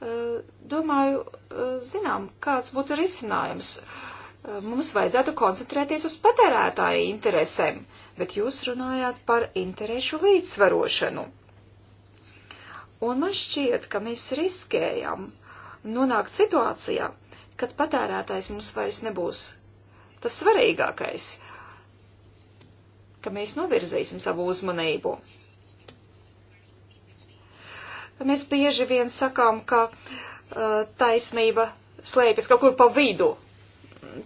Eh, domāju, eh, zinām, kāds būtu risinājums. Eh, mums vajadzētu koncentrēties uz patērētāju interesēm, bet jūs runājāt par interešu līdzsvarošanu. Un man šķiet, ka mēs riskējam nonākt situācijā, kad patērētājs mums vairs nebūs tas svarīgākais, ka mēs novirzīsim savu uzmanību Mēs bieži vien sakām, ka uh, taisnība slēpjas kaut kur pa vidu.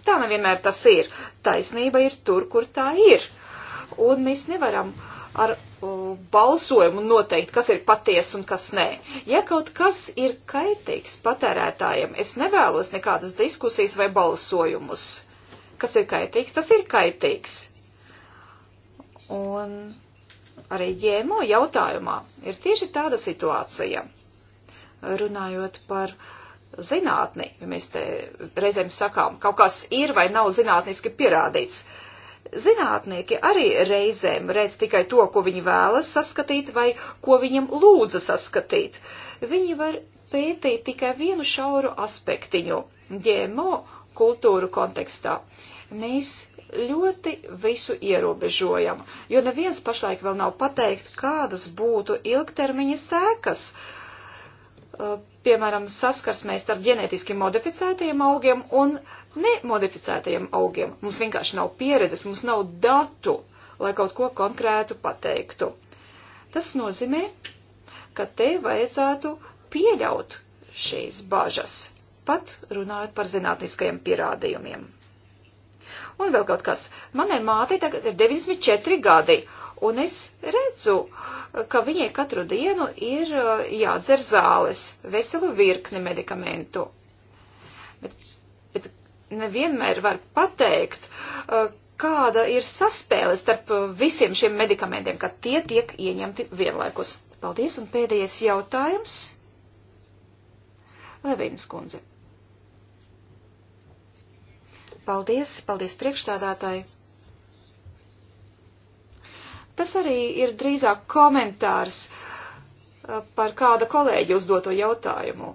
Tā nevienmēr tas ir. Taisnība ir tur, kur tā ir. Un mēs nevaram ar uh, balsojumu noteikt, kas ir paties un kas nē. Ja kaut kas ir kaitīgs patērētājiem, es nevēlos nekādas diskusijas vai balsojumus. Kas ir kaitīgs, tas ir kaitīgs. Un Arī ģēmo jautājumā ir tieši tāda situācija. Runājot par zinātni, ja mēs te reizēm sakām, kaut kas ir vai nav zinātniski pierādīts. Zinātnieki arī reizēm redz tikai to, ko viņi vēlas saskatīt vai ko viņam lūdza saskatīt. Viņi var pētīt tikai vienu šauru aspektiņu ģēmo kultūru kontekstā. Mēs ļoti visu ierobežojam, jo neviens pašlaik vēl nav pateikt, kādas būtu ilgtermiņa sēkas. Uh, piemēram, saskarsmē starp ģenētiski modificētajiem augiem un nemodificētajiem augiem. Mums vienkārši nav pieredzes, mums nav datu, lai kaut ko konkrētu pateiktu. Tas nozīmē, ka te vajadzētu pieļaut šīs bažas, pat runājot par zinātniskajiem pierādījumiem. Un vēl kaut kas. Manai mātei tagad ir 94 gadi, un es redzu, ka viņai katru dienu ir eh, jādzer zāles, veselu virkni medikamentu. Bet, bet nevienmēr var pateikt, eh, kāda ir saspēle starp visiem šiem medikamentiem, ka tie tiek ieņemti vienlaikus. Paldies, un pēdējais jautājums. Levīnas kundze. Paldies, paldies priekšstādātāji. Tas arī ir drīzāk komentārs uh, par kāda kolēģi uzdoto jautājumu.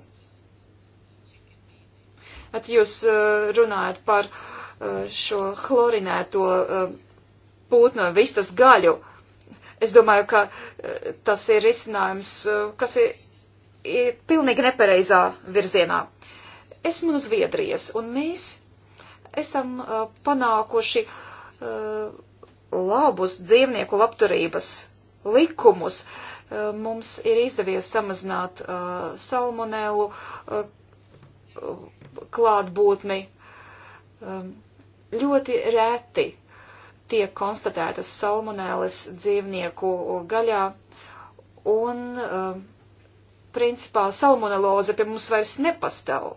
At jūs uh, runājat par uh, šo chlorinēto pūtno vistas gaļu. Es domāju, ka tas ir risinājums, kas ir, ir pilnīgi nepareizā virzienā. Esmu no Zviedrijas, un mēs esam panākuši labus dzīvnieku labturības likumus. Mums ir izdevies samazināt salmonēlu klātbūtni. Ļoti reti tiek konstatētas salmonēlas dzīvnieku gaļā un principā salmoneloze pie mums vairs nepastāv.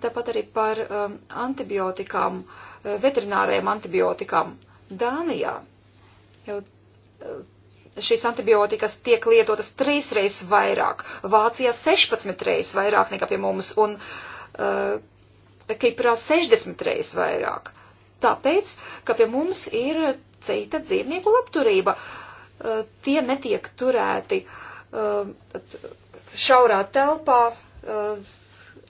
Tāpat arī par um, antibiotikām, uh, veterinārajām antibiotikām. Dānijā jau uh, šīs antibiotikas tiek lietotas trīsreiz vairāk, Vācijā 16 reizes vairāk nekā pie mums un uh, Kiprā 60 reizes vairāk. Tāpēc, ka pie mums ir cita dzīvnieku labturība, uh, tie netiek turēti uh, šaurā telpā. Uh,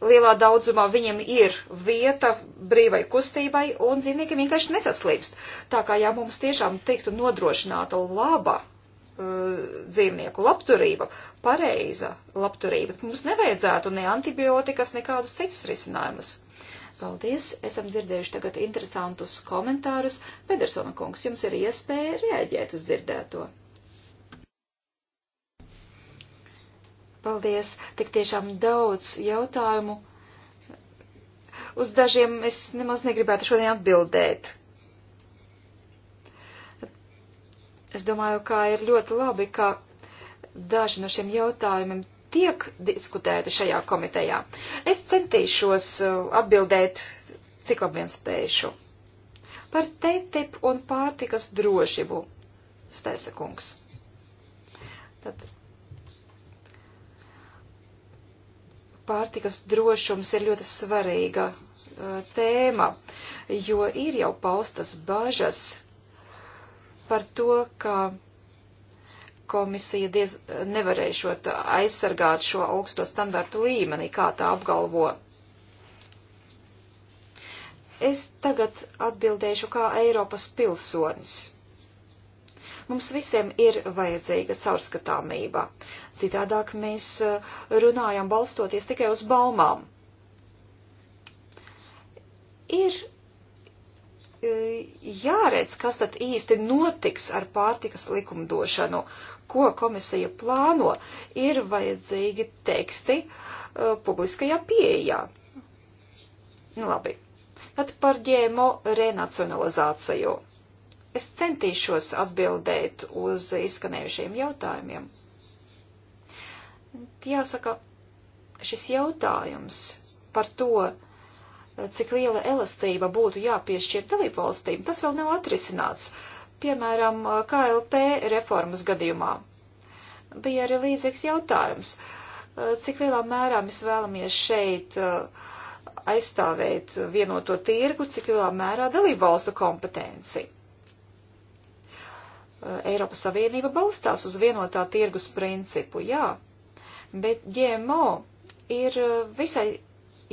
lielā daudzumā viņiem ir vieta brīvai kustībai un dzīvnieki vienkārši nesaslīpst. Tā kā ja mums tiešām tiktu nodrošināta laba uh, dzīvnieku labturība, pareiza labturība, mums nevajadzētu ne antibiotikas, nekādus citus risinājumus. Paldies, esam dzirdējuši tagad interesantus komentārus. Pedersona kungs, jums ir iespēja reaģēt uz dzirdēto. Paldies, tik tiešām daudz jautājumu. Uz dažiem es nemaz negribētu šodien atbildēt. Es domāju, ka ir ļoti labi, ka daži no šiem jautājumiem tiek diskutēti šajā komitejā. Es centīšos uh, atbildēt, cik labi vien spējušu. Par TTIP un pārtikas drošību, Stēsa kungs. Tad pārtikas drošums ir ļoti svarīga uh, tēma, jo ir jau paustas bažas par to, ka komisija diez uh, nevarēšot aizsargāt šo augsto standartu līmeni, kā tā apgalvo. Es tagad atbildēšu kā Eiropas pilsonis. Mums visiem ir vajadzīga caurskatāmība. Citādāk mēs eh, runājam balstoties tikai uz baumām. Ir eh, jāredz, kas tad īsti notiks ar pārtikas likumdošanu, ko komisija plāno, ir vajadzīgi teksti uh, publiskajā pieejā. Nu, labi. Tad par ģēmo renacionalizāciju. Es centīšos atbildēt uz izskanējušiem jautājumiem. Jāsaka, šis jautājums par to, cik liela elastība būtu jāpiešķir dalībvalstīm, tas vēl nav atrisināts. Piemēram, KLP reformas gadījumā bija arī līdzīgs jautājums, cik lielā mērā mēs vēlamies šeit uh, aizstāvēt vienoto tirgu, cik lielā mērā dalībvalstu kompetenci. Eiropas Savienība balstās uz vienotā tirgus principu, jā, bet GMO ir uh, visai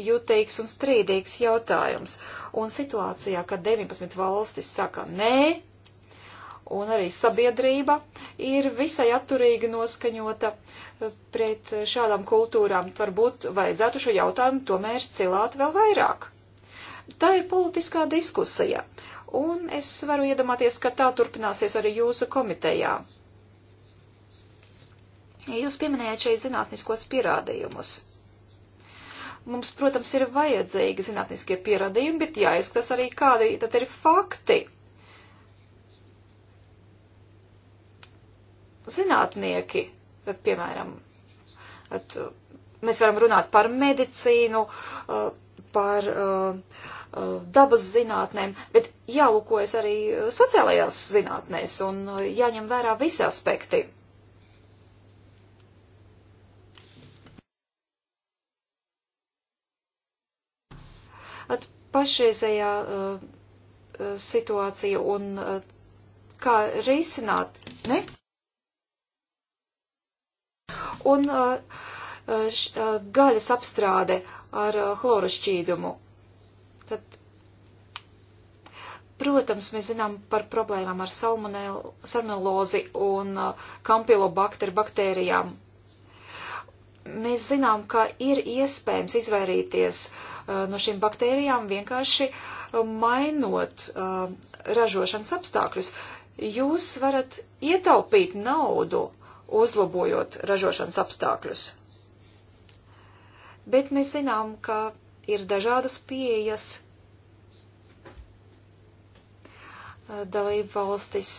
jutīgs un strīdīgs jautājums. Un situācijā, kad 19 valstis saka nē, un arī sabiedrība ir visai atturīgi noskaņota uh, pret šādām kultūrām, varbūt vajadzētu šo jautājumu tomēr cilāt vēl vairāk. Tā ir politiskā diskusija, un es varu iedomāties, ka tā turpināsies arī jūsu komitejā. Jūs pieminējāt šeit zinātniskos pierādījumus. Mums, protams, ir vajadzīgi zinātniskie pierādījumi, bet jāizskatās arī, kādi tad ir fakti. Zinātnieki, tad, piemēram, at, mēs varam runāt par medicīnu, uh, par uh, uh, dabas zinātnēm, bet jālūkojas arī uh, sociālajās zinātnēs un uh, jāņem vērā visi aspekti. At pašreizējā uh, situācija un uh, kā risināt, ne? Un uh, Eh, š, eh, gaļas apstrāde ar eh, chloru šķīdumu. Tad, protams, mēs zinām par problēmām ar salmonellozi un kampilobakteru baktērijām. Mēs zinām, ka ir iespējams izvairīties no šīm baktērijām vienkārši mainot ražošanas apstākļus. Jūs varat ietaupīt naudu, uzlabojot ražošanas apstākļus bet mēs zinām, ka ir dažādas pieejas. Dalību valstis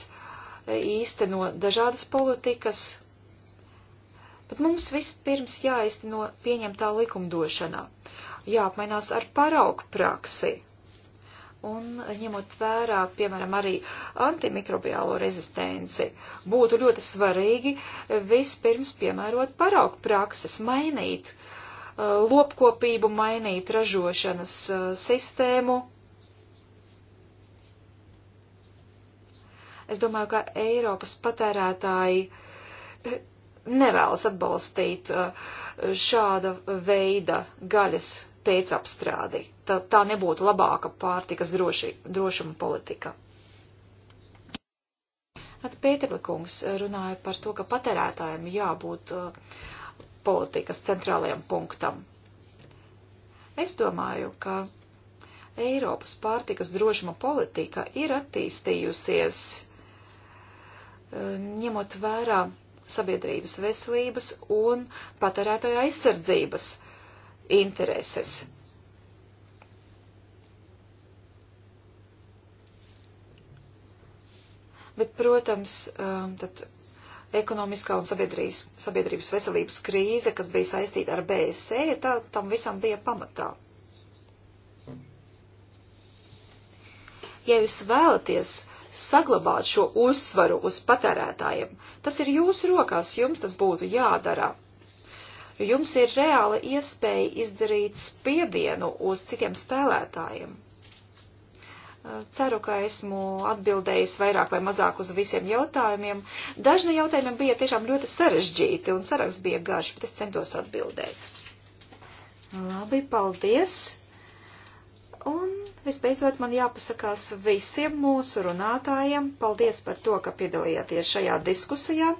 īsteno dažādas politikas, bet mums vispirms jāizteno pieņemtā likumdošanā, jāapmainās ar paraugu praksi. Un ņemot vērā, piemēram, arī antimikrobiālo rezistenci, būtu ļoti svarīgi vispirms piemērot paraugu prakses, mainīt uh, Uh, lopkopību, mainīt ražošanas uh, sistēmu. Es domāju, ka Eiropas patērētāji uh, nevēlas atbalstīt šāda veida gaļas pēcapstrādi. Tā, tā nebūtu labāka pārtikas droši, drošuma politika. At Pēterlikungs runāja par to, ka patērētājiem jābūt uh, politikas centrālajam punktam. Es domāju, ka Eiropas pārtikas drošuma politika ir attīstījusies, e, ņemot vērā sabiedrības veselības un patērētāja aizsardzības intereses. Bet, protams, e, tad ekonomiskā un sabiedrības, sabiedrības veselības krīze, kas bija saistīta ar BSE, tā, tam visam bija pamatā. Ja jūs vēlaties saglabāt šo uzsvaru uz patērētājiem, tas ir jūsu rokās, jums tas būtu jādara. Jums ir reāla iespēja izdarīt spiedienu uz citiem spēlētājiem. Ceru, ka esmu atbildējis vairāk vai mazāk uz visiem jautājumiem. Daži no jautājumiem bija tiešām ļoti sarežģīti un saraksts bija garš, bet es centos atbildēt. Labi, paldies! Un visbeidzot man jāpasakās visiem mūsu runātājiem. Paldies par to, ka piedalījāties šajā diskusijā.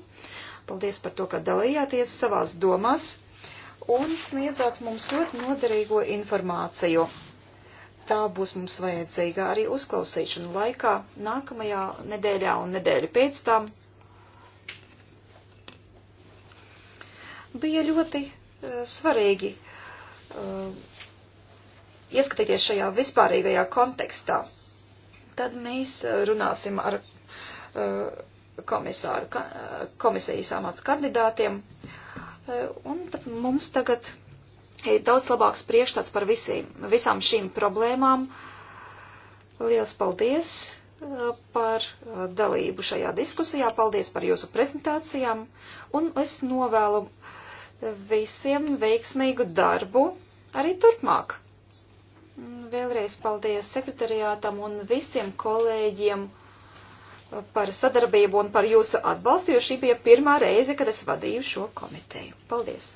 Paldies par to, ka dalījāties savās domās un sniedzāt mums ļoti noderīgo informāciju tā būs mums vajadzīga arī uzklausīšana laikā nākamajā nedēļā un nedēļa pēc tam. Bija ļoti uh, svarīgi uh, ieskatīties šajā vispārīgajā kontekstā. Tad mēs eh, runāsim ar uh, komisāru, komisijas amatu kandidātiem, un tad mums tagad ir daudz labāks priekšstats par visiem, visām šīm problēmām. Lielas paldies uh, par uh, dalību šajā diskusijā, paldies par jūsu prezentācijām, un es novēlu visiem veiksmīgu darbu arī turpmāk. Vēlreiz paldies sekretariātam un visiem kolēģiem uh, par sadarbību un par jūsu atbalstu, jo šī bija pirmā reize, kad es vadīju šo komiteju. Paldies!